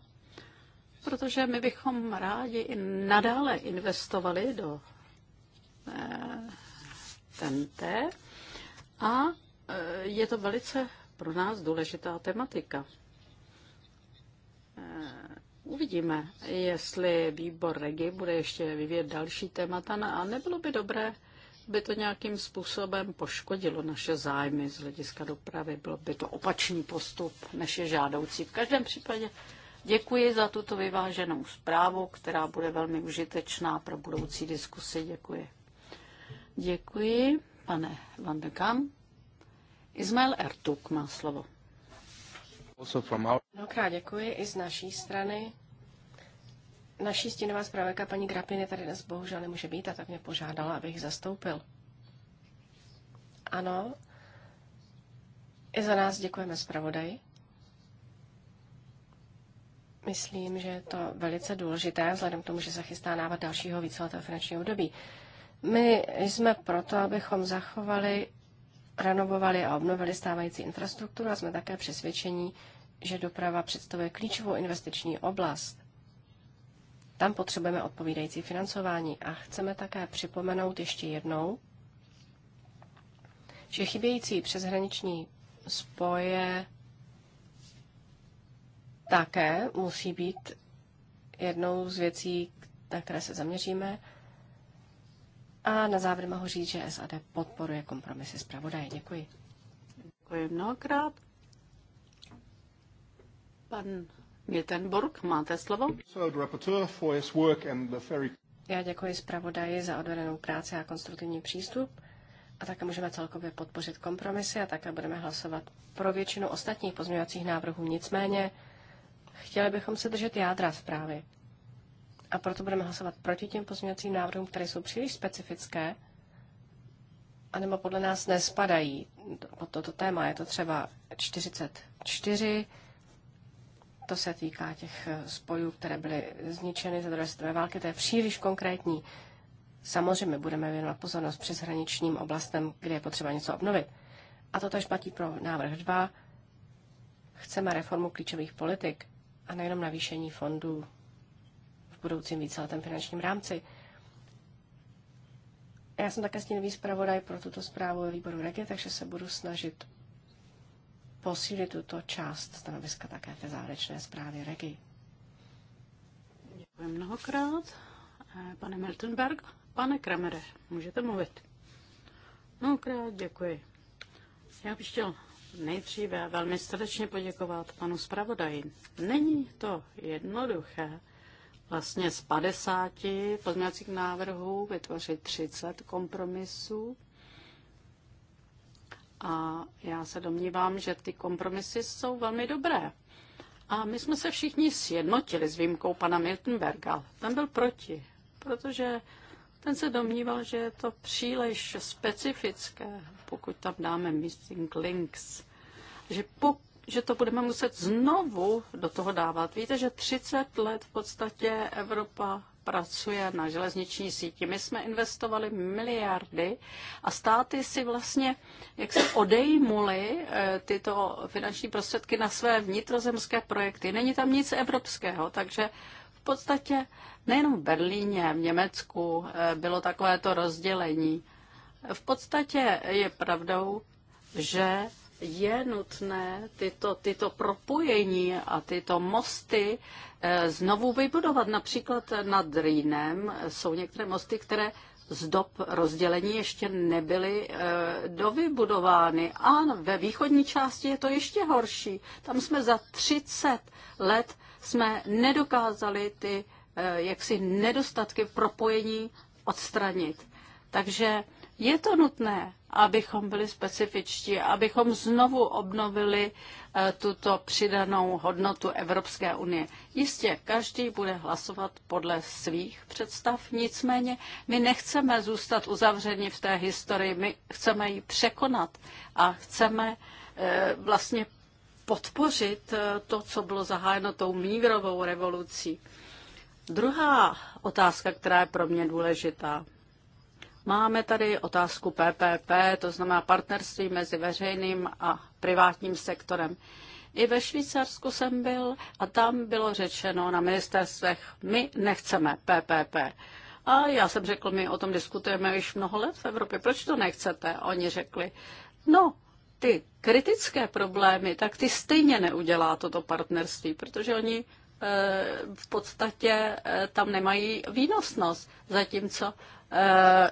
A: protože my bychom rádi i nadále investovali do eh, TNT a Eh, je to velice pro nás důležitá tematika. Eh, uvidíme, jestli výbor Regi bude ještě vyvíjet další témata no, a nebylo by dobré, by to nějakým způsobem poškodilo naše zájmy z hlediska dopravy. Byl by to opačný postup, než je žádoucí. V každém případě děkuji za tuto vyváženou zprávu, která bude velmi užitečná pro budoucí diskusy. Děkuji. Děkuji, pane Van Ismail Ertuk má slovo.
B: Mnohokrát děkuji i z naší strany. Naší stínová zpravodajka paní Grapiny tady dnes bohužel nemůže být a tak mě požádala, abych zastoupil. Ano, i za nás děkujeme zpravodaji. Myslím, že je to velice důležité, vzhledem k tomu, že se chystá návod dalšího víceletého finančního období. My jsme proto, abychom zachovali renovovali a obnovili stávající infrastrukturu a jsme také přesvědčeni, že doprava představuje klíčovou investiční oblast. Tam potřebujeme odpovídající financování a chceme také připomenout ještě jednou, že chybějící přeshraniční spoje také musí být jednou z věcí, na které se zaměříme a na závěr mohu říct, že SAD podporuje kompromisy zpravodaje. Děkuji. Děkuji mnohokrát. Pan
A: Miltenburg, máte slovo.
B: Já děkuji zpravodaji za odvedenou práci a konstruktivní přístup. A také můžeme celkově podpořit kompromisy a také budeme hlasovat pro většinu ostatních pozměňovacích návrhů. Nicméně chtěli bychom se držet jádra zprávy. A proto budeme hlasovat proti těm pozměňovacím návrhům, které jsou příliš specifické, anebo podle nás nespadají pod toto téma. Je to třeba 44, to se týká těch spojů, které byly zničeny za druhé světové války, to je příliš konkrétní. Samozřejmě budeme věnovat pozornost přeshraničním oblastem, kde je potřeba něco obnovit. A to tež platí pro návrh 2. Chceme reformu klíčových politik a nejenom navýšení fondů budoucím víceletém finančním rámci. Já jsem také stínový zpravodaj pro tuto zprávu ve výboru Regie, takže se budu snažit posílit tuto část stanoviska také té závěrečné zprávy Regie.
A: Děkuji mnohokrát. Eh, pane Miltenberg, pane Kramere, můžete mluvit. Mnohokrát děkuji. Já bych chtěl nejdříve velmi srdečně poděkovat panu zpravodaji. Není to jednoduché vlastně z 50 pozměňovacích návrhů vytvořit 30 kompromisů. A já se domnívám, že ty kompromisy jsou velmi dobré. A my jsme se všichni sjednotili s výjimkou pana Miltenberga. Ten byl proti, protože ten se domníval, že je to příliš specifické, pokud tam dáme missing links. Že pokud že to budeme muset znovu do toho dávat. Víte, že 30 let v podstatě Evropa pracuje na železniční síti. My jsme investovali miliardy a státy si vlastně, jak se odejmuli eh, tyto finanční prostředky na své vnitrozemské projekty. Není tam nic evropského, takže v podstatě nejenom v Berlíně, v Německu eh, bylo takovéto rozdělení. V podstatě je pravdou, že je nutné tyto, tyto propojení a tyto mosty eh, znovu vybudovat. Například nad Rýnem jsou některé mosty, které z dob rozdělení ještě nebyly eh, dovybudovány. A ve východní části je to ještě horší. Tam jsme za 30 let jsme nedokázali ty eh, jaksi nedostatky v propojení odstranit. Takže je to nutné, abychom byli specifičtí, abychom znovu obnovili eh, tuto přidanou hodnotu Evropské unie. Jistě, každý bude hlasovat podle svých představ, nicméně my nechceme zůstat uzavřeni v té historii, my chceme ji překonat a chceme eh, vlastně podpořit eh, to, co bylo zahájeno tou mírovou revolucí. Druhá otázka, která je pro mě důležitá. Máme tady otázku PPP, to znamená partnerství mezi veřejným a privátním sektorem. I ve Švýcarsku jsem byl a tam bylo řečeno na ministerstvech, my nechceme PPP. A já jsem řekl, my o tom diskutujeme již mnoho let v Evropě, proč to nechcete? A oni řekli, no, ty kritické problémy, tak ty stejně neudělá toto partnerství, protože oni eh, v podstatě eh, tam nemají výnosnost, zatímco eh,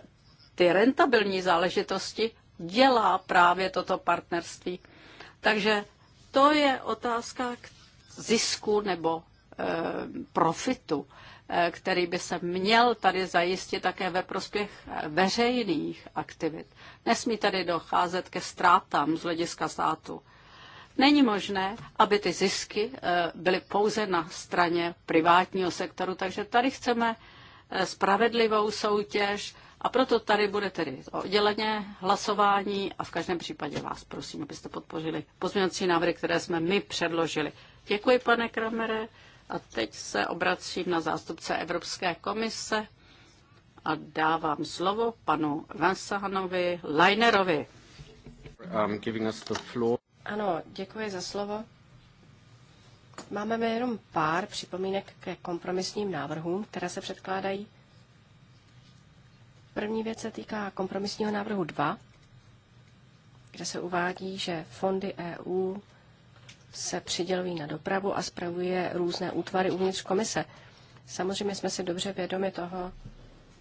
A: ty rentabilní záležitosti dělá právě toto partnerství. Takže to je otázka k zisku nebo e, profitu, e, který by se měl tady zajistit také ve prospěch veřejných aktivit. Nesmí tady docházet ke ztrátám z hlediska státu. Není možné, aby ty zisky e, byly pouze na straně privátního sektoru, takže tady chceme e, spravedlivou soutěž, a proto tady bude tedy odděleně hlasování a v každém případě vás prosím, abyste podpořili pozměňovací návrhy, které jsme my předložili. Děkuji, pane Kramere. A teď se obracím na zástupce Evropské komise a dávám slovo panu
B: Vansahanovi Leinerovi.
A: Um,
B: ano, děkuji za slovo. Máme jenom pár připomínek ke kompromisním návrhům, které se předkládají. První věc se týká kompromisního návrhu 2, kde se uvádí, že fondy EU se přidělují na dopravu a spravuje různé útvary uvnitř komise. Samozřejmě jsme si dobře vědomi toho,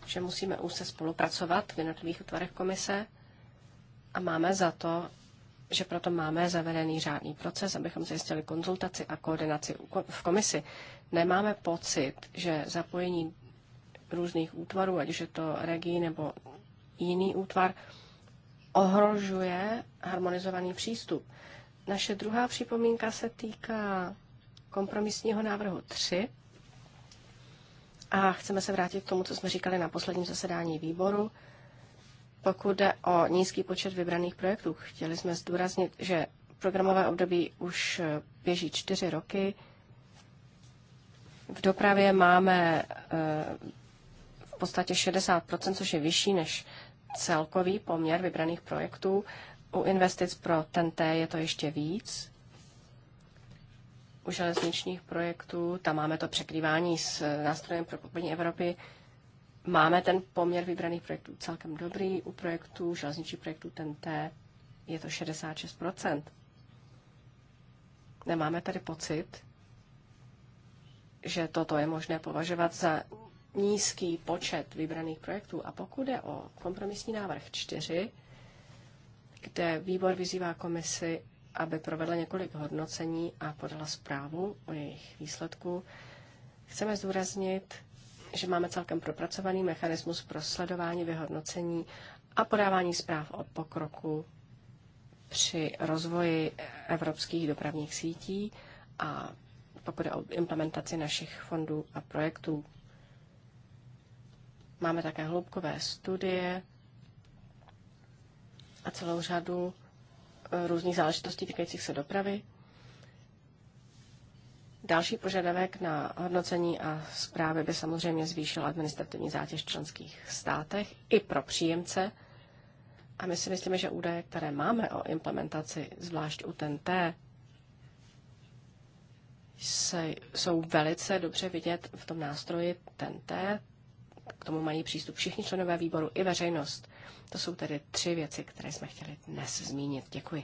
B: že musíme úzce spolupracovat v jednotlivých útvarech komise a máme za to, že proto máme zavedený řádný proces, abychom zajistili konzultaci a koordinaci v komisi. Nemáme pocit, že zapojení různých útvarů, ať už je to regi nebo jiný útvar, ohrožuje harmonizovaný přístup. Naše druhá připomínka se týká kompromisního návrhu 3 a chceme se vrátit k tomu, co jsme říkali na posledním zasedání výboru. Pokud jde o nízký počet vybraných projektů, chtěli jsme zdůraznit, že programové období už běží čtyři roky. V dopravě máme eh, v podstatě 60 což je vyšší než celkový poměr vybraných projektů. U investic pro TNT je to ještě víc. U železničních projektů, tam máme to překrývání s nástrojem pro kopení Evropy, máme ten poměr vybraných projektů celkem dobrý. U projektů, železničních projektů TNT je to 66 Nemáme tady pocit, že toto je možné považovat za nízký počet vybraných projektů. A pokud je o kompromisní návrh 4, kde výbor vyzývá komisi, aby provedla několik hodnocení a podala zprávu o jejich výsledku, chceme zdůraznit, že máme celkem propracovaný mechanismus pro sledování, vyhodnocení a podávání zpráv o pokroku při rozvoji evropských dopravních sítí a pokud je o implementaci našich fondů a projektů. Máme také hloubkové studie a celou řadu eh, různých záležitostí týkajících se dopravy. Další požadavek na hodnocení a zprávy by samozřejmě zvýšil administrativní zátěž v členských státech i pro příjemce. A my si myslíme, že údaje, které máme o implementaci, zvlášť u TNT, jsou velice dobře vidět v tom nástroji TNT. K tomu mají přístup všichni členové výboru i veřejnost. To jsou tedy tři věci, které jsme chtěli dnes zmínit. Děkuji.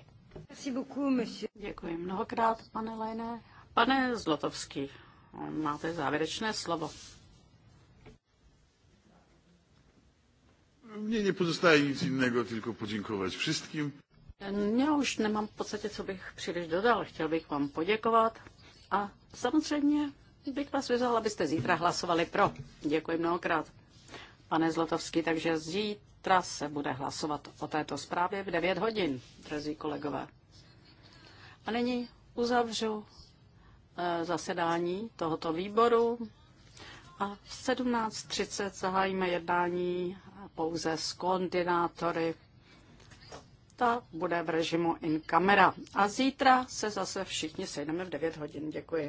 A: Děkuji mnohokrát, pane Lejné. Pane Zlotovský, máte závěrečné slovo.
C: Mně nepozostaje nic
B: jiného, tylko poděkovat všem.
A: Já už nemám v podstatě, co bych příliš dodal. Chtěl bych vám poděkovat a samozřejmě bych vás vyzval, abyste zítra hlasovali pro. Děkuji mnohokrát, pane Zlotovský. Takže zítra se bude hlasovat o této zprávě v 9 hodin, drazí kolegové. A nyní uzavřu eh, zasedání tohoto výboru a v 17.30 zahájíme jednání pouze s koordinátory. Ta bude v režimu in camera. A zítra se zase všichni sejdeme v 9 hodin. Děkuji.